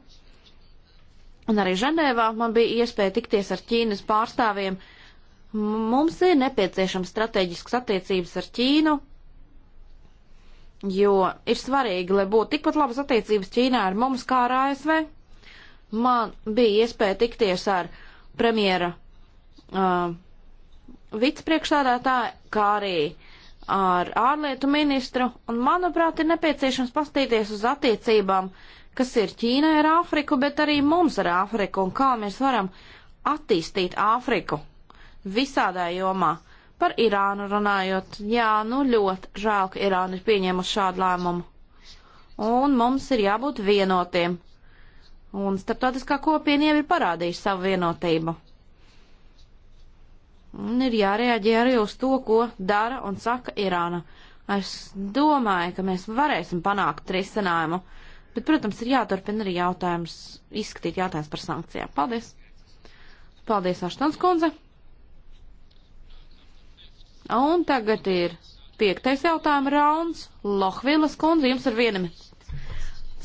un arī Ženēvā man bija iespēja tikties ar Ķīnas pārstāvjiem, uh, Mums ir nepieciešams strateģisks attiecības ar Ķīnu, jo ir svarīgi, lai būtu tikpat labas attiecības Ķīnā ar mums kā ar ASV. Man bija iespēja tikties ar premjera uh, vicepriekšstādātāju, kā arī ar ārlietu ministru, un manuprāt ir nepieciešams pastīties uz attiecībām, kas ir Ķīnai ar Āfriku, bet arī mums ar Āfriku, un kā mēs varam attīstīt Āfriku visādā jomā. Par Irānu runājot, jā, nu ļoti žēl, ka Irāna ir pieņēmusi šādu lēmumu. Un mums ir jābūt vienotiem. Un starptautiskā kopiena jau ir parādījusi savu vienotību. Un ir jārēģē arī uz to, ko dara un saka Irāna. Es domāju, ka mēs varēsim panākt risinājumu, bet, protams, ir jāturpina arī jautājums, izskatīt jautājums par sankcijām. Paldies! Paldies, Aštons kundze! Un tagad ir piektais jautājuma rauns. Lohvilas kundze, jums ir viena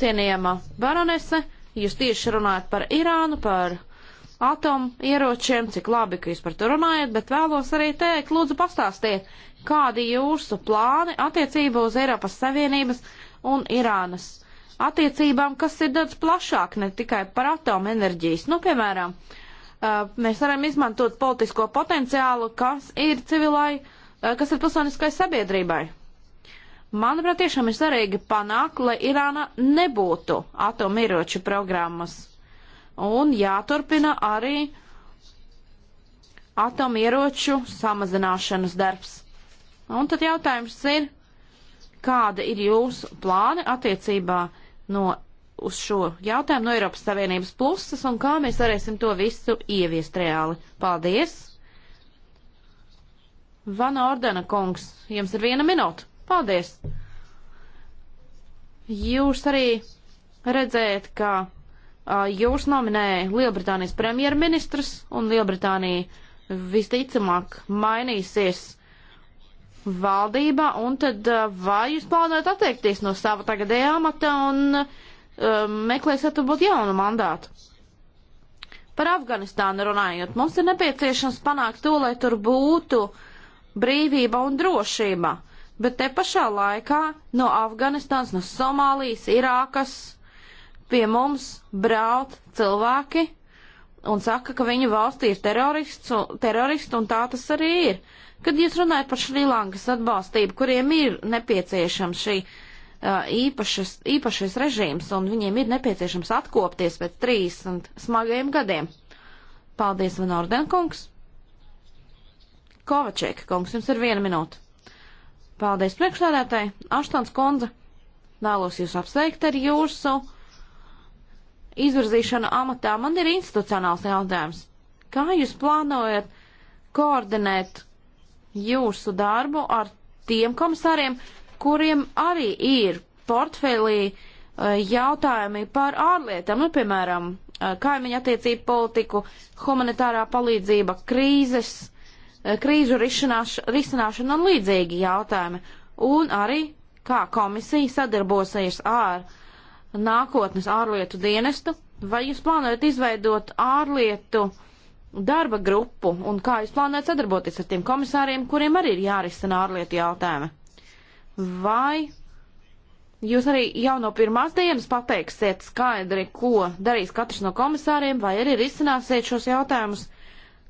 cienījama baronese. Jūs tieši runājat par Irānu, par atomu ieročiem, cik labi, ka jūs par to runājat, bet vēlos arī teikt, lūdzu pastāstiet, kādi jūsu plāni attiecībā uz Eiropas Savienības un Irānas attiecībām, kas ir daudz plašāk, ne tikai par atomu enerģijas. Nu, piemēram, uh, Uh, mēs varam izmantot politisko potenciālu, kas ir civilai, uh, kas ir pilsoniskai sabiedrībai. Manuprāt, tiešām ir svarīgi panākt, lai Irāna nebūtu atomieroču programmas. Un jāturpina arī atomieroču samazināšanas darbs. Un tad jautājums ir, kāda ir jūsu plāna attiecībā no uz šo jautājumu no Eiropas Savienības puses un kā mēs varēsim to visu ieviest reāli. Paldies! Vana Ordena kungs, jums ir viena minūte. Paldies! Jūs arī redzējat, ka uh, jūs nominēja Lielbritānijas premjerministrs un Lielbritānija visticamāk mainīsies valdībā, un tad vai jūs plānojat atteikties no sava tagadējā amata un Um, meklēs atbūt jaunu mandātu. Par Afganistānu runājot, mums ir nepieciešams panākt to, lai tur būtu brīvība un drošība, bet te pašā laikā no Afganistānas, no Somālijas, Irākas pie mums brauc cilvēki un saka, ka viņu valstī ir terorists un, terorists, un tā tas arī ir. Kad jūs runājat par Šrilankas atbalstību, kuriem ir nepieciešama šī uh, īpašas, īpašais režīms, un viņiem ir nepieciešams atkopties pēc 30 smagajiem gadiem. Paldies, Van Ordenkungs! Kovačēka kungs, jums ir viena minūte. Paldies priekšsēdētāji, Aštons kundze, vēlos jūs apsveikt ar jūsu izvirzīšanu amatā. Man ir institucionāls jautājums. Kā jūs plānojat koordinēt jūsu darbu ar tiem komisāriem, kuriem arī ir portfelī eh, jautājumi par ārlietām, nu, piemēram, eh, kaimiņa attiecību politiku, humanitārā palīdzība, krīzes, eh, krīžu risināšana un līdzīgi jautājumi. Un arī, kā komisija sadarbosies ar nākotnes ārlietu dienestu, vai jūs plānojat izveidot ārlietu darba grupu, un kā jūs plānojat sadarboties ar tiem komisāriem, kuriem arī ir jārisina ārlietu jautājumi? vai jūs arī jau no pirmās dienas pateiksiet skaidri, ko darīs katrs no komisāriem, vai arī risināsiet šos jautājumus,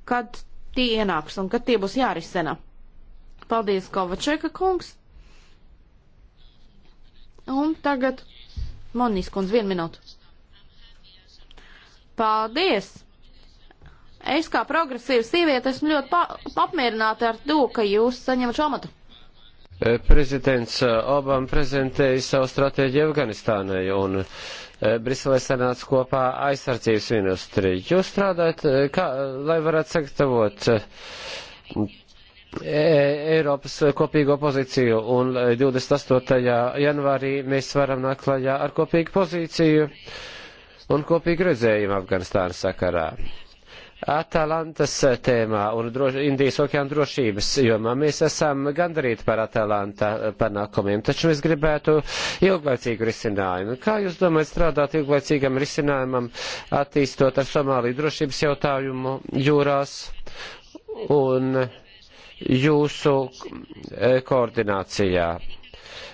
kad tie ienāks un kad tie būs jārisina. Paldies, Kovačeka kungs. Un tagad Monijas kundze, vienu minūtu. Paldies! Es kā progresīva sieviete esmu ļoti pa apmierināta ar to, ka jūs saņemat šo amatu. Eh, prezidents eh, Obama prezentēja savu stratēģiju Afganistānai un eh, Briselē sanāca kopā aizsardzības ministrija. Jūs strādājat, kā, lai varētu sagatavot e, Eiropas kopīgo pozīciju, un 28. janvārī mēs varam nākt klajā ar kopīgu pozīciju un kopīgu redzējumu Afganistānas sakarā. Atalantas tēmā un droši, Indijas okeāna drošības jomā mēs esam gandarīti par Atalanta panākumiem, taču mēs gribētu ilglaicīgu risinājumu. Kā jūs domājat strādāt ilglaicīgam risinājumam, attīstot ar Somāliju drošības jautājumu jūrās un jūsu koordinācijā?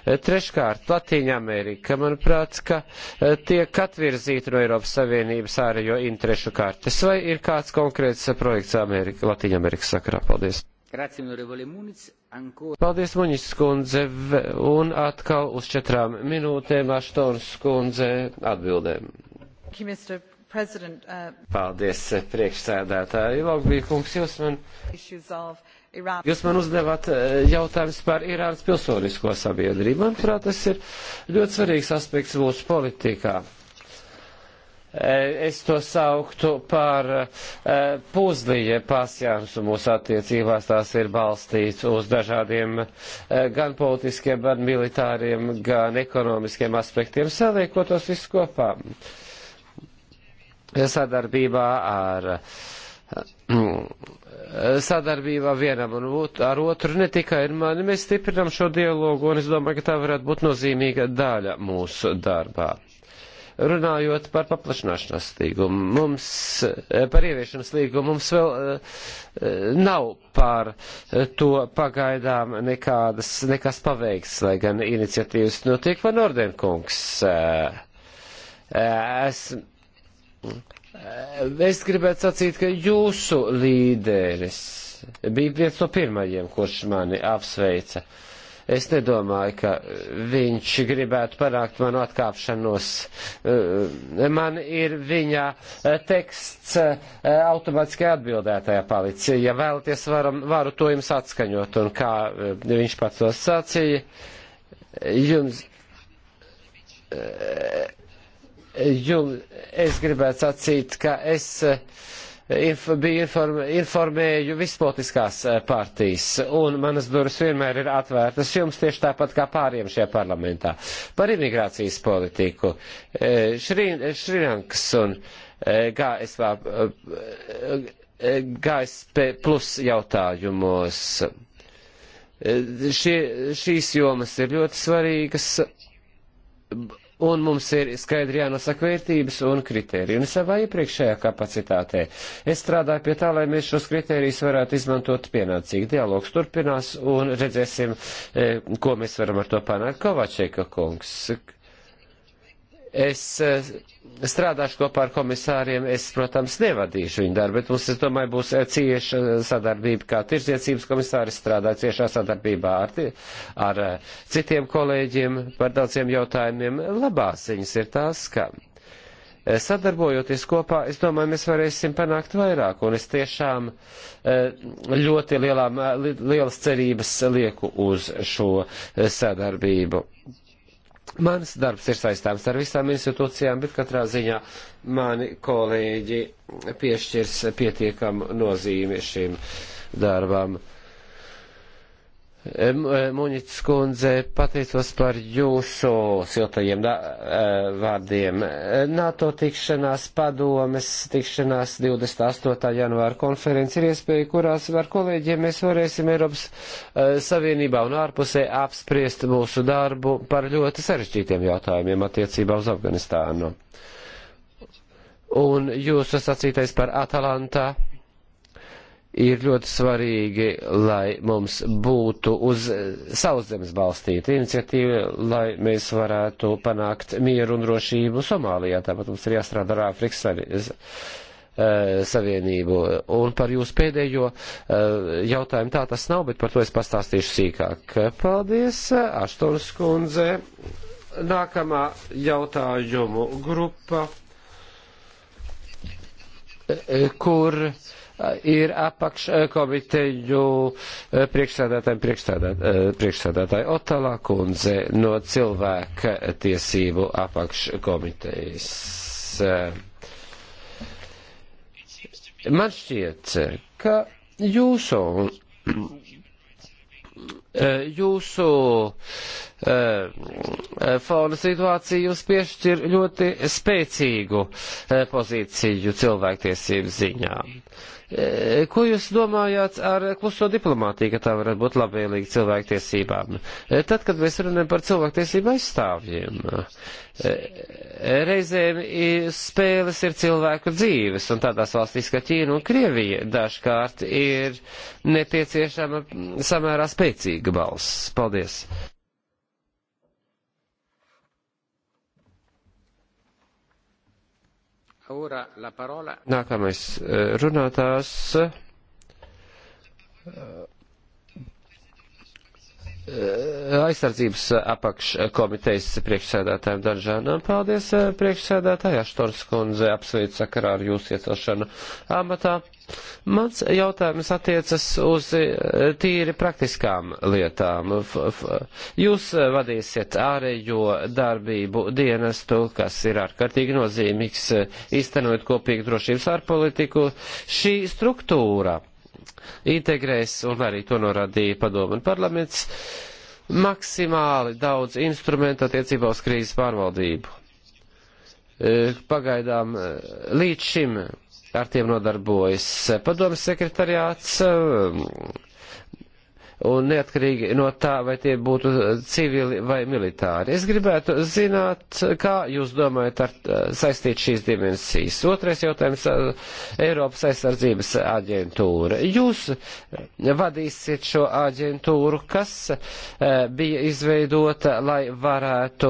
Treškārt, Latīņa Amerika, manuprāt, ka eh, tiek atvirzīta no Eiropas Savienības ārējo interešu kartes. Vai ir kāds konkrēts eh, projekts Amerika, Latīņa Amerikas sakarā? Paldies! Paldies, Muņis skundze, un atkal uz četrām minūtēm Aštons skundze atbildēm. Uh, Paldies, eh, priekšsēdētāji. Logbija kungs, jūs man Jūs man uzdevāt e, jautājums par Irānas pilsonisko sabiedrību. Manuprāt, tas ir ļoti svarīgs aspekts mūsu politikā. E, es to sauktu par e, puzlīja pasjānsu mūsu attiecībās. Tās ir balstīts uz dažādiem gan politiskiem, gan militāriem, gan ekonomiskiem aspektiem, saliekot tos visus kopā. Sadarbībā ar sadarbībā vienam un ar otru, ne tikai ar mani. Mēs stiprinām šo dialogu, un es domāju, ka tā varētu būt nozīmīga daļa mūsu darbā. Runājot par paplašināšanās līgumu, mums, eh, par ieviešanas līgumu, mums vēl eh, eh, nav par to pagaidām nekādas, nekas paveikts, lai gan iniciatīvas notiek van Ordenkungs. Es, Eh, es gribētu sacīt, ka jūsu līderis bija viens no pirmajiem, kurš mani apsveica. Es nedomāju, ka viņš gribētu panākt manu atkāpšanos. Eh, man ir viņa eh, teksts automātiski atbildētajā palicis. Ja vēlaties, varam, varu to jums atskaņot. Un kā viņš pats to sacīja, jums Jum, es gribētu sacīt, ka es eh, inf biju inform informēju vispolitiskās eh, partijas, un manas durvis vienmēr ir atvērtas jums tieši tāpat kā pāriem šajā parlamentā. Par imigrācijas politiku. Eh, Šrilankas un GSP, GSP plus jautājumos. Šie, šīs jomas ir ļoti svarīgas un mums ir skaidri jānosaka vērtības un kritēriji. Un savā iepriekšējā kapacitātē es strādāju pie tā, lai mēs šos kritērijus varētu izmantot pienācīgi. Dialogs turpinās un redzēsim, e, ko mēs varam ar to panākt. Kovačēka kungs. Es eh, strādāšu kopā ar komisāriem, es, protams, nevadīšu viņu darbu, bet mums, es domāju, būs eh, cieša sadarbība, kā tirsniecības komisāris strādā ciešā sadarbībā ar, ar eh, citiem kolēģiem par daudziem jautājumiem. Labās ziņas ir tās, ka sadarbojoties kopā, es domāju, mēs varēsim panākt vairāk, un es tiešām ļoti lielā, lielas cerības lieku uz šo sadarbību. Mans darbs ir saistāms ar visām institūcijām, bet katrā ziņā mani kolēģi piešķirs pietiekamu nozīmi šim darbam. E, Muņits kundze, pateicos par jūsu siltajiem e, vārdiem. E, NATO tikšanās padomes, tikšanās 28. janvāra konferences ir iespēja, kurās ar kolēģiem mēs varēsim Eiropas Savienībā un ārpusē apspriest mūsu darbu par ļoti sarežģītiem jautājumiem attiecībā uz Afganistānu. Un jūsu sacītais par Atalantā ir ļoti svarīgi, lai mums būtu uz sauszemes balstīta iniciatīva, lai mēs varētu panākt mieru un drošību Somālijā. Tāpat mums ir jāstrādā ar Āfrikas eh, Savienību. Un par jūsu pēdējo eh, jautājumu tā tas nav, bet par to es pastāstīšu sīkāk. Paldies, Aštuns kundze. Nākamā jautājumu grupa, eh, kur uh, Eh, ir apakškomiteju eh, priekšsēdētājiem eh, priekšsēdētāji Otalā kundze no cilvēka tiesību apakškomitejas. Man šķiet, ka jūsu jūsu uh, fauna situācija jūs piešķir ļoti spēcīgu uh, pozīciju cilvēktiesību ziņā. Uh, E, ko jūs domājāt ar kluso diplomātiju, ka tā varētu būt labvēlīga cilvēktiesībām? E, tad, kad mēs runājam par cilvēktiesību aizstāvjiem, e, reizēm spēles ir cilvēku dzīves, un tādās valstīs kā Ķīna un Krievija dažkārt ir nepieciešama samērā spēcīga balss. Paldies! Nākamais eh, runātājs eh, Eh, aizsardzības apakškomitejas priekšsēdētājiem Danžānam. Paldies, eh, priekšsēdētāji Aštors kundze, apsveicu sakarā ar jūsu iecelšanu amatā. Mans jautājums attiecas uz eh, tīri praktiskām lietām. Jūs vadīsiet ārējo darbību dienestu, kas ir ārkārtīgi nozīmīgs, īstenojot kopīgu drošības ārpolitiku. Šī struktūra integrēs, un arī to norādīja padomu un parlaments, maksimāli daudz instrumentu attiecībā uz krīzes pārvaldību. E, pagaidām e, līdz šim ar tiem nodarbojas padomas sekretariāts, e, un neatkarīgi no tā, vai tie būtu civili vai militāri. Es gribētu zināt, kā jūs domājat ar eh, saistīt šīs dimensijas. Otrais jautājums eh, - Eiropas aizsardzības aģentūra. Jūs eh, vadīsiet šo aģentūru, kas bija izveidota, lai varētu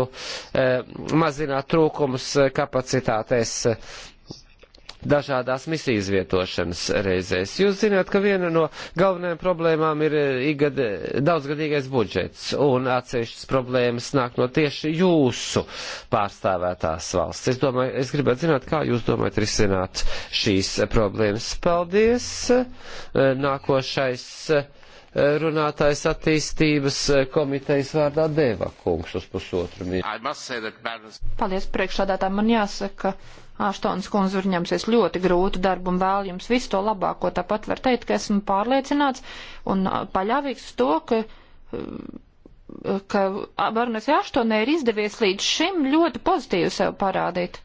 mazināt trūkumus kapacitātēs dažādās misijas vietošanas reizēs. Jūs zināt, ka viena no galvenajām problēmām ir eh, igad, daudzgadīgais budžets, un atsevišķas problēmas nāk no tieši jūsu pārstāvētās valsts. Es, domāju, es gribētu zināt, kā jūs domājat risināt šīs problēmas. Paldies! Eh, nākošais eh, runātājs attīstības komitejas vārdā Deva kungs uz pusotru minūti. Paldies priekšādātājiem. Man jāsaka, ka Aštons kundze ir ņemsies ļoti grūtu darbu un vēl jums visu to labāko. Tāpat var teikt, ka esmu pārliecināts un uh, paļāvīgs uz to, ka, uh, ka Baronese Aštonē ir izdevies līdz šim ļoti pozitīvi sev parādīt.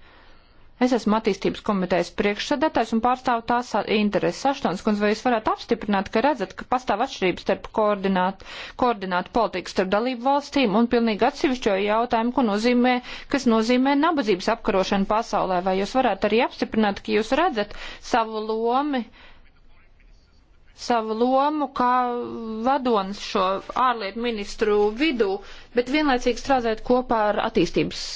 Es esmu attīstības komitejas priekšsēdētājs un pārstāvu tās intereses. Aštons, kundz, vai jūs varētu apstiprināt, ka redzat, ka pastāv atšķirības starp koordinātu, koordinātu politiku starp dalību valstīm un pilnīgi atsevišķo jautājumu, ko nozīmē, kas nozīmē nabadzības apkarošana pasaulē? Vai jūs varētu arī apstiprināt, ka jūs redzat savu lomu? savu lomu kā vadonis šo ārlietu ministru vidū, bet vienlaicīgi strādājot kopā ar attīstības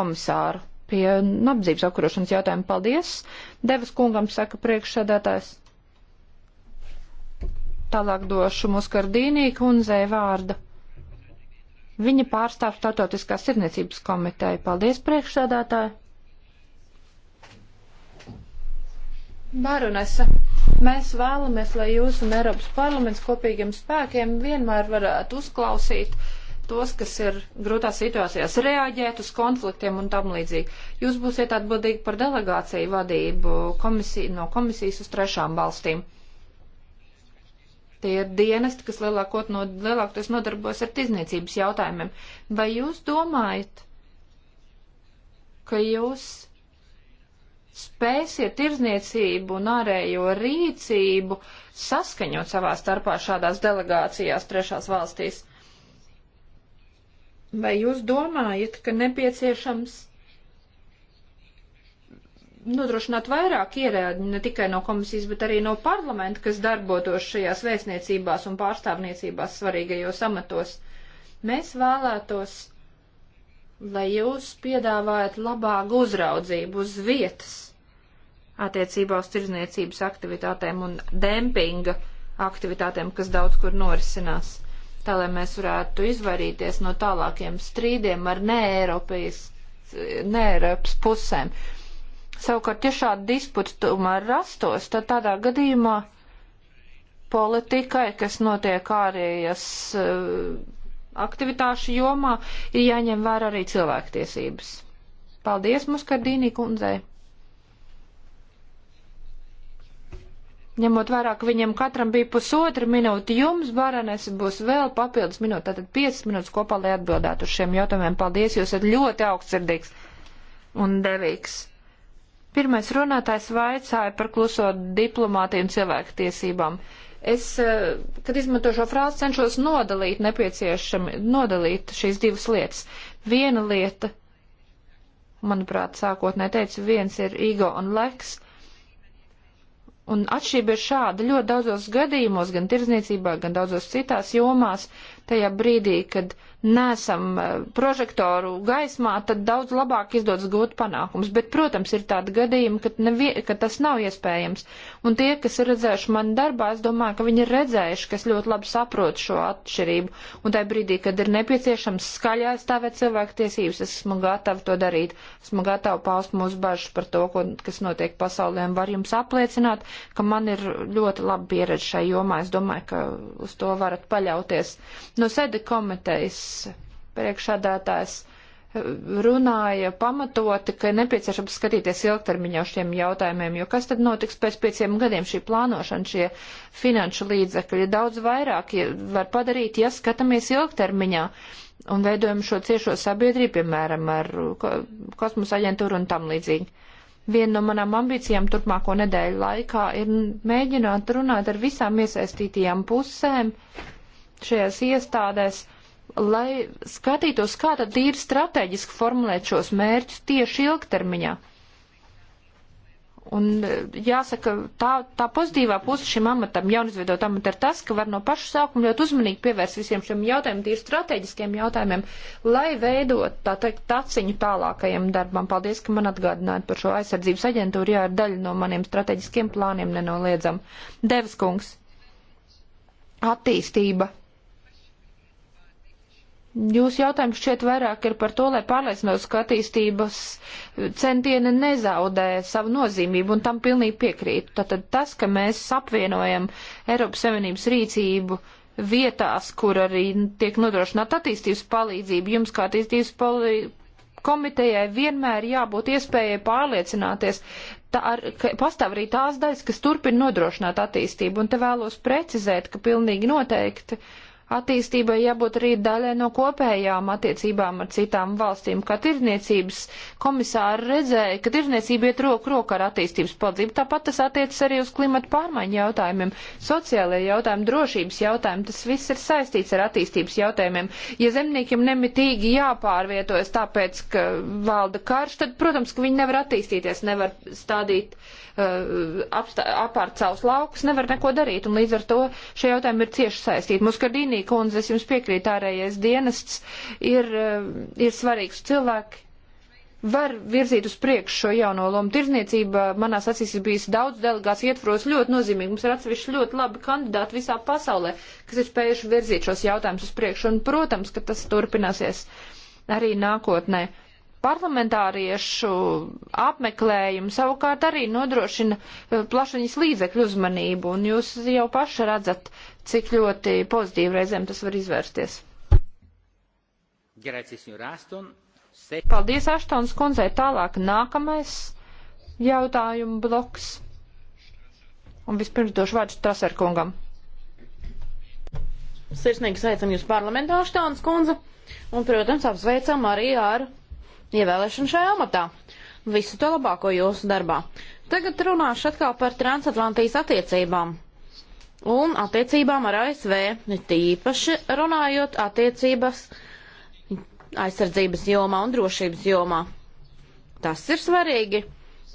komisāru pie nabadzības apkarošanas jautājuma. Paldies! Devas kungam saka priekšsēdētājs. Tālāk došu Muskardīnī kundzei vārdu. Viņa pārstāv Startautiskās sirniecības komiteju. Paldies, priekšsēdētāji! Baronese, mēs vēlamies, lai jūs un Eiropas parlaments kopīgiem spēkiem vienmēr varētu uzklausīt uh, tos, kas ir grūtās situācijās, reaģēt uz konfliktiem un tam līdzīgi. Jūs būsiet atbildīgi par delegāciju vadību komisiju, no komisijas uz trešām valstīm. Tie ir dienesti, kas lielākot no, lielākoties nodarbojas ar tizniecības jautājumiem. Vai jūs domājat, ka jūs spēsiet tirzniecību un ārējo rīcību saskaņot savā starpā šādās delegācijās trešās valstīs? Vai jūs domājat, ka nepieciešams nodrošināt vairāk ierēdņu ne tikai no komisijas, bet arī no parlamenta, kas darbotos šajās vēstniecībās un pārstāvniecībās svarīgajos amatos? Mēs vēlētos, lai jūs piedāvājat labāku uzraudzību uz vietas attiecībā uz tirzniecības aktivitātēm un dempinga aktivitātēm, kas daudz kur norisinās tā lai mēs varētu izvairīties no tālākiem strīdiem ar ne-Eiropas ne pusēm. Savukārt, ja šādi disputi tomēr rastos, tad tādā gadījumā politikai, kas notiek ārējas eh, aktivitāšu jomā, ir jāņem vērā arī cilvēktiesības. Paldies, Muskardīnī kundzei! Ņemot vērā, ka viņam katram bija pusotra minūte, jums, Baranese, būs vēl papildus minūte, tātad 5 minūtes kopā, lai atbildētu uz šiem jautājumiem. Paldies, jūs esat ļoti augstsirdīgs un devīgs. Pirmais runātājs vaicāja par kluso diplomātiju un cilvēku tiesībām. Es, eh, kad izmanto šo frāzi, cenšos nodalīt nepieciešami, nodalīt šīs divas lietas. Viena lieta, manuprāt, sākotnē teicu, viens ir ego un leks Un atšķirība ir šāda. Ļoti daudzos gadījumos, gan tirzniecībā, gan daudzos citās jomās, tajā brīdī, kad nesam eh, prožektoru gaismā, tad daudz labāk izdodas gūt panākums. Bet, protams, ir tādi gadījumi, kad, nevie, kad tas nav iespējams. Un tie, kas ir redzējuši mani darbā, es domāju, ka viņi ir redzējuši, kas ļoti labi saprot šo atšķirību. Un tajā brīdī, kad ir nepieciešams skaļā aizstāvēt cilvēku tiesības, es esmu gatava to darīt. Esmu gatava paust mūsu bažas par to, ko, kas notiek pasaulē. Un var jums apliecināt, ka man ir ļoti laba pieredze šai jomā. Es domāju, ka uz to varat paļauties. No sēde komitejas priekšādātājs eh, runāja pamatoti, ka ir nepieciešams skatīties ilgtermiņā uz šiem jautājumiem, jo kas tad notiks pēc pieciem gadiem šī plānošana, šie finanšu līdzekļi daudz vairāk var padarīt, ja skatāmies ilgtermiņā un veidojam šo ciešo sabiedrību, piemēram, ar kosmosa aģentūru un tam līdzīgi. Viena no manām ambīcijām turpmāko nedēļu laikā ir mēģināt runāt ar visām iesaistītajām pusēm šajās iestādēs lai skatītos, kā tad ir strateģiski formulēt šos mērķus tieši ilgtermiņā. Un e, jāsaka, tā, tā pozitīvā puse šim amatam, jaunizveidot amatu, ir tas, ka var no paša sākuma ļoti uzmanīgi pievērst visiem šiem jautājumiem, tīri strateģiskiem jautājumiem, lai veidot, tā teikt, taciņu tālākajam darbam. Paldies, ka man atgādinājāt par šo aizsardzības aģentūru, jā, ir daļa no maniem strateģiskiem plāniem nenoliedzam. Devas kungs. Attīstība Jūsu jautājums šķiet vairāk ir par to, lai pārliecinos, ka attīstības centieni nezaudē savu nozīmību, un tam pilnīgi piekrītu. Tātad tas, ka mēs apvienojam Eiropas Savienības rīcību vietās, kur arī tiek nodrošināta attīstības palīdzība, jums kā attīstības poli... komitejai vienmēr jābūt iespējai pārliecināties, tā, ar, ka pastāv arī tās daļas, kas turpina nodrošināt attīstību, un te vēlos precizēt, ka pilnīgi noteikti. Uh, attīstībai jābūt arī daļai no kopējām attiecībām ar citām valstīm, kā tirniecības komisāri redzēja, ka tirniecība iet roku rokā ar attīstības palīdzību. Tāpat tas attiecas arī uz klimatu pārmaiņu jautājumiem, sociālajiem jautājumiem, drošības jautājumiem. Tas viss ir saistīts ar attīstības jautājumiem. Ja zemniekiem nemitīgi jāpārvietojas tāpēc, ka valda karš, tad, protams, ka viņi nevar attīstīties, nevar stādīt uh, Uh, apārt savus laukus, nevar neko darīt, un līdz ar to šie jautājumi ir cieši saistīti. Muskardīnī, kundze, es jums piekrītu, ārējais dienests ir, uh, ir svarīgs cilvēki. Var virzīt uz priekšu šo jauno lomu. Tirzniecība manās acīs ir bijusi daudz delegāts ietvaros ļoti nozīmīgi. Mums ir atsevišķi ļoti labi kandidāti visā pasaulē, kas ir spējuši virzīt šos jautājumus uz priekšu. Un, protams, ka tas turpināsies arī nākotnē. Uh, Parlamentāriešu apmeklējumi savukārt arī nodrošina eh, plašaņas līdzekļu uzmanību, un jūs jau paši redzat, cik ļoti pozitīvi reizēm tas var izvērsties. Paldies, Aštons kundzei. Tālāk nākamais jautājumu bloks. Un vispirms došu vārdu Traserkungam. Sirsnīgi sveicam jūs parlamentā, Štāns kundze, un, protams, apsveicam arī ar ievēlēšanu šajā amatā. Visu to labāko jūsu darbā. Tagad runāšu atkal par transatlantijas attiecībām un attiecībām ar ASV, tīpaši runājot attiecības aizsardzības jomā un drošības jomā. Tas ir svarīgi.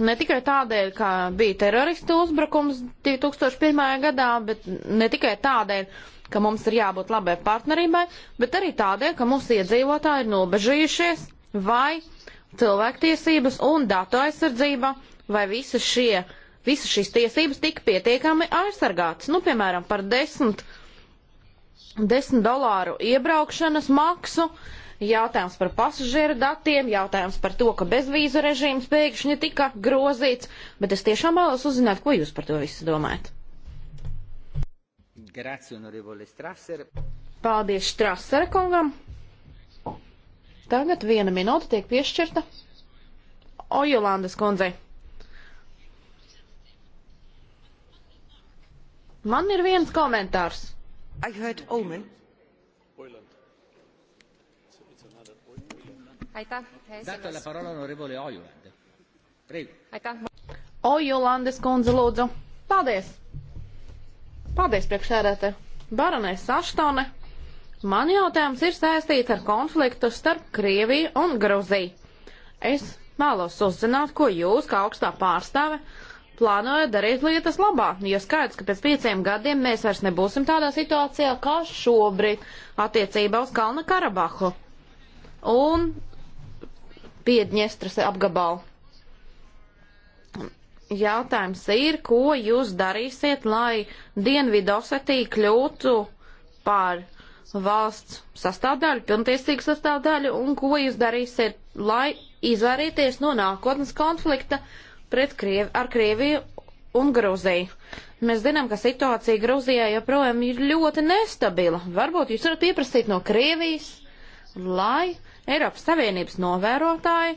Ne tikai tādēļ, ka bija teroristu uzbrukums 2001. gadā, bet ne tikai tādēļ, ka mums ir jābūt labai partnerībai, bet arī tādēļ, ka mūsu iedzīvotāji ir nobežījušies vai cilvēktiesības un datu aizsardzība, vai visas, šie, visas šīs tiesības tika pietiekami aizsargātas. Nu, piemēram, par 10, 10 dolāru iebraukšanas maksu, jautājums par pasažieru datiem, jautājums par to, ka bezvīzu režīms pēkšņi tika grozīts, bet es tiešām vēlos uzzināt, ko jūs par to visu domājat. Grazie, Paldies Strasera kungam! Tagad viena minūte tiek piešķirta Ojolandes kundzei. Man ir viens komentārs. I heard omen. Ojolandes kundze lūdzu. Paldies! Paldies, priekšsēdētāji! Baronēs Aštone! Man jautājums ir saistīts ar konfliktu starp Krieviju un Gruziju. Es vēlos uzzināt, ko jūs, kā augstā pārstāve, plānojat darīt lietas labā, jo skaidrs, ka pēc pieciem gadiem mēs vairs nebūsim tādā situācijā, kā šobrīd attiecībā uz Kalna Karabahu un Piedņestras apgabalu. Jautājums ir, ko jūs darīsiet, lai Dienvidosetī kļūtu par valsts sastāvdaļu, pilntiesīgu sastāvdaļu, un ko jūs darīsiet, lai izvairīties no nākotnes konflikta pret Krievi, ar Krieviju un Gruziju. Mēs zinām, ka situācija Gruzijā joprojām ir ļoti nestabila. Varbūt jūs varat pieprasīt no Krievijas, lai Eiropas Savienības novērotāji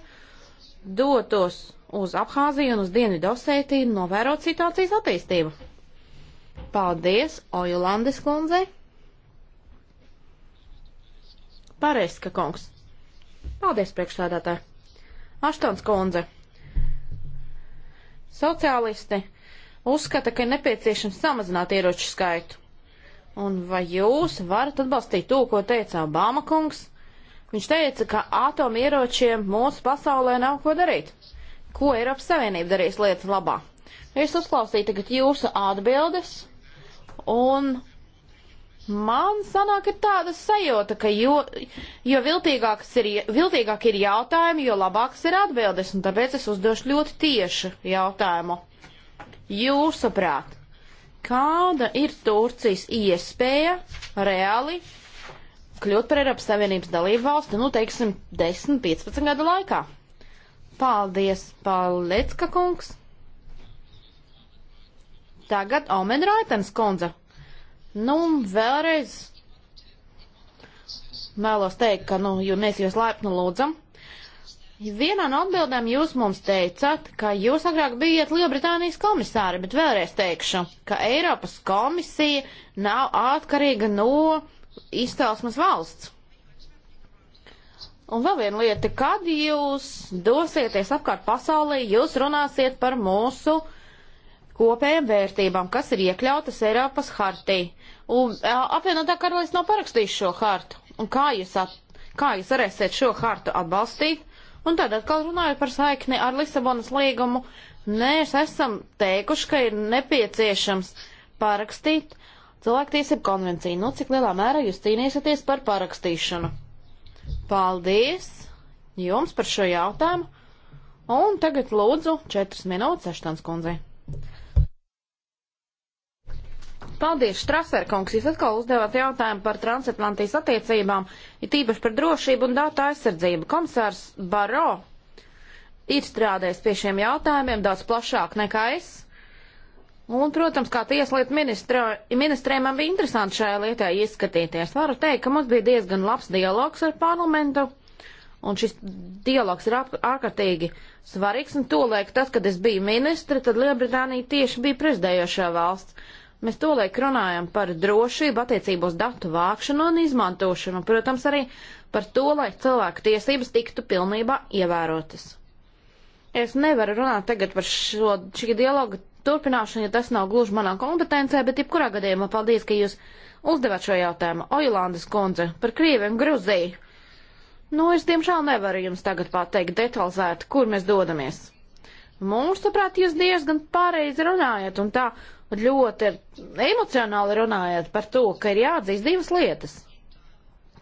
dotos uz Abhāziju un uz Dienvidu Osētiju novērot situācijas attīstību. Paldies, Ojulandes kundzei! Pareiska kungs. Paldies, priekšsēdētāji. Aštons kundze. Sociālisti uzskata, ka ir nepieciešams samazināt ieroču skaitu. Un vai jūs varat atbalstīt to, ko teica Obama kungs? Viņš teica, ka atomieročiem mūsu pasaulē nav ko darīt. Ko Eiropas Savienība darīs lietas labā? Es uzklausīju tagad jūsu atbildes, un Man sanāk ir tāda sajūta, ka jo, jo viltīgāks ir, viltīgāk ir jautājumi, jo labāks ir atbildes, un tāpēc es uzdošu ļoti tieši jautājumu. Jūsuprāt, kāda ir Turcijas iespēja reāli kļūt par Eiropas Savienības dalību valsti, nu, teiksim, 10-15 gadu laikā. Paldies, Palecka kungs! Tagad Omen Raitens kundze. Nu, vēlreiz vēlos teikt, ka, nu, jo mēs jūs laipni lūdzam. Vienā no atbildēm jūs mums teicāt, ka jūs agrāk bijat Lielbritānijas komisāri, bet vēlreiz teikšu, ka Eiropas komisija nav atkarīga no izcelsmes valsts. Un vēl viena lieta, kad jūs dosieties apkārt pasaulē, jūs runāsiet par mūsu kopējām vērtībām, kas ir iekļautas Eiropas hartī. Apvienotā karalīs nav parakstījis šo hartu. Un kā jūs, at, kā jūs varēsiet šo hartu atbalstīt? Un tad atkal runājot par saikni ar Lisabonas līgumu, mēs esam teikuši, ka ir nepieciešams parakstīt cilvēktiesību konvenciju. Nu, cik lielā mērā jūs cīnīsieties par parakstīšanu? Paldies jums par šo jautājumu. Un tagad lūdzu 4 minūtes Eštans kundzei. Paldies, Štraser kungs, jūs atkal uzdevāt jautājumu par transatlantijas attiecībām, ir tīpaši par drošību un datu aizsardzību. Komisārs Baro ir strādājis pie šiem jautājumiem daudz plašāk nekā es. Un, protams, kā tieslietu ministrē man bija interesanti šajā lietā ieskatīties. Varu teikt, ka mums bija diezgan labs dialogs ar parlamentu, un šis dialogs ir ārkārtīgi svarīgs, un to liek tas, kad es biju ministri, tad Lielbritānija tieši bija prezidējošā valsts. Mēs tolaik runājam par drošību attiecībā uz datu vākšanu un izmantošanu, un, protams, arī par to, lai cilvēku tiesības tiktu pilnībā ievērotas. Es nevaru runāt tagad par šo, šī dialoga turpināšanu, ja tas nav gluži manā kompetencē, bet jebkurā gadījumā paldies, ka jūs uzdevāt šo jautājumu. Oilandes kundze par Krieviem Gruziju. Nu, es diemžēl nevaru jums tagad pateikt detalizēti, kur mēs dodamies. Mūsuprāt, jūs diezgan pareizi runājat, un tā ļoti emocionāli runājāt par to, ka ir jāatzīst divas lietas.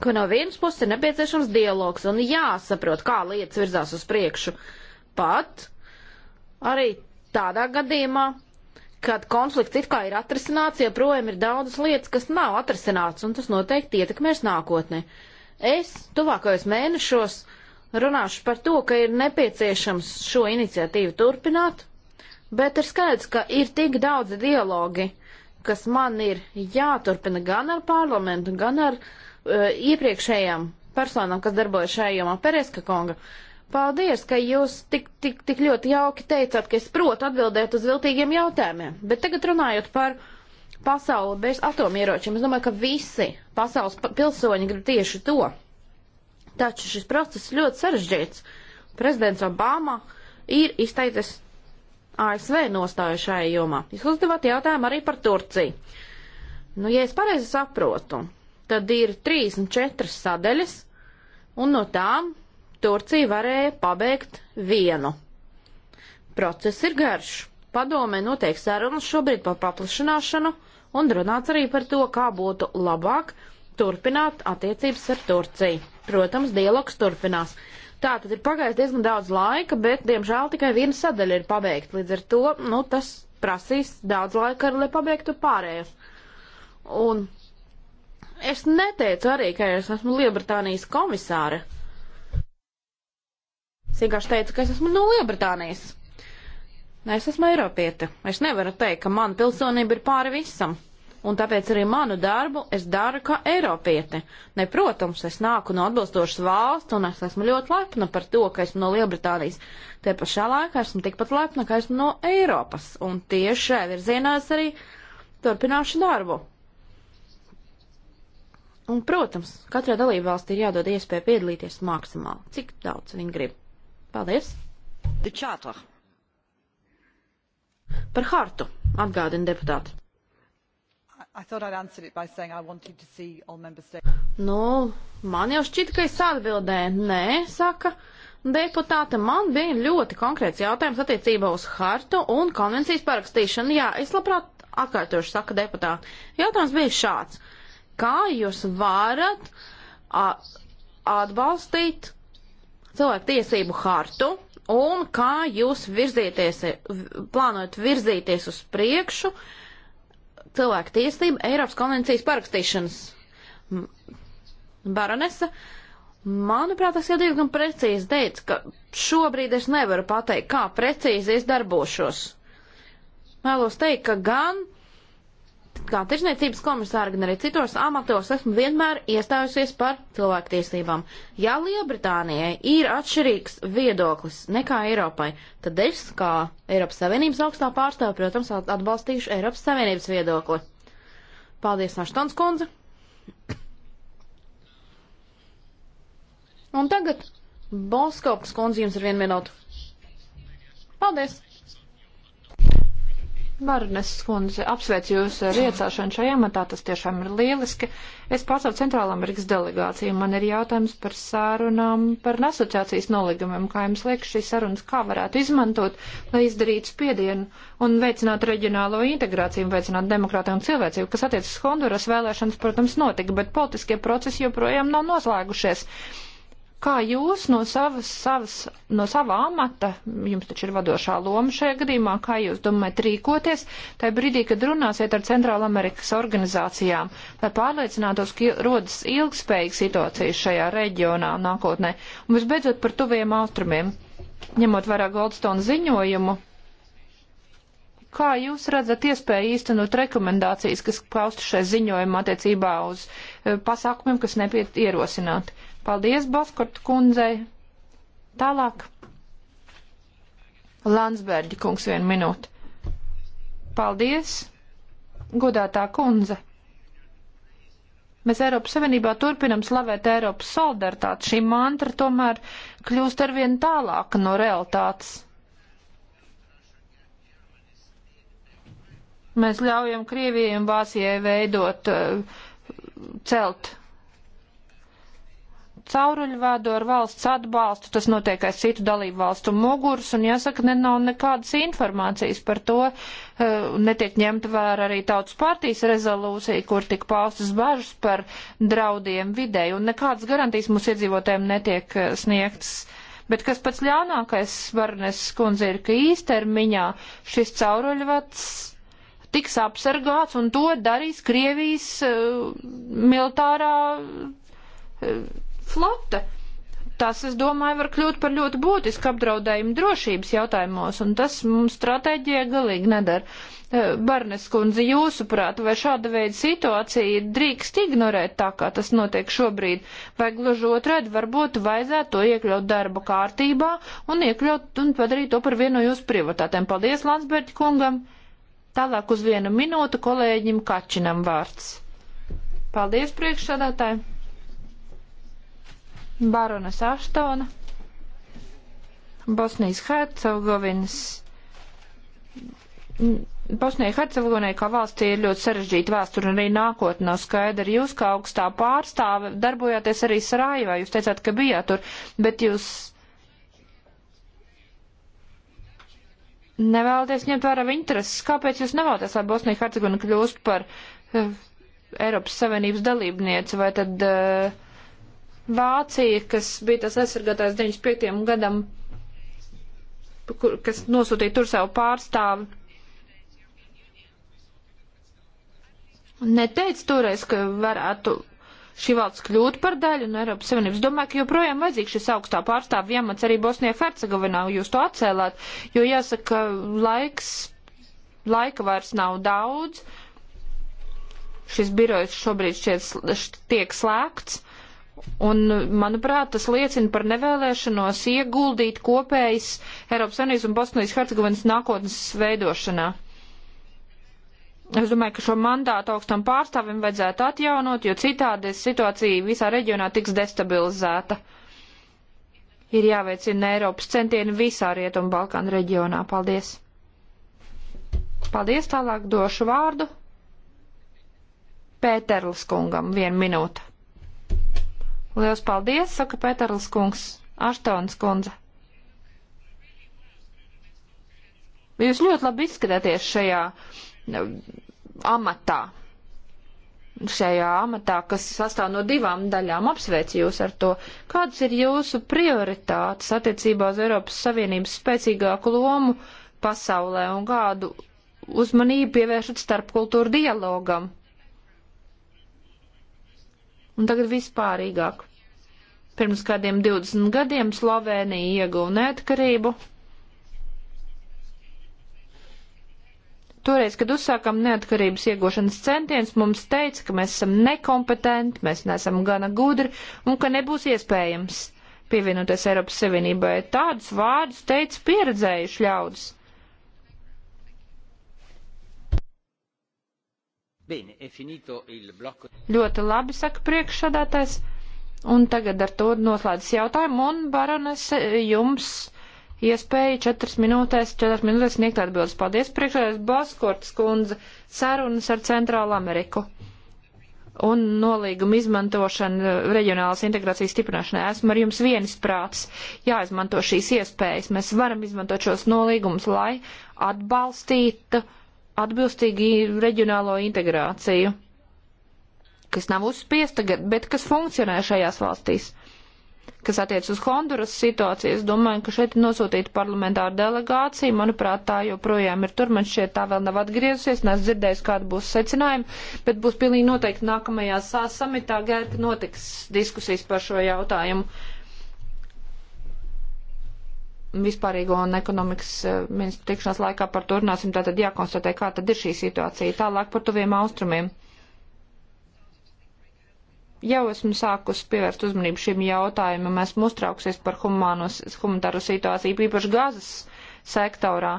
Ka no vienas puses ir nepieciešams dialogs un jāsaprot, kā lietas virzās uz priekšu. Pat arī tādā gadījumā, kad konflikts it kā ir atrisināts, joprojām ir daudzas lietas, kas nav atrisināts, un tas noteikti ietekmēs nākotni. Es tuvākajos mēnešos runāšu par to, ka ir nepieciešams šo iniciatīvu turpināt, Bet ir skaidrs, ka ir tik daudz dialogi, kas man ir jāturpina gan ar parlamentu, gan ar uh, iepriekšējām personām, kas darbojas šajā jomā Pereska konga. Paldies, ka jūs tik, tik, tik ļoti jauki teicāt, ka es protu atbildēt uz viltīgiem jautājumiem. Bet tagad runājot par pasauli bez atomieročiem, es domāju, ka visi pasaules pilsoņi grib tieši to. Taču šis process ļoti sarežģīts. Prezidents Obama ir izteicis ASV nostāju šajā jomā. Jūs uzdevāt jautājumu arī par Turciju. Nu, ja es pareizi saprotu, tad ir 34 sadaļas, un no tām Turcija varēja pabeigt vienu. Process ir garš. Padomē notiek sarunas šobrīd par paplašināšanu, un runāts arī par to, kā būtu labāk turpināt attiecības ar Turciju. Protams, dialogs turpinās. Tā tad ir pagājis diezgan daudz laika, bet, diemžēl, tikai viena sadaļa ir pabeigta. Līdz ar to, nu, tas prasīs daudz laika, lai pabeigtu pārējās. Un es neteicu arī, ka es esmu Lielbritānijas komisāre. Es vienkārši teicu, ka es esmu no Lielbritānijas. Es esmu Eiropiete. Es nevaru teikt, ka man pilsonība ir pāri visam un tāpēc arī manu darbu es daru kā Eiropiete. Ne, protams, es nāku no atbilstošas valsts, un es esmu ļoti lepna par to, ka esmu no Lielbritānijas. Te pašā laikā esmu tikpat lepna, ka esmu no Eiropas, un tieši šajā virzienā es arī turpināšu darbu. Un, protams, katrai dalībvalstī ir jādod iespēja piedalīties maksimāli, cik daudz viņi grib. Paldies! Par hartu atgādina deputāti. I thought I'd answered it by saying I wanted to see all member states. Nu, man jau šķita, ka es atbildēju. Nē, saka deputāte, man bija ļoti konkrēts jautājums attiecībā uz hartu un konvencijas parakstīšanu. Jā, es labprāt atkārtošu, saka deputāte. Jautājums bija šāds. Kā jūs varat atbalstīt cilvēku tiesību hartu un kā jūs virzieties, plānojat virzīties uz priekšu? Uh, cilvēku tiesību Eiropas konvencijas parakstīšanas. Baronese, manuprāt, tas jau diezgan precīzi teica, ka šobrīd es nevaru pateikt, kā precīzi es darbošos. Vēlos teikt, ka gan kā tirzniecības komisāra, gan arī citos amatos esmu vienmēr iestājusies par cilvēktiesībām. Ja Lielbritānijai ir atšķirīgs viedoklis nekā Eiropai, tad es, kā Eiropas Savienības augstā pārstāve, protams, atbalstīšu Eiropas Savienības viedokli. Paldies, Naštons kundze! Un tagad Bolskops kundze jums ir vienu minūtu. Paldies! Barnes kundze, apsveicu jūs ar iecāšanu šajā amatā, tas tiešām ir lieliski. Es pārstāvu Centrālamerikas delegāciju, man ir jautājums par sārunām, par nesociācijas nolīgumiem, kā jums liekas šīs sarunas, kā varētu izmantot, lai izdarītu spiedienu un veicinātu reģionālo integrāciju, veicinātu demokrātiju un cilvēcību, kas attiecas Honduras vēlēšanas, protams, notika, bet politiskie procesi joprojām nav noslēgušies. Kā jūs no savas, savas, no sava amata, jums taču ir vadošā loma šajā gadījumā, kā jūs domājat rīkoties, tajā brīdī, kad runāsiet ar Centrāla Amerikas organizācijām, lai pārliecinātos, ka rodas ilgspējīga situācija šajā reģionā nākotnē? Un visbeidzot par tuviem austrumiem, ņemot vērā Goldstone ziņojumu, kā jūs redzat iespēju īstenot rekomendācijas, kas paustu šai ziņojumā attiecībā uz eh, pasākumiem, kas nepiet ierosināti? Paldies, Boskorta kundzei. Tālāk. Landsbērģi kungs vienu minūti. Paldies, godātā kundze. Mēs Eiropas Savienībā turpinam slavēt Eiropas solidaritāti. Šī mantra tomēr kļūst arvien tālāka no realitātes. Mēs ļaujam Krievijai un Vācijai veidot, eh, celt cauruļvādu ar valsts atbalstu, tas notiek aiz citu dalību valstu muguras, un jāsaka, ne nav nekādas informācijas par to, eh, netiek ņemta vērā arī tautas partijas rezolūcija, kur tik paustas bažas par draudiem videi, un nekādas garantijas mūsu iedzīvotājiem netiek eh, sniegtas. Bet kas pats ļaunākais, Varnes kundze, ir, ka īstermiņā šis cauruļvads tiks apsargāts, un to darīs Krievijas uh, militārā uh, flote. Tas, es domāju, var kļūt par ļoti būtisku apdraudējumu drošības jautājumos, un tas mums stratēģijai galīgi nedara. Eh, Barnes kundze, jūsuprāt, vai šāda veida situācija drīkst ignorēt tā, kā tas notiek šobrīd, vai gluži otrādi varbūt vajadzētu to iekļaut darba kārtībā un iekļaut un padarīt to par vienu no jūsu privatātēm. Paldies, Landsbergi kungam! Tālāk uz vienu minūtu kolēģim Kačinam vārds. Paldies, priekšsādātāji! Baronas Aštona, Bosnijas Hercegovinas. Bosnijai Hercegovinai kā valstī ir ļoti sarežģīta vēsture un arī nākotnē nav skaidra. Jūs kā augstā pārstāve darbojāties arī Sarajevā, jūs teicāt, ka bijāt tur, bet jūs nevēlaties ņemt vērā intereses. Kāpēc jūs nevēlaties, lai Bosnija Hercegovina kļūst par uh, Eiropas Savienības dalībnieci vai tad uh, Vācija, kas bija tas aizsargātājs 95. gadam, kur, kas nosūtīja tur savu pārstāvu. Neteica toreiz, ka varētu šī valsts kļūt par daļu no Eiropas Savienības. Domāju, ka joprojām vajadzīgs šis augstā pārstāvja iemats arī Bosnijā Hercegovinā, jūs to atcēlāt, jo jāsaka, laiks, laika vairs nav daudz. Šis birojs šobrīd šķiet, tiek slēgts. Un, manuprāt, tas liecina par nevēlēšanos ieguldīt kopējas Eiropas Savienības un Bosnijas Hercegovinas nākotnes veidošanā. Es domāju, ka šo mandātu augstam pārstāvim vajadzētu atjaunot, jo citādi situācija visā reģionā tiks destabilizēta. Ir jāveicina Eiropas centieni visā Rietumu Balkānu reģionā. Paldies! Paldies, tālāk došu vārdu Pēterlis kungam. Vienu minūtu. Lielas paldies, saka Pēterls kungs, Aštons kundze. Jūs ļoti labi izskatāties šajā amatā. Šajā amatā, kas sastāv no divām daļām, apsveicu jūs ar to. Kādas ir jūsu prioritātes attiecībā uz Eiropas Savienības spēcīgāku lomu pasaulē un kādu uzmanību pievēršat starpkultūru dialogam? Un tagad vispārīgāk. Pirms kādiem 20 gadiem Slovēnija ieguva neatkarību. Toreiz, kad uzsākām neatkarības iegūšanas centienus, mums teica, ka mēs esam nekompetenti, mēs neesam gana gudri un ka nebūs iespējams pievienoties Eiropas Savienībai. Tādus vārdus teica pieredzējuši ļaudis. Bene, è finito il blocco. Ļoti labi saka priekšsādātājs. Un tagad ar to noslēdzas jautājumu un barones jums iespēja 4 minūtēs, 4 minūtēs sniegt atbildes. Paldies, priekšējais Baskorts kundze, sarunas ar Centrālu Ameriku un nolīguma izmantošana reģionālas integrācijas stiprināšanai. Esmu ar jums vienis prāts, jāizmanto šīs iespējas. Mēs varam izmantot šos nolīgumus, lai atbalstītu uh, atbilstīgi reģionālo integrāciju, kas nav uzspiesta, bet kas funkcionē šajās valstīs. Kas attiec uz Honduras situāciju, es domāju, ka šeit ir nosūtīta parlamentāra delegācija. Manuprāt, tā joprojām ir tur. Man šķiet, tā vēl nav atgriezusies. Nes dzirdējis, kāda būs secinājuma, bet būs pilnīgi noteikti nākamajā samitā gērta notiks diskusijas par šo jautājumu vispārīgo un ekonomikas eh, ministru tikšanās laikā par to runāsim, tātad jākonstatē, kā tad ir šī situācija. Tālāk par tuviem austrumiem. Jau esmu sākus pievērst uzmanību šim jautājumam, esmu uztrauksies par humānos, humanitāro situāciju, īpaši gazas sektorā,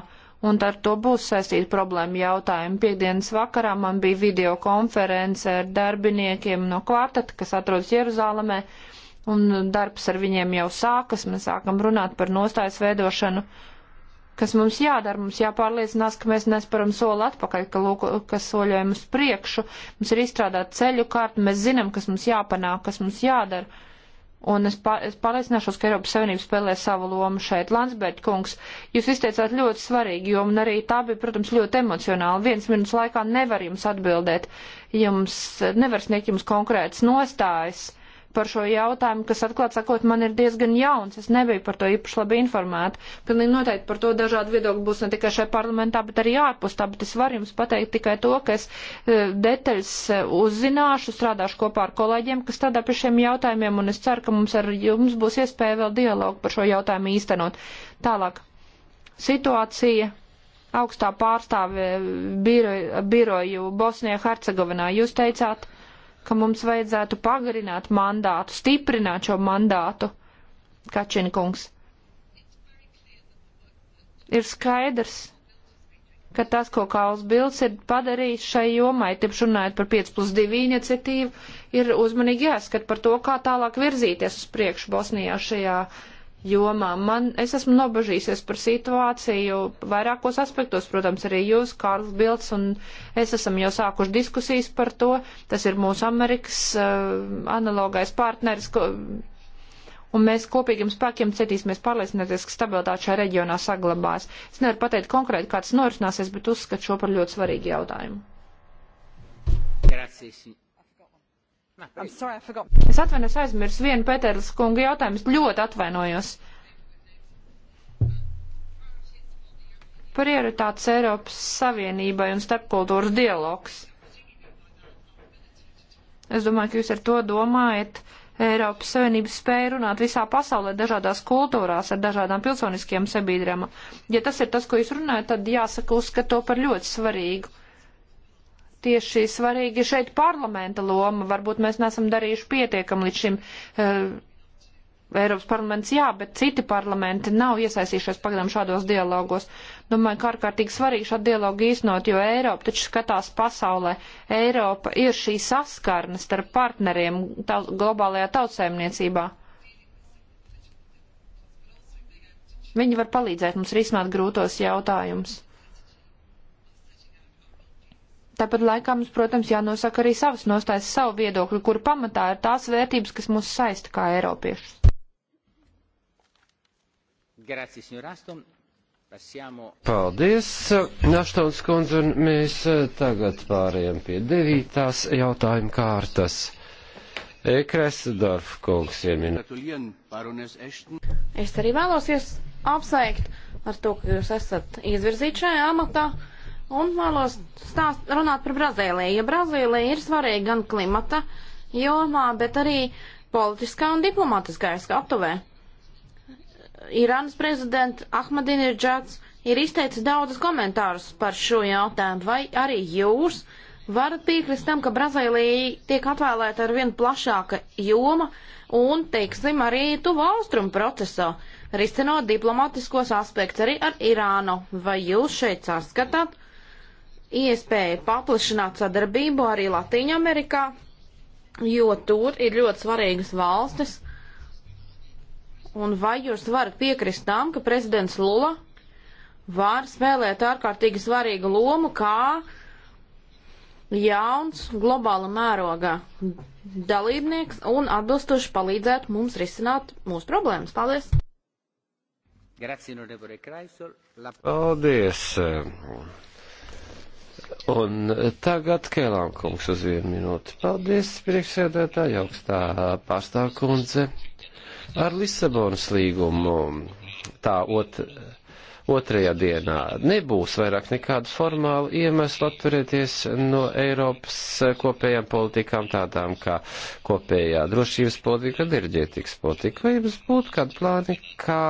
un ar to būs saistīta problēma jautājumi. Piekdienas vakarā man bija video konference ar darbiniekiem no kvarteta, kas atrodas Jeruzālamē, uh, un darbs ar viņiem jau sākas, mēs sākam runāt par nostājas veidošanu, kas mums jādara, mums jāpārliecinās, ka mēs nesparam soli atpakaļ, ka, lūk, ka soļojam uz priekšu, mums ir izstrādāt ceļu kārtu, mēs zinām, kas mums jāpanāk, kas mums jādara. Un es, pār, es pārliecināšos, ka Eiropas Savienība spēlē savu lomu šeit. Landsbērķ kungs, jūs izteicāt ļoti svarīgi, jo man arī tā bija, protams, ļoti emocionāli. Viens minūtes laikā nevar jums atbildēt, jums nevar sniegt jums konkrētas nostājas. Uh, par šo jautājumu, kas atklāt sakot, man ir diezgan jauns. Es nebiju par to īpaši labi informēta. Pilnīgi noteikti par to dažādi viedokļi būs ne tikai šajā parlamentā, bet arī ārpus tā. Bet es varu jums pateikt tikai to, ka es e, detaļas e, uzzināšu, strādāšu kopā ar kolēģiem, kas strādā pie šiem jautājumiem, un es ceru, ka mums ar jums būs iespēja vēl dialogu par šo jautājumu īstenot. Tālāk. Situācija augstā pārstāve biro, biroju Bosnijā Hercegovinā. Jūs teicāt, ka mums vajadzētu pagarināt mandātu, stiprināt šo mandātu, Kačinkungs. Ir skaidrs, ka tas, ko Kāls Bils ir padarījis šai jomai, tip runājot par 5 plus 2 iniciatīvu, ir uzmanīgi jāskat par to, kā tālāk virzīties uz priekšu Bosnijā šajā uh, jomā. Man, es esmu nobažījusies par situāciju vairākos aspektos, protams, arī jūs, Kārls Bilds, un es esam jau sākuši diskusijas par to. Tas ir mūsu Amerikas uh, analogais partneris, ko, un mēs kopīgiem spēkiem centīsimies pārliecināties, ka stabilitāte šajā reģionā saglabās. Es nevaru pateikt konkrēti, kāds norisināsies, bet uzskatu šo par ļoti svarīgu jautājumu. Grazie, Sorry, es atvainojos, aizmirsu vienu Pēteras kunga jautājumu. Es ļoti atvainojos. Prioritātes Eiropas Savienībai un starpkultūras dialogs. Es domāju, ka jūs ar to domājat Eiropas Savienības spēju runāt visā pasaulē, dažādās kultūrās, ar dažādām pilsoniskiem sabiedrēm. Ja tas ir tas, ko jūs runājat, tad jāsaka, uzskat to par ļoti svarīgu tieši svarīgi šeit parlamenta loma. Varbūt mēs nesam darījuši pietiekam līdz šim. Uh, Eiropas parlaments jā, bet citi parlamenti nav iesaistījušies pagaidām šādos dialogos. Domāju, ka ārkārtīgi svarīgi šādu dialogu īstenot, jo Eiropa taču skatās pasaulē. Eiropa ir šī saskarne starp partneriem tā, globālajā tautsēmniecībā. Viņi var palīdzēt mums risināt grūtos jautājumus. Tāpat laikā mums, protams, jānosaka arī savas nostājas, savu viedokli, kur pamatā ir tās vērtības, kas mūs saista kā Eiropiešus. Paldies, Naštons kundze, un mēs eh, tagad pārējām pie devītās jautājuma kārtas. Eh, Kresdorf kungs iemina. Es arī vēlos jūs apsveikt ar to, ka jūs esat izvirzīti šajā amatā un vēlos stāst, runāt par Brazīliju, jo Brazīlija ir svarīga gan klimata jomā, bet arī politiskā un diplomatiskā skatuvē. Irānas prezidents Ahmadinejāds ir izteicis daudzus komentārus par šo jautājumu, vai arī jūs varat piekrist tam, ka Brazīlijai tiek atvēlēta ar vien plašāka joma un, teiksim, arī tuvu austrumu procesā, risinot diplomatiskos aspektus arī ar Irānu. Vai jūs šeit saskatāt iespēja paplašināt sadarbību arī Latīņa Amerikā, jo tur ir ļoti svarīgas valstis. Un vai jūs varat piekrist tam, ka prezidents Lula var spēlēt ārkārtīgi svarīgu lomu kā jauns globāla mērogā dalībnieks un atbilstoši palīdzēt mums risināt mūsu problēmas. Paldies! Paldies! Un tagad Kēlānkungs uz vienu minūti. Paldies, priekšsēdētāji, augstā pārstāvkundze. Ar Lisabonas līgumu tā ot, otrajā dienā nebūs vairāk nekādu formālu iemeslu atturēties no Eiropas kopējām politikām, tādām kā kopējā drošības politika, enerģētikas politika. Vai jums būtu kādi plāni, kā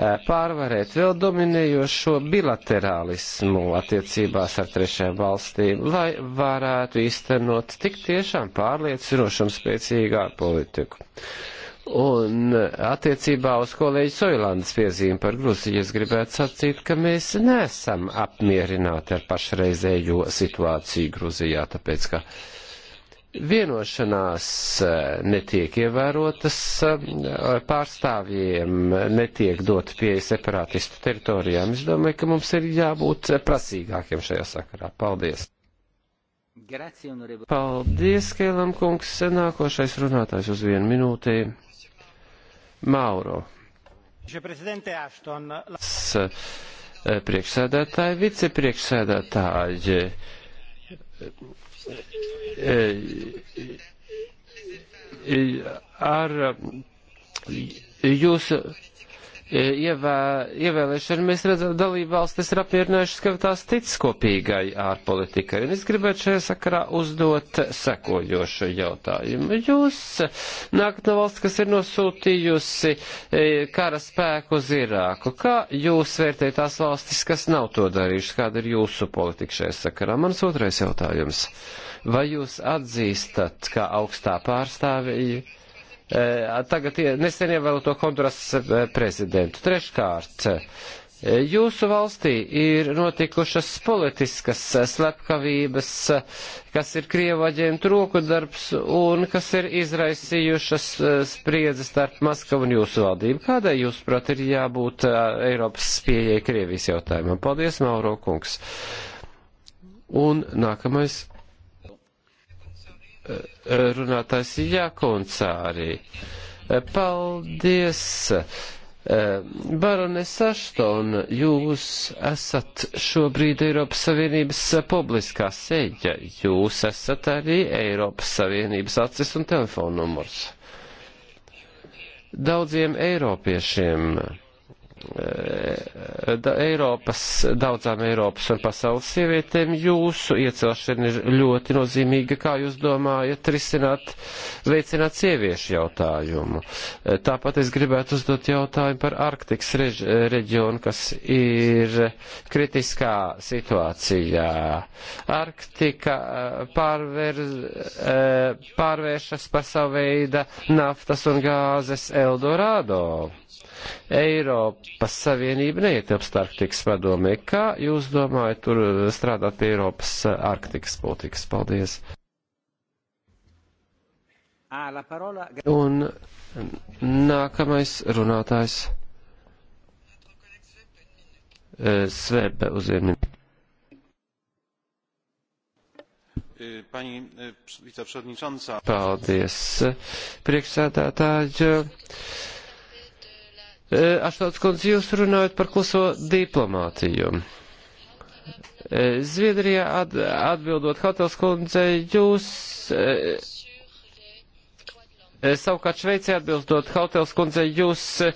Eh, pārvarēt vēl dominējošo bilaterālismu attiecībās ar trešajām valstīm, lai varētu īstenot tik tiešām pārliecinošu un spēcīgāku politiku. Un attiecībā uz kolēģi Soilandas piezīmi par Grūziju es gribētu sacīt, ka mēs nesam apmierināti ar pašreizējo situāciju Grūzijā, tāpēc ka uh, vienošanās eh, netiek ievērotas, eh, pārstāvjiem netiek dot pieeja separātistu teritorijām. Es domāju, ka mums ir jābūt eh, prasīgākiem šajā sakarā. Paldies! Paldies, Kēlam kungs, nākošais runātājs uz vienu minūti. Mauro. Priekšsēdētāji, vicepriekšsēdētāji E, e, e, ar jūsu E, ievē, ievēlēšanu mēs redzam, dalība valstis ir apmierinājušas, ka tās tic kopīgai ārpolitikai. Un es gribētu šajā sakarā uzdot sekojošu jautājumu. Jūs nākat no valsts, kas ir nosūtījusi e, kara spēku uz Irāku. Kā jūs vērtējat tās valstis, kas nav to darījušas? Kāda ir jūsu politika šajā sakarā? Mans otrais jautājums. Vai jūs atzīstat, kā augstā pārstāvīja? Eh, tagad nesen ievēlēto Honduras eh, prezidentu. Treškārt, eh, jūsu valstī ir notikušas politiskas slepkavības, kas ir Krievu aģentu roku darbs un kas ir izraisījušas spriedzi starp Maskavu un jūsu valdību. Kādai jūs, prāt, ir jābūt Eiropas pieejai Krievijas jautājumam? Paldies, Mauro kungs. Un nākamais runātājs Jākoncārī. Paldies! Barone Saštona, jūs esat šobrīd Eiropas Savienības publiskā sēģa. Jūs esat arī Eiropas Savienības acis un telefonnumurs. Daudziem eiropiešiem Eh, da, Eiropas, daudzām Eiropas un pasaules sievietēm jūsu iecelšana ir ļoti nozīmīga, kā jūs domājat, risināt, veicināt sieviešu jautājumu. Eh, tāpat es gribētu uzdot jautājumu par Arktikas rež, reģionu, kas ir kritiskā situācijā. Arktika eh, pārver, pārvēršas par savu veidu naftas un gāzes Eldorado. Eiropas Savienība neietilpst Arktikas padomē. Kā jūs domājat tur eh, strādāt pie Eiropas eh, Arktikas politikas? Paldies! Ah, Un nākamais runātājs eh, Svebe uz vienu. Pani viceprzewodnicząca. Paldies. Priekšsēdētāji. E, Aštāts kundze, jūs runājat par kluso diplomātiju. E, Zviedrijā at, atbildot Hautels kundze, jūs e, Eh, savukārt Šveicē atbildot Hautels kundze, jūs eh,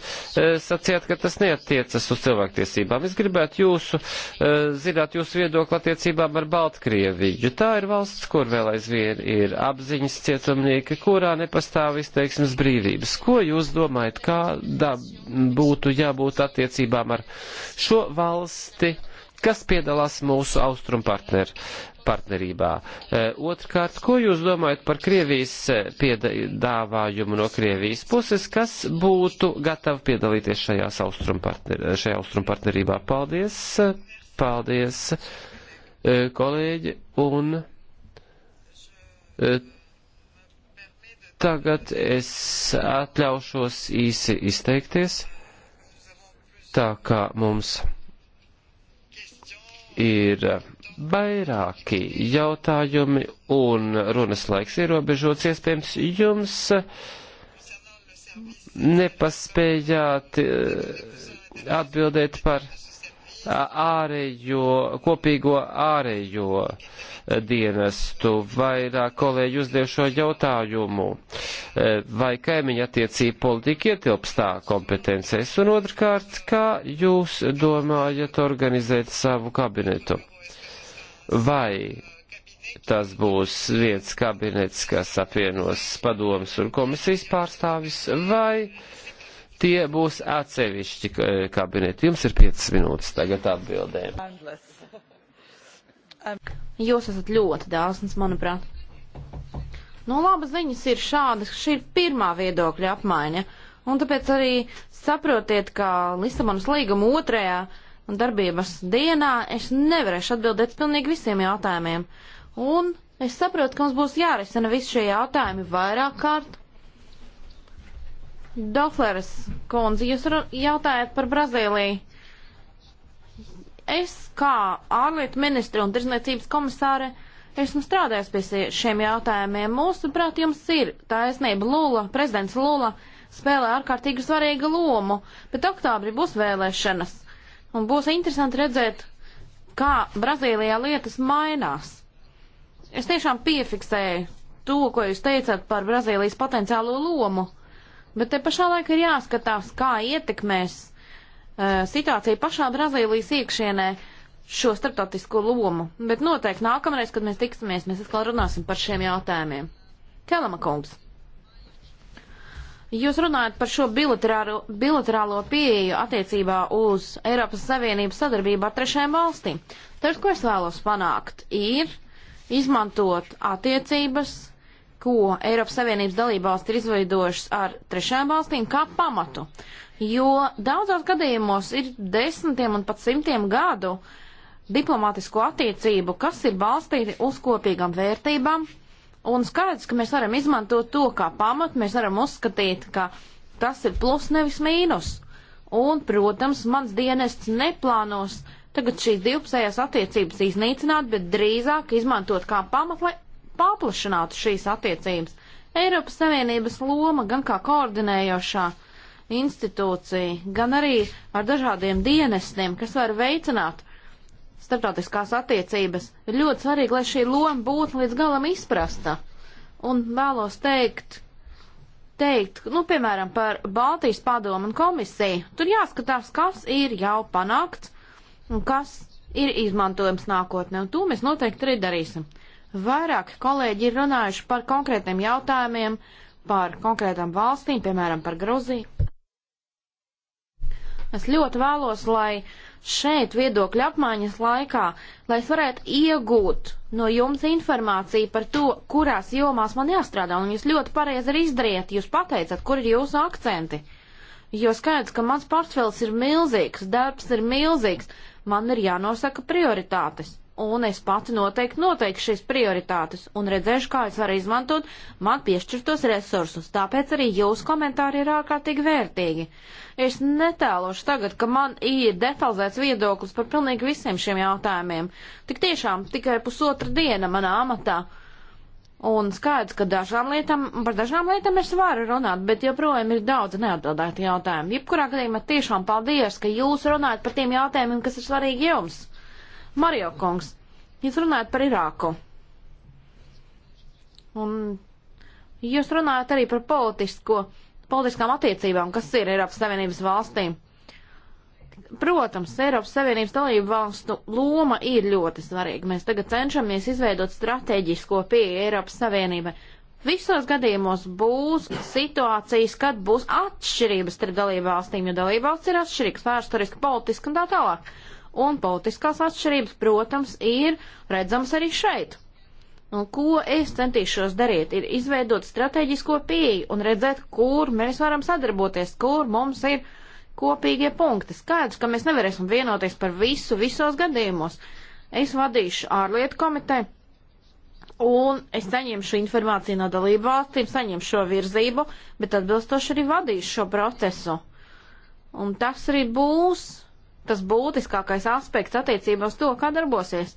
sacījāt, ka tas neatiecas uz cilvēktiesībām. Es gribētu jūsu, eh, zināt, jūsu viedokli attiecībām ar Baltkrieviju. Tā ir valsts, kur vēl aizvien ir apziņas cietumnieki, kurā nepastāv izteiksmes brīvības. Ko jūs domājat, kādā būtu jābūt attiecībām ar šo valsti? kas piedalās mūsu austrumu partneru partnerībā. E, otrkārt, ko jūs domājat par Krievijas e, piedāvājumu no Krievijas puses, kas būtu gatavi piedalīties šajā austrumu partner, austrum partnerībā? Paldies, paldies, e, kolēģi, un tagad es atļaušos īsi izteikties, tā kā mums ir vairāki jautājumi un runas laiks ierobežots. Iespējams, jums nepaspējāt eh, atbildēt par ārējo, kopīgo ārējo eh, dienestu. Vairāk kolēģi uzdev šo jautājumu, eh, vai kaimiņa attiecība politika ietilpstā kompetencēs, un otrkārt, kā jūs domājat organizēt savu kabinetu? vai tas būs viens kabinets, kas apvienos padomus un komisijas pārstāvis, vai tie būs atsevišķi kabineti. Jums ir 5 minūtes tagad atbildēm. Jūs esat ļoti dāsns, manuprāt. Nu, labas ziņas ir šādas, šī ir pirmā viedokļa apmaiņa. Un tāpēc arī saprotiet, ka Lisabonas līguma otrajā uh, un darbības dienā es nevarēšu atbildēt pilnīgi visiem jautājumiem. Un es saprotu, ka mums būs jārisina visi šie jautājumi vairāk kārt. Dofleres kundze, jūs jautājat par Brazīliju. Es kā ārlietu ministra un tirzniecības komisāre esmu strādājis pie šiem jautājumiem. Mūsuprāt, jums ir taisnība Lula, prezidents Lula spēlē ārkārtīgi svarīgu lomu, bet oktābrī būs vēlēšanas. Un būs interesanti redzēt, kā Brazīlijā lietas mainās. Es tiešām piefiksēju to, ko jūs teicāt par Brazīlijas potenciālo lomu, bet te pašā laikā ir jāskatās, kā ietekmēs uh, situācija pašā Brazīlijas iekšienē šo starptautisko lomu. Bet noteikti nākamreiz, kad mēs tiksimies, mēs atkal runāsim par šiem jautājumiem. Kelama kungs. Jūs runājat par šo bilaterālo, bilaterālo pieeju attiecībā uz Eiropas Savienības sadarbību ar trešajām valstīm. Tad, ko es vēlos panākt, ir izmantot attiecības, ko Eiropas Savienības dalībvalsts ir izveidojušas ar trešajām valstīm, kā pamatu. Jo daudzos gadījumos ir desmitiem un pat simtiem gadu diplomātisko attiecību, kas ir balstīti uz kopīgām vērtībām, Un skaidrs, ka mēs varam izmantot to kā pamatu, mēs varam uzskatīt, ka tas ir plus nevis mīnus. Un, protams, mans dienests neplānos tagad šīs divpusējās attiecības iznīcināt, bet drīzāk izmantot kā pamatu, lai paplašinātu šīs attiecības. Eiropas Savienības loma gan kā koordinējošā institūcija, gan arī ar dažādiem dienestiem, kas var veicināt starptautiskās attiecības, ir ļoti svarīgi, lai šī loma būtu līdz galam izprasta. Un vēlos teikt, teikt, nu, piemēram, par Baltijas padomu un komisiju. Tur jāskatās, kas ir jau panākts un kas ir izmantojams nākotnē, un to mēs noteikti arī darīsim. Vairāk kolēģi ir runājuši par konkrētiem jautājumiem, par konkrētām valstīm, piemēram, par Gruziju. Es ļoti vēlos, lai uh, šeit viedokļu apmaiņas laikā, lai es varētu iegūt no jums informāciju par to, kurās jomās man jāstrādā, un jūs ļoti pareizi arī izdariet, jūs pateicat, kur ir jūsu akcenti. Jo skaidrs, ka mans portfels ir milzīgs, darbs ir milzīgs, man ir jānosaka prioritātes un es pati noteikti noteikšu šīs prioritātes un redzēšu, kā es varu izmantot man piešķirtos resursus. Tāpēc arī jūsu komentāri ir ārkārtīgi vērtīgi. Es netēlošu tagad, ka man ir detalizēts viedoklis par pilnīgi visiem šiem jautājumiem. Tik tiešām tikai pusotra diena manā amatā. Un skaidrs, ka dažām lietām, par dažām lietām es varu runāt, bet joprojām ir daudz neatbildētu jautājumu. Jebkurā gadījumā tiešām paldies, ka jūs runājat par tiem jautājumiem, kas ir svarīgi jums. Mario kungs, jūs runājat par Irāku. Un jūs runājat arī par politisko, politiskām attiecībām, kas ir Eiropas Savienības valstīm. Protams, Eiropas Savienības dalību valstu loma ir ļoti svarīga. Mēs tagad cenšamies izveidot strateģisko pieeju Eiropas Savienībai. Visos gadījumos būs situācijas, kad būs atšķirības starp dalību valstīm, jo dalību valsts ir atšķirīgas vēsturiski, politiski un tā tālāk un politiskās atšķirības, protams, ir redzamas arī šeit. Un nu, ko es centīšos darīt, ir izveidot strateģisko pieeju un redzēt, kur mēs varam sadarboties, kur mums ir kopīgie punkti. Skaidrs, ka mēs nevarēsim vienoties par visu visos gadījumos. Es vadīšu ārlietu komiteju un es saņemšu informāciju no dalību valstīm, saņemšu šo virzību, bet atbilstoši arī vadīšu šo procesu. Un tas arī būs tas būtiskākais aspekts attiecībā uz to, kā darbosies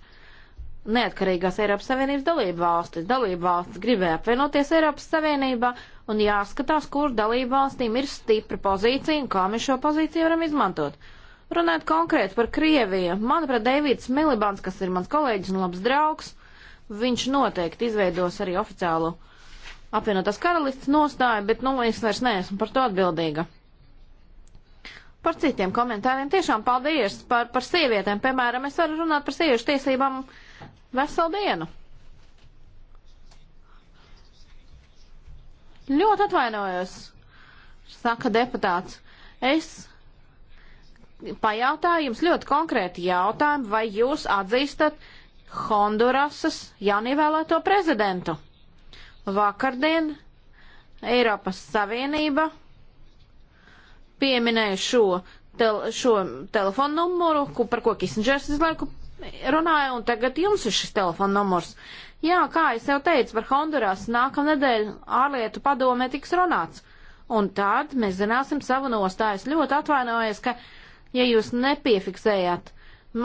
neatkarīgās Eiropas Savienības dalību valstis. Dalību valstis gribēja apvienoties Eiropas Savienībā un jāskatās, kur dalību valstīm ir stipra pozīcija un kā mēs šo pozīciju varam izmantot. Runājot konkrēti par Krieviju, manuprāt, Deivids Milibans, kas ir mans kolēģis un labs draugs, viņš noteikti izveidos arī oficiālu apvienotās karalists nostāju, bet, nu, es vairs neesmu par to atbildīga par citiem komentāriem. Tiešām paldies par, par sievietēm. Piemēram, es varu runāt par sieviešu tiesībām veselu dienu. Ļoti atvainojos, saka deputāts. Es pajautāju jums ļoti konkrēti jautājumu, vai jūs atzīstat Hondurasas jaunievēlēto prezidentu. Vakardien Eiropas Savienība pieminēju šo, tel, šo telefonu numuru, ku, par ko Kisingers visu laiku runāja, un tagad jums ir šis telefonu numurs. Jā, kā es jau teicu, par Honduras nākamnedēļ ārlietu padomē tiks runāts. Un tad mēs zināsim savu nostāju. Es ļoti atvainojos, ka, ja jūs nepiefiksējāt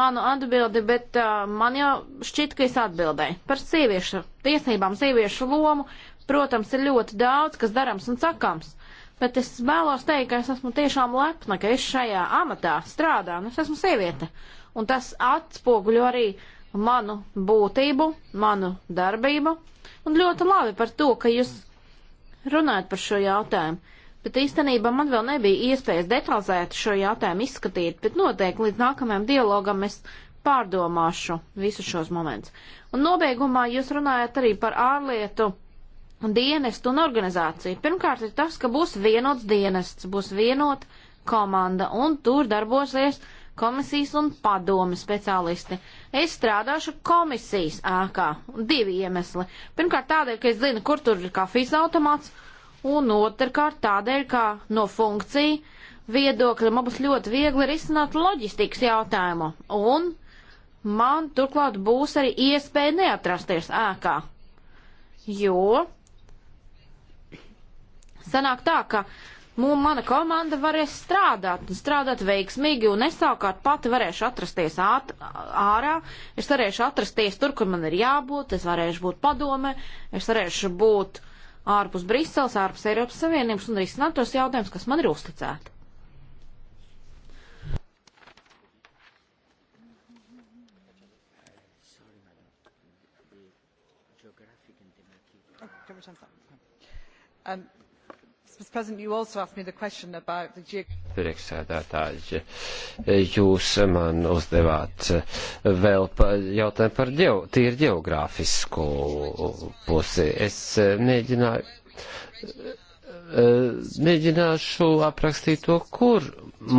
manu atbildi, bet uh, man jau šķiet, ka es atbildēju par sieviešu tiesībām, sieviešu lomu. Protams, ir ļoti daudz, kas darams un sakams bet es vēlos teikt, ka es esmu tiešām lepna, ka es šajā amatā strādāju, es esmu sieviete. Un tas atspoguļo arī manu būtību, manu darbību. Un ļoti labi par to, ka jūs runājat par šo jautājumu. Bet īstenībā man vēl nebija iespējas detalizēt šo jautājumu izskatīt, bet noteikti līdz nākamajam dialogam es pārdomāšu visus šos momentus. Un nobeigumā jūs runājat arī par ārlietu dienestu un organizāciju. Pirmkārt ir tas, ka būs vienots dienests, būs vienota komanda, un tur darbosies komisijas un padome speciālisti. Es strādāšu komisijas ēkā. Divi iemesli. Pirmkārt tādēļ, ka es zinu, kur tur ir kafijas automāts, un otrkārt tādēļ, ka no funkciju viedokļa man būs ļoti viegli risināt loģistikas jautājumu. Un man turklāt būs arī iespēja neatrasties ēkā. Jo Sanāk tā, ka mana komanda varēs strādāt, un strādāt veiksmīgi, un es savukārt pati varēšu atrasties āt, ārā, es varēšu atrasties tur, kur man ir jābūt, es varēšu būt padome, es varēšu būt ārpus Briseles, ārpus Eiropas Savienības un risināt tos jautājumus, kas man ir uzticēti. Uh, um, Priekšsēdētāji, jūs man uzdevāt vēl pa jautājumu par ģeo, tīri geogrāfisku pusi. Es eh, mēģināju, eh, mēģināšu aprakstīt to, kur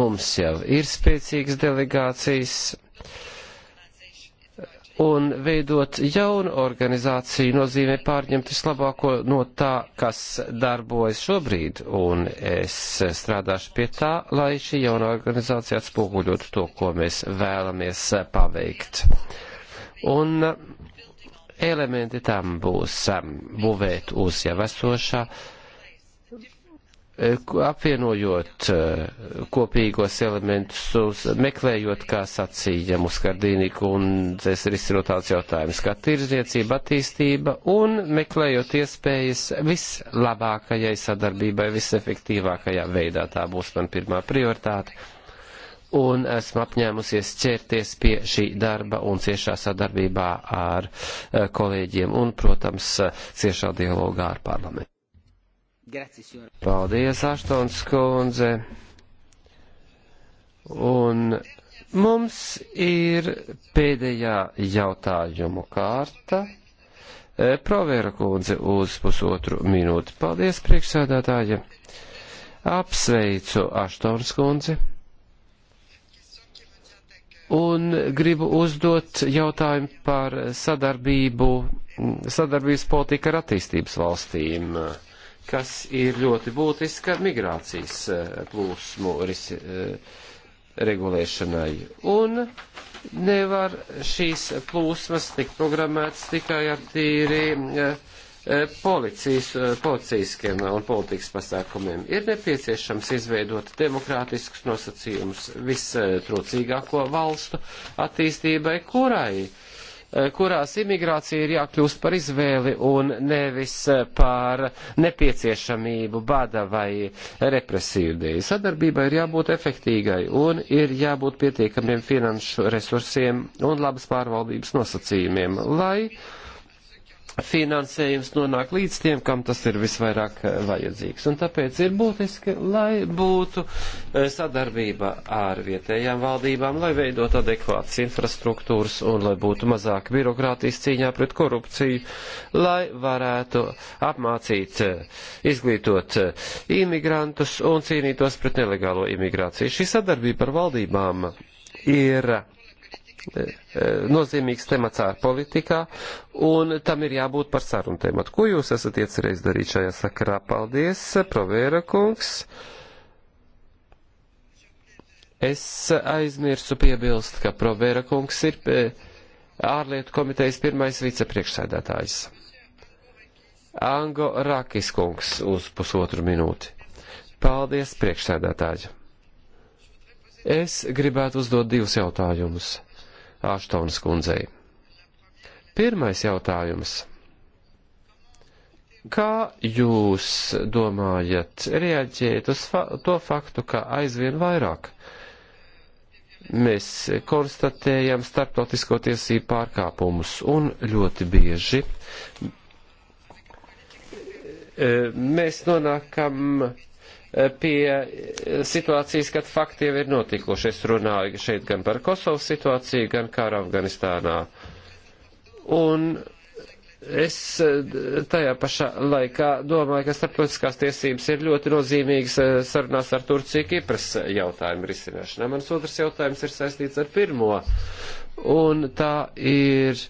mums jau ir spēcīgas delegācijas un veidot jaunu organizāciju nozīmē pārņemt vislabāko no tā, kas darbojas šobrīd, un es strādāšu pie tā, lai šī jauna organizācija atspoguļotu to, ko mēs vēlamies paveikt. Un elementi tam būs um, būvēt uz jau esošā apvienojot eh, kopīgos elementus, uz, meklējot, kā sacīja Muskardīni kundzes risinotāts jautājums, kā tirzniecība, attīstība un meklējot iespējas vislabākajai sadarbībai, visefektīvākajā veidā. Tā būs man pirmā prioritāte. Un esmu apņēmusies ķerties pie šī darba un ciešā sadarbībā ar eh, kolēģiem un, protams, ciešā dialogā ar parlamentu. Paldies, Aštons kundze. Un mums ir pēdējā jautājumu kārta. E, Provēra kundze uz pusotru minūti. Paldies, priekšsēdētāji. Apsveicu Aštons kundzi. Un gribu uzdot jautājumu par sadarbību, sadarbības politiku ar attīstības valstīm. Uh, kas ir ļoti būtiska migrācijas eh, plūsmu risi, eh, regulēšanai. Un nevar šīs plūsmas tikt programmētas tikai ar tīri eh, policijas, policijaskiem un politikas pasākumiem. Ir nepieciešams izveidot demokrātiskus nosacījumus vistrūcīgāko valstu attīstībai, kurai uh, Eh, kurās imigrācija ir jākļūst par izvēli un nevis eh, par nepieciešamību, bada vai represiju dēļ. Sadarbībai ir jābūt efektīgai un ir jābūt pietiekamiem finanšu resursiem un labas pārvaldības nosacījumiem, lai finansējums nonāk līdz tiem, kam tas ir visvairāk eh, vajadzīgs. Un tāpēc ir būtiski, lai būtu eh, sadarbība ar vietējām valdībām, lai veidot adekvātas infrastruktūras un lai būtu mazāk birokrātijas cīņā pret korupciju, lai varētu apmācīt, eh, izglītot imigrantus un cīnītos pret nelegālo imigrāciju. Šī sadarbība ar valdībām ir nozīmīgs temats ārpolitikā, un tam ir jābūt par sarunu tematu. Ko jūs esat iecerējis darīt šajā sakarā? Paldies, Provēra kungs. Es aizmirsu piebilst, ka Provēra kungs ir e, ārlietu komitejas pirmais vicepriekšsēdētājs. Ango Rakis kungs uz pusotru minūti. Paldies, priekšsēdētāji! Es gribētu uzdot divus jautājumus. Āštonas kundzei. Pirmais jautājums. Kā jūs domājat, reaģējat uz fa to faktu, ka aizvien vairāk mēs konstatējam starptautisko tiesību pārkāpumus un ļoti bieži eh, mēs nonākam Eh, pie eh, situācijas, kad fakti jau ir notikuši. Es runāju šeit gan par Kosovas situāciju, gan kāru Afganistānā. Un es eh, tajā pašā laikā domāju, ka starptautiskās tiesības ir ļoti nozīmīgas sarunās ar Turciju Kipras jautājumu risināšanā. Mans otrs jautājums ir saistīts ar pirmo. Un tā ir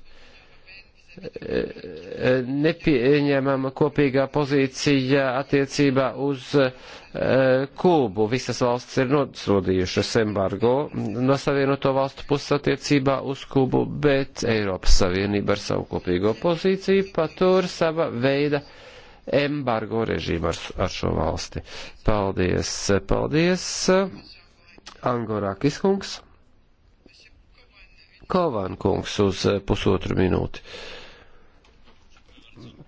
nepieņemama kopīgā pozīcija attiecībā uz eh, Kūbu. Visas valsts ir nosodījušas embargo no Savienoto valstu puses attiecībā uz Kūbu, bet Eiropas Savienība ar savu kopīgo pozīciju patur sava veida embargo režīmu ar, ar šo valsti. Paldies, paldies, Angorākis kungs. Kovan kungs uz pusotru minūti. Uh,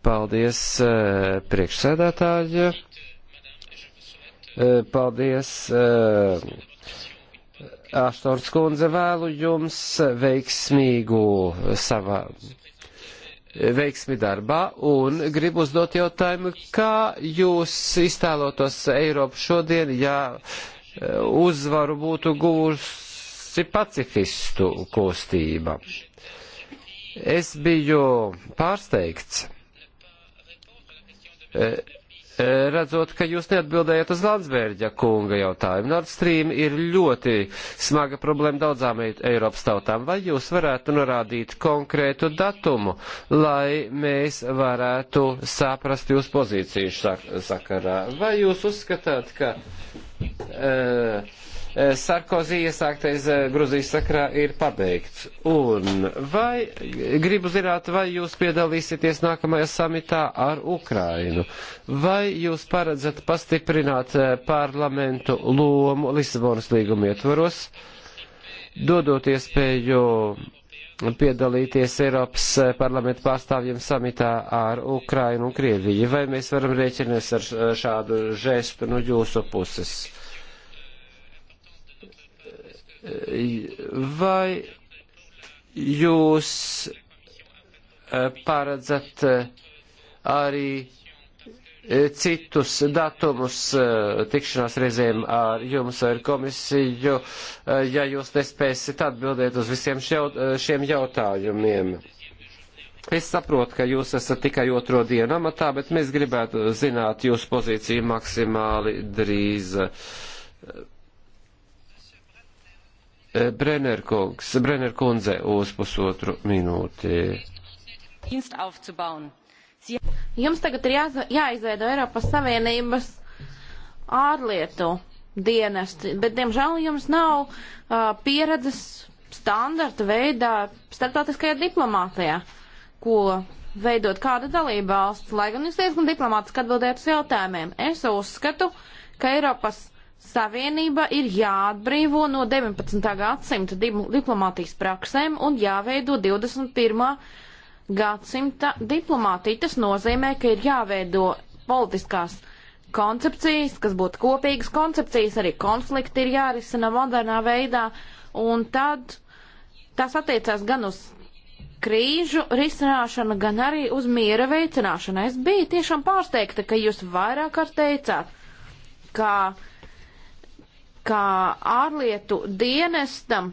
Paldies, eh, priekšsēdētāji. Eh, paldies, eh, Aštors kundze, vēlu jums veiksmīgu savā veiksmi darbā un gribu uzdot jautājumu, kā jūs iztēlotos Eiropu šodien, ja uzvaru būtu guvusi pacifistu kustība. Es biju pārsteigts E, redzot, ka jūs neatbildējat uz Landsbērģa kunga jautājumu. Nord Stream ir ļoti smaga problēma daudzām Eiropas tautām. Vai jūs varētu norādīt konkrētu datumu, lai mēs varētu saprast jūsu pozīciju sakarā? Vai jūs uzskatāt, ka. Uh, Eh, Sarkozī iesāktais eh, Gruzijas sakrā ir pabeigts. Un vai, gribu zināt, vai jūs piedalīsieties nākamajā samitā ar Ukrainu? Vai jūs paredzat pastiprināt eh, parlamentu lomu Lisabonas līguma ietvaros, dodot iespēju piedalīties Eiropas parlamentu pārstāvjiem samitā ar Ukrainu un Krieviju. Vai mēs varam rēķinās ar šādu žestu no jūsu puses? Vai jūs e, paredzat e, arī e, citus datumus tikšanās reizēm ar jums vai ar komisiju, ja jūs nespēsit atbildēt uz visiem šiem jautājumiem. Es saprotu, ka jūs esat tikai otro dienu amatā, bet mēs gribētu zināt jūsu pozīciju maksimāli drīz. Eh, Brennerkungs, Brennerkundze uz pusotru minūti. Jums tagad ir jā, jāizveido Eiropas Savienības ārlietu dienesti, bet, diemžēl, jums nav uh, pieredzes standarta veidā starptautiskajā diplomātijā, ko veidot kāda dalība valsts, lai gan jūs diezgan diplomātiski atbildētu uz jautājumiem. Es uzskatu, ka Eiropas Savienība ir jāatbrīvo no 19. gadsimta diplomātijas praksēm un jāveido 21. gadsimta diplomātija. Tas nozīmē, ka ir jāveido politiskās koncepcijas, kas būtu kopīgas koncepcijas, arī konflikti ir jārisina modernā veidā, un tad tas attiecās gan uz krīžu risināšanu, gan arī uz miera veicināšanu. Es biju tiešām pārsteigta, ka jūs vairāk kārt teicāt, ka uh, ka ārlietu dienestam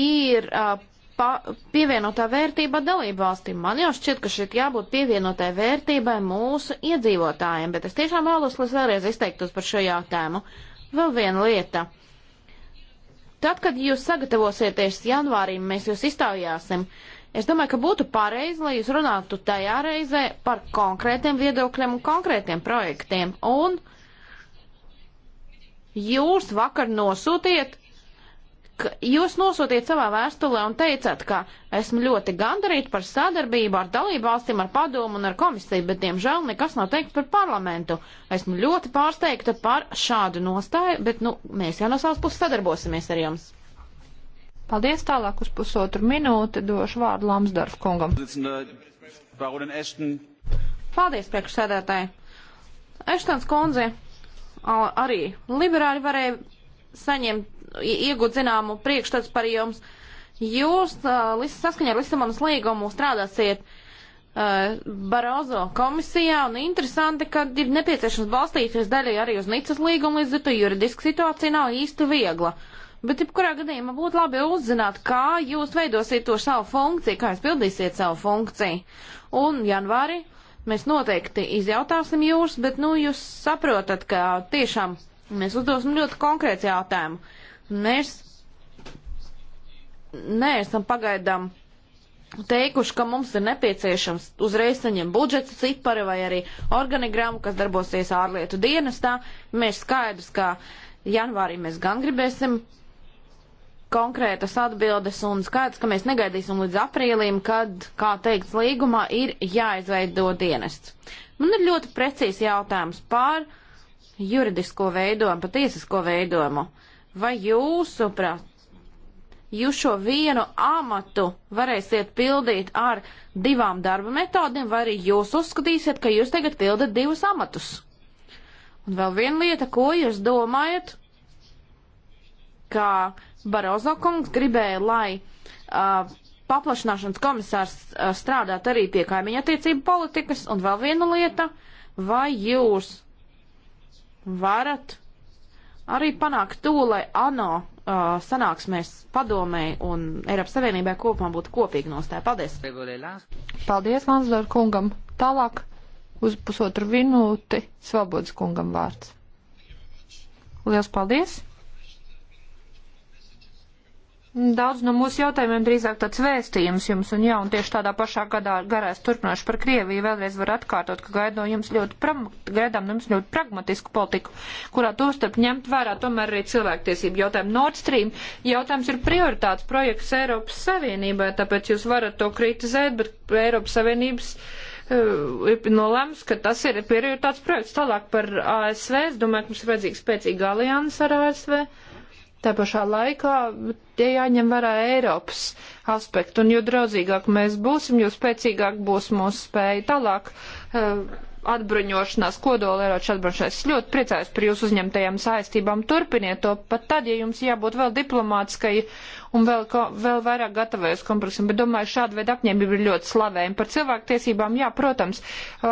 ir uh, pa, pievienotā vērtība dalību valstīm. Man jau šķiet, ka šeit jābūt pievienotai vērtībai mūsu iedzīvotājiem, bet es tiešām vēlos, lai es vēlreiz izteiktos par šo jautājumu. Vēl viena lieta. Tad, kad jūs sagatavosieties janvārī, mēs jūs iztaujāsim. Es domāju, ka būtu pareizi, lai jūs runātu tajā reizē par konkrētiem viedokļiem un konkrētiem projektiem. Un uh, Jūs vakar nosūtiet, jūs nosūtiet savā vēstulē un teicāt, ka esmu ļoti gandarīti par sadarbību ar dalību valstīm, ar padomu un ar komisiju, bet, diemžēl, nekas nav teikt par parlamentu. Esmu ļoti pārsteigta par šādu nostāju, bet, nu, mēs jau no savas puses sadarbosimies ar jums. Paldies tālāk uz pusotru minūti, došu vārdu Lamsdorf kungam. Paldies, priekšsēdētāji. Eštons kundze, arī liberāļi varēja saņemt, iegūt zināmu priekšstats par jums. Jūs uh, saskaņā ar Lisabonas līgumu strādāsiet uh, Barozo komisijā, un interesanti, ka ir nepieciešams balstīties daļai arī uz Nicas līgumu, līdz ar to juridiska situācija nav īsti viegla. Bet, jebkurā gadījumā, būtu labi uzzināt, kā jūs veidosiet to savu funkciju, kā jūs pildīsiet savu funkciju. Un janvāri uh, Mēs noteikti izjautāsim jūs, bet, nu, jūs saprotat, ka tiešām mēs uzdosim ļoti konkrēts jautājumu. Mēs neesam pagaidām teikuši, ka mums ir nepieciešams uzreiz saņemt budžeta cipari vai arī organigramu, kas darbosies ārlietu dienestā. Mēs skaidrs, ka janvārī mēs gan gribēsim konkrētas atbildes un skaidrs, ka mēs negaidīsim līdz aprīlim, kad, kā teikts līgumā, ir jāizveido dienests. Man ir ļoti precīzi jautājums par juridisko veidojumu, par tiesisko veidojumu. Vai jūsuprāt, jūs šo vienu amatu varēsiet pildīt ar divām darba metodēm, vai arī jūs uzskatīsiet, ka jūs tagad pildat divus amatus? Un vēl viena lieta, ko jūs domājat, ka uh, Barozo kungs gribēja, lai uh, paplašināšanas komisārs uh, strādātu arī pie kaimiņa attiecību politikas. Un vēl viena lieta, vai jūs varat arī panākt to, lai ANO uh, sanāksmēs padomēji un Eiropas Savienībai kopumā būtu kopīgi nostāja. Paldies! Paldies, Lanslor kungam! Tālāk uz pusotru minūti Svabodas kungam vārds. Lielas paldies! Daudz no mūsu jautājumiem drīzāk tāds vēstījums jums, un jā, un tieši tādā pašā gadā garā es turpināšu par Krieviju. Vēlreiz var atkārtot, ka gaidām no jums ļoti, prag gaidām no jums ļoti pragmatisku politiku, kurā tostarp ņemt vērā tomēr arī cilvēktiesību jautājumu. Nord Stream jautājums ir prioritāts projekts Eiropas Savienībai, tāpēc jūs varat to kritizēt, bet Eiropas Savienības eh, ir nolēms, ka tas ir prioritāts projekts. Tālāk par ASV, es domāju, ka mums ir vajadzīga spēcīga alianses ar ASV. Uh, Tā pašā laikā tie jāņem vērā Eiropas aspektu, un jo draudzīgāk mēs būsim, jo spēcīgāk būs mūsu spēja tālāk uh, atbruņošanās, kodola ieroču atbruņošanās. Es ļoti priecājos par jūsu uzņemtajām saistībām. Turpiniet to pat tad, ja jums jābūt vēl diplomātiskai un vēl, ko, vēl vairāk gatavojas kompleksam, bet domāju, šāda veida apņēmība ir ļoti slavējama. Par cilvēktiesībām, jā, protams,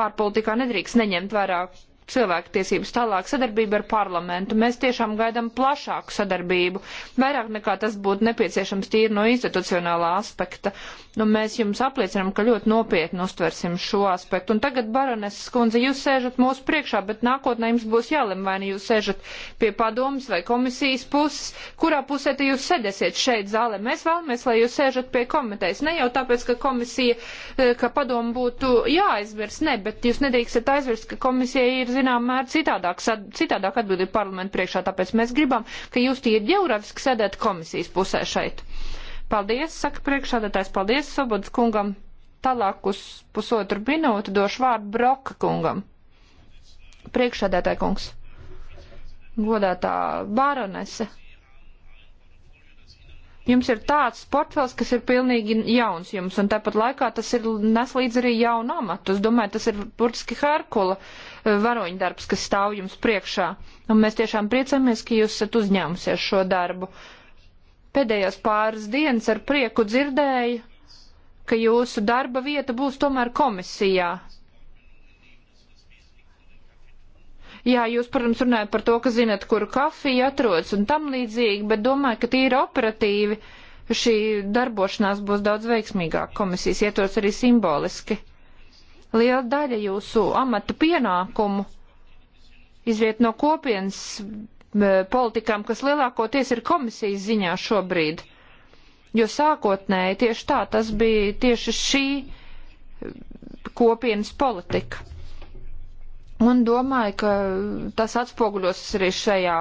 ārpolitikā nedrīkst neņemt vairāk cilvēktiesības, tālāk sadarbība ar parlamentu. Mēs tiešām gaidām plašāku sadarbību, vairāk nekā tas būtu nepieciešams tīri no institucionālā aspekta. Nu, mēs jums apliecinām, ka ļoti nopietni uztversim šo aspektu. Un tagad, baroneses kundze, jūs sēžat mūsu priekšā, bet nākotnē jums būs jālem, vai nu jūs sēžat pie padomas vai komisijas puses, kurā pusē te jūs sēdēsiet šeit zālē. Mēs vēlamies, lai jūs sēžat pie komitejas. Ne jau tāpēc, ka komisija, eh, ka padoma būtu jāaizvirs, ne, bet jūs nedrīkstat aizvirst, ka komisija ir zinām mēr citādāk, sad, citādāk atbildību parlamentu priekšā, tāpēc mēs gribam, ka jūs tie ģeogrāfiski sēdēt komisijas pusē šeit. Paldies, saka priekšādātājs, paldies Sobodas kungam. Tālāk uz pusotru minūti došu vārdu Broka kungam. Priekšādātāja kungs. Godātā baronese. Jums ir tāds portfels, kas ir pilnīgi jauns jums, un tāpat laikā tas ir nes līdz arī jaunu amatu. Es domāju, tas ir burtiski Herkula uh, varoņdarbs, kas stāv jums priekšā. Un mēs tiešām priecamies, ka jūs esat uzņēmusies šo darbu. Pēdējās pāris dienas ar prieku dzirdēju, ka jūsu darba vieta būs tomēr komisijā. Jā, jūs, protams, runājat par to, ka zinat, kur kafija atrodas un tam līdzīgi, bet domāju, ka tīri operatīvi šī darbošanās būs daudz veiksmīgāk komisijas ietvaros arī simboliski. Liela daļa jūsu amatu pienākumu izriet no kopienas politikām, kas lielākoties ir komisijas ziņā šobrīd. Jo sākotnēji tieši tā, tas bija tieši šī kopienas politika. Un domāju, ka tas atspoguļos arī šajā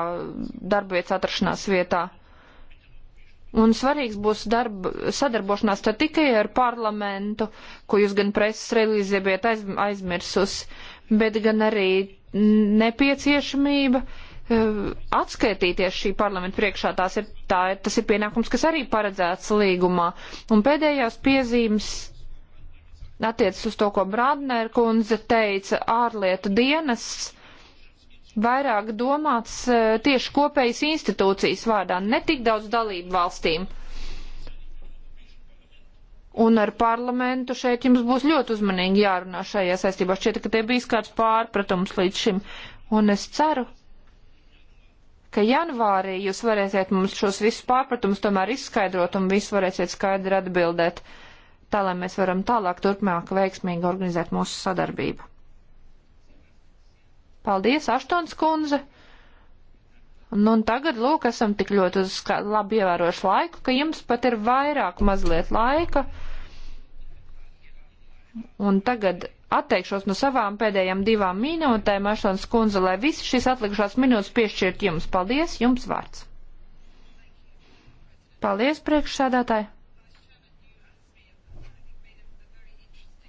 darbvietas atrašanās vietā. Un svarīgs būs darba, sadarbošanās ne tikai ar parlamentu, ko jūs gan preses relīzē bijat aiz, aizmirsus, bet gan arī nepieciešamība eh, atskaitīties šī parlamenta priekšā. Tās ir, tā, tas ir pienākums, kas arī paredzēts līgumā. Un pēdējās piezīmes attiecas uz to, ko Brādnēra kundze teica, ārlietu dienests vairāk domāts e, tieši kopējas institūcijas vārdā, ne tik daudz dalību valstīm. Un ar parlamentu šeit jums būs ļoti uzmanīgi jārunā šajā saistībā. Šķiet, ka te bijis kāds pārpratums līdz šim. Un es ceru, ka janvārī jūs varēsiet mums šos visus pārpratumus tomēr izskaidrot un visu varēsiet skaidri atbildēt, tā lai mēs varam tālāk turpmāk veiksmīgi organizēt mūsu sadarbību. Paldies, Aštons kundze! Nu, un tagad, lūk, esam tik ļoti uz labi ievērošu laiku, ka jums pat ir vairāk mazliet laika. Un tagad atteikšos no savām pēdējām divām minūtēm, Ašons kundze, lai visi šīs atlikušās minūtes piešķirt jums. Paldies, jums vārds. Paldies, priekšsēdētāji.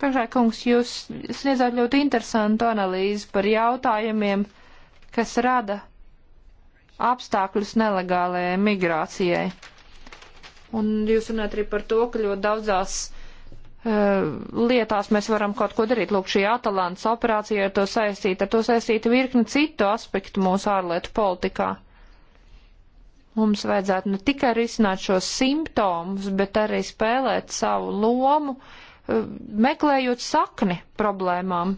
Pašākungs, jūs sniedzāt ļoti interesantu analīzi par jautājumiem, kas rada apstākļus nelegālajai migrācijai. Un jūs runājat arī par to, ka ļoti daudzās eh, lietās mēs varam kaut ko darīt. Lūk, šī Atalantas operācija ar to saistīta, ar to saistīta virkni citu aspektu mūsu ārlietu politikā. Mums vajadzētu ne tikai risināt šos simptomus, bet arī spēlēt savu lomu, uh, Eh, meklējot sakni problēmām.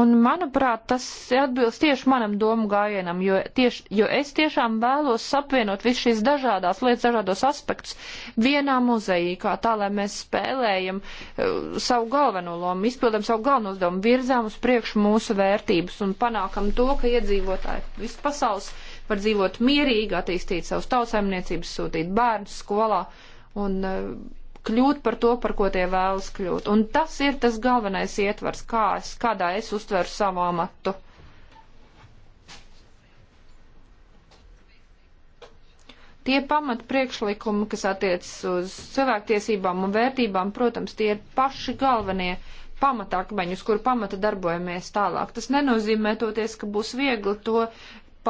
Un, manuprāt, tas atbilst tieši manam domu gājienam, jo, tieši, jo es tiešām vēlos apvienot visu šīs dažādās lietas, dažādos aspektus vienā muzejīkā, tā lai mēs spēlējam uh, savu galveno lomu, izpildam savu galveno uzdevumu, virzām uz priekšu mūsu vērtības un panākam to, ka iedzīvotāji visu pasaules var dzīvot mierīgi, attīstīt savus tautsēmniecības, sūtīt bērnus skolā un e, kļūt par to, par ko tie vēlas kļūt. Un tas ir tas galvenais ietvars, kā es, kādā es uztveru savu amatu. Tie pamat priekšlikumi, kas attiecas uz cilvēktiesībām un vērtībām, protams, tie ir paši galvenie pamatakmeņi, uz kuru pamata darbojamies tālāk. Tas nenozīmē toties, ka būs viegli to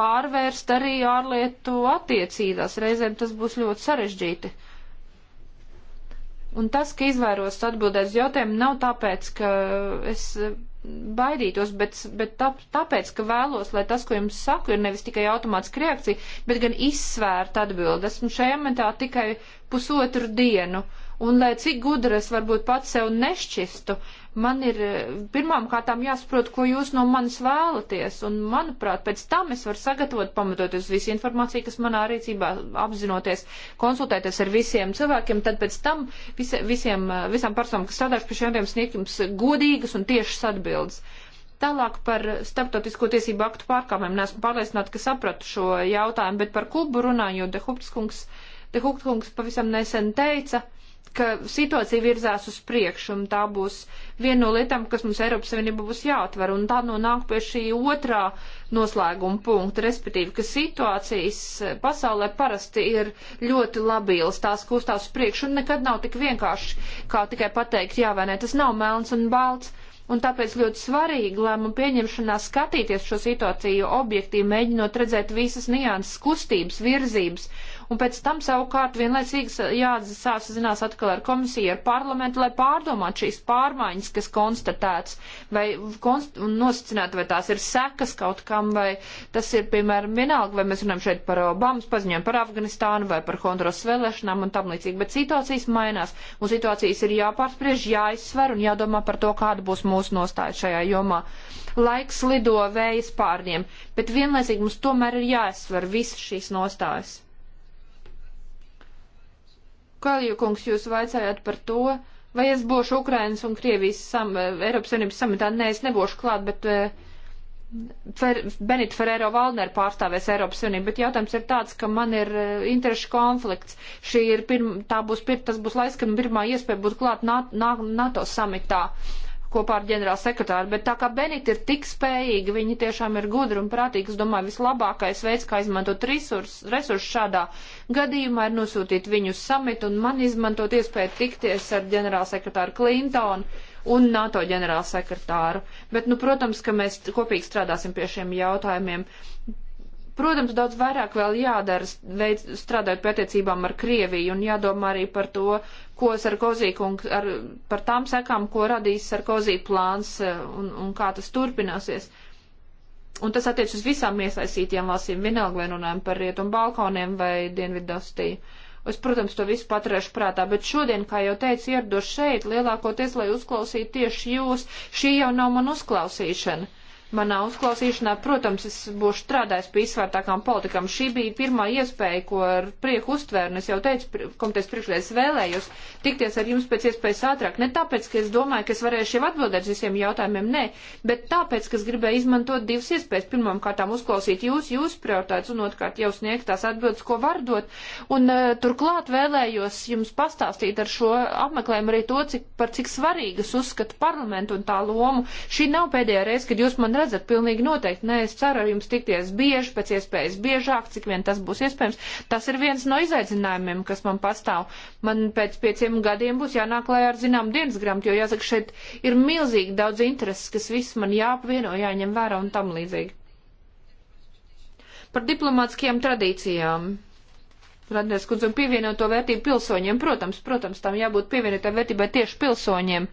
pārvērst arī ārlietu attiecībās. Reizēm tas būs ļoti sarežģīti. Uh, Un tas, ka izvairos atbildēt uz jautājumu, nav tāpēc, ka es eh, baidītos, bet, bet tā, tāpēc, ka vēlos, lai tas, ko jums saku, ir nevis tikai automātiska reakcija, bet gan izsvērta atbilde. Esmu šajā metā tikai pusotru dienu, un lai cik gudra es varbūt pats sev nešķistu, uh, Man ir pirmām kārtām jāsaprot, ko jūs no manis vēlaties, un, manuprāt, pēc tam es varu sagatavot, pamatoties visu informāciju, kas manā rīcībā apzinoties, konsultēties ar visiem cilvēkiem, tad pēc tam visi, visiem, visām personām, kas strādājuši pie šiem tiem sniegums, godīgas un tiešas atbildes. Tālāk par starptautisko tiesību aktu pārkāpumiem. Nesmu pārliecināta, ka sapratu šo jautājumu, bet par Kubu runājot, Dehuptskungs, Dehuptskungs pavisam nesen teica, uh, ka situācija virzās uz priekšu, un tā būs viena no lietām, kas mums Eiropas Savienība būs jāatver, un tā nonāk pie šī otrā noslēguma punkta, respektīvi, ka situācijas pasaulē parasti ir ļoti labīlas, tās kustās uz priekšu, un nekad nav tik vienkārši, kā tikai pateikt jā vai nē, tas nav melns un balts. Un tāpēc ļoti svarīgi lēmumu pieņemšanā skatīties šo situāciju objektīvi, mēģinot redzēt visas nianses, kustības, virzības, un pēc tam savukārt vienlaicīgi jāsazinās atkal ar komisiju, ar parlamentu, lai pārdomātu šīs pārmaiņas, kas konstatēts, vai konst nosacinātu, vai tās ir sekas kaut kam, vai tas ir, piemēram, vienalga, vai mēs runājam šeit par Obamas paziņojumu par Afganistānu vai par Honduras vēlēšanām un tam līdzīgi, bet situācijas mainās, un situācijas ir jāpārspriež, jāizsver un jādomā par to, kāda būs mūsu nostāja šajā jomā laiks lido vējas pārniem, bet vienlaicīgi mums tomēr ir jāizsver visas šīs nostājas. Kaljukungs, jūs vaicājāt par to, vai es būšu Ukrainas un Krievijas sam, Eiropas Savienības samitā. Nē, es nebūšu klāt, bet eh, Fer, Benita Ferrero Valner pārstāvēs Eiropas Savienību. Bet jautājums ir tāds, ka man ir eh, interešu konflikts. Šī ir pirma, tā būs, pir, tas būs laiks, kad pirmā iespēja būs klāt NATO samitā kopā ar ģenerāla sekretāru, bet tā kā Benita ir tik spējīga, viņa tiešām ir gudra un prātīga, es domāju, vislabākais veids, kā izmantot resursus resurs šādā gadījumā, ir nosūtīt viņu uz samitu un man izmantot iespēju tikties ar ģenerāla sekretāru Klintonu un NATO ģenerālsekretāru. Bet, nu, protams, ka mēs kopīgi strādāsim pie šiem jautājumiem. Protams, daudz vairāk vēl jādara, veids, strādājot pie attiecībām ar Krieviju un jādomā arī par to, ko Sarkozī kungs, ar, par tām sekām, ko radīs Sarkozī plāns e, un, un kā tas turpināsies. Un tas attiec uz visām iesaistītajām valstīm, vienalga vai runājam par rietumu balkoniem vai dienvidostī. Es, protams, to visu paturēšu prātā, bet šodien, kā jau teicu, ierados šeit lielākoties, lai uzklausītu tieši jūs. Šī jau nav man uzklausīšana manā uzklausīšanā. Protams, es būšu strādājis pie izsvērtākām politikām. Šī bija pirmā iespēja, ko ar prieku uztvēru, un es jau teicu, komitejas priekšlēs vēlējos tikties ar jums pēc iespējas ātrāk. Ne tāpēc, ka es domāju, ka es varēšu jau atbildēt visiem jautājumiem, nē, bet tāpēc, ka es gribēju izmantot divas iespējas. Pirmām kārtām uzklausīt jūs, jūs prioritātes, un otrkārt jau sniegt tās atbildes, ko var dot. Un uh, turklāt vēlējos jums pastāstīt ar šo apmeklējumu arī to, cik, par cik svarīgas uzskata parlamentu un tā lomu. Šī nav pēdējā reize, kad jūs man redzat redzat, pilnīgi noteikti. Nē, es ceru ar jums tikties bieži, pēc iespējas biežāk, cik vien tas būs iespējams. Tas ir viens no izaicinājumiem, kas man pastāv. Man pēc pieciem gadiem būs jānāk klājā ar zinām dienas grāmatu, jo jāsaka, šeit ir milzīgi daudz intereses, kas viss man jāapvieno, jāņem vērā un tam līdzīgi. Par diplomātskajām tradīcijām. Radnieks kundze un pievienoto vērtību pilsoņiem. Protams, protams, tam jābūt pievienotā vērtībai tieši pilsoņiem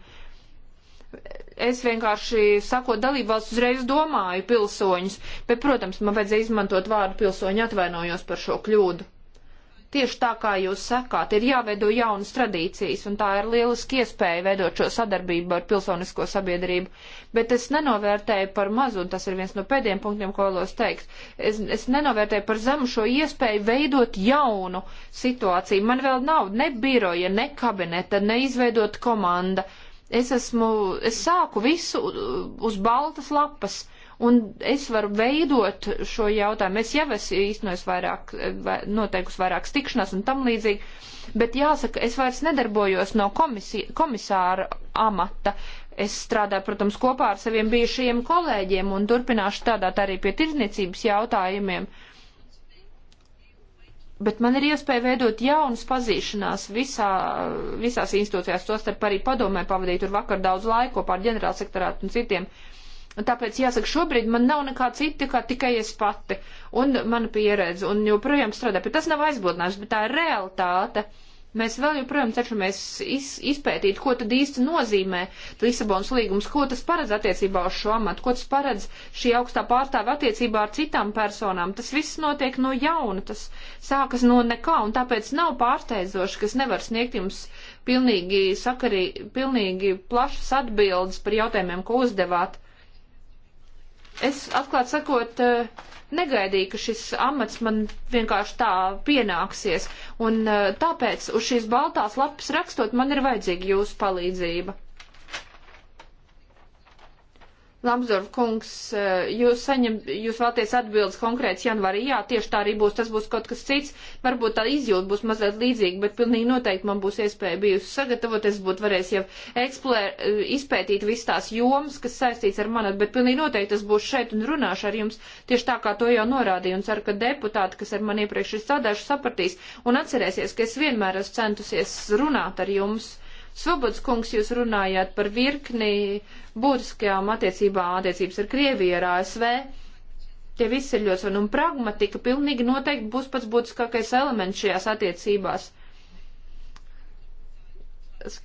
es vienkārši sakot dalībvalsts uzreiz domāju pilsoņus, bet, protams, man vajadzēja izmantot vārdu pilsoņu atvainojos par šo kļūdu. Tieši tā kā jūs sakāt, ir jāveido jaunas tradīcijas, un tā ir lieliski iespēja veidot šo sadarbību ar pilsonisko sabiedrību. Bet es nenovērtēju par mazu, un tas ir viens no pēdējiem punktiem, ko vēlos teikt. Es, es nenovērtēju par zemu šo iespēju veidot jaunu situāciju. Man vēl nav ne biroja, ne kabineta, ne izveidot komanda. Uh, Es esmu, es sāku visu uz baltas lapas, un es varu veidot šo jautājumu. Es jau esmu īstenojis vairāk, vai, noteikus vairākas tikšanās un tam līdzīgi, bet jāsaka, es vairs nedarbojos no komisi, komisāra amata. Es strādāju, protams, kopā ar saviem bijušajiem kolēģiem un turpināšu strādāt arī pie tirdzniecības jautājumiem. Uh, bet man ir iespēja veidot jaunas pazīšanās visā, visās institūcijās, tostarp arī padomē pavadīt tur vakar daudz laiku kopā ar ģenerālsektorātu un citiem. Un tāpēc jāsaka, šobrīd man nav nekā cita, kā tikai es pati un mana pieredze, un joprojām strādā, bet tas nav aizbūdinājums, bet tā ir realitāte. Uh, Mēs vēl joprojām cenšamies iz, izpētīt, ko tad īsti nozīmē Lisabonas līgums, ko tas paredz attiecībā uz šo amatu, ko tas paredz šī augstā pārstāve attiecībā ar citām personām. Tas viss notiek no jauna, tas sākas no nekā, un tāpēc nav pārsteidzoši, kas nevar sniegt jums pilnīgi, sakarī, pilnīgi plašas atbildes par jautājumiem, ko uzdevāt. Es atklāt sakot, eh, negaidīju, ka šis amats man vienkārši tā pienāksies, un eh, tāpēc uz šīs baltās lapas rakstot man ir vajadzīga jūsu palīdzība. Lamsdorf kungs, eh, jūs saņem, jūs vēlaties atbildes konkrēts janvārī, jā, tieši tā arī būs, tas būs kaut kas cits, varbūt tā izjūta būs mazliet līdzīga, bet pilnīgi noteikti man būs iespēja bijusi sagatavoties, būtu varējis jau eksplē, eh, izpētīt visas tās jomas, kas saistīts ar mani, bet pilnīgi noteikti tas būs šeit un runāšu ar jums tieši tā, kā to jau norādīju, un ceru, ka deputāti, kas ar mani iepriekš ir strādājuši, sapratīs un atcerēsies, ka es vienmēr esmu centusies runāt ar jums Svobods kungs, jūs runājāt par virkni būtiskajām attiecībām, attiecības ar Krieviju, ar ASV. Tie visi ir ļoti svarīgi, un pragmatika pilnīgi noteikti būs pats būtiskākais elements šajās attiecībās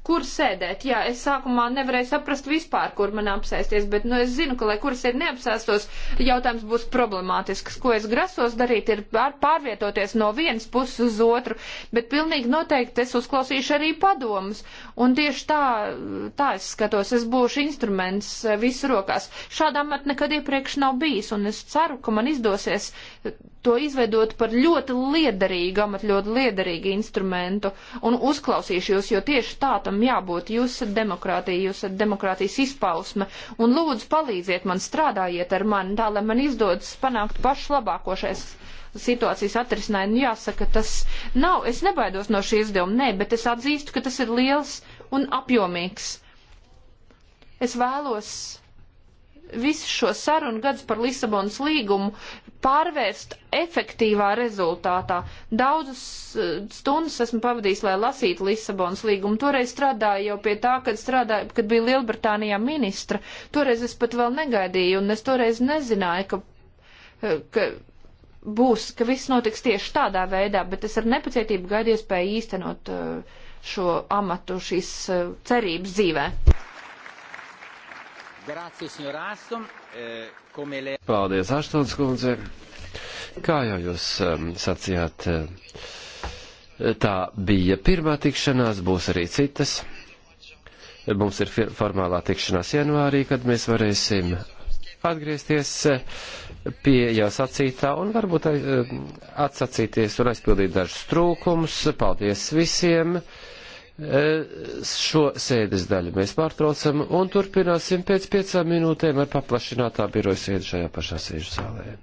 kur sēdēt. Jā, es sākumā nevarēju saprast vispār, kur man apsēsties, bet nu, es zinu, ka, lai kur es ir neapsēstos, jautājums būs problemātisks. Ko es grasos darīt, ir pārvietoties no vienas puses uz otru, bet pilnīgi noteikti es uzklausīšu arī padomus. Un tieši tā, tā es skatos, es būšu instruments eh, visu rokās. Šādā mat nekad iepriekš nav bijis, un es ceru, ka man izdosies to izveidot par ļoti liederīgu amatu, ļoti liederīgu instrumentu un uzklausīšu jūs, jo tieši tā tam jābūt. Jūs esat demokrātija, jūs esat demokrātijas izpausme un lūdzu palīdziet man, strādājiet ar mani, tā lai man izdodas panākt pašu labāko šais situācijas atrisinājumu. Nu, jāsaka, tas nav, es nebaidos no šī izdevuma, nē, bet es atzīstu, ka tas ir liels un apjomīgs. Es vēlos visu šo sarunu gadus par Lisabonas līgumu pārvērst efektīvā rezultātā. Daudzas eh, stundas esmu pavadījis, lai lasītu Lisabonas līgumu. Toreiz strādāju jau pie tā, kad, strādāju, kad biju Lielbritānijā ministra. Toreiz es pat vēl negaidīju, un es toreiz nezināju, ka, eh, ka būs, ka viss notiks tieši tādā veidā, bet es ar nepacietību gaidu iespēju īstenot eh, šo amatu, šīs cerības dzīvē. Eh, Paldies, Aštons kundze. Kā jau jūs um, sacījāt, eh, tā bija pirmā tikšanās, būs arī citas. Mums ir formālā tikšanās janvārī, kad mēs varēsim atgriezties eh, pie jau sacītā un varbūt atsacīties un aizpildīt dažus trūkumus. Paldies visiem! Eh, šo sēdes daļu mēs pārtraucam un turpināsim pēc piecām minūtēm ar paplašinātā biroja sēdi šajā pašā sēžu zālē.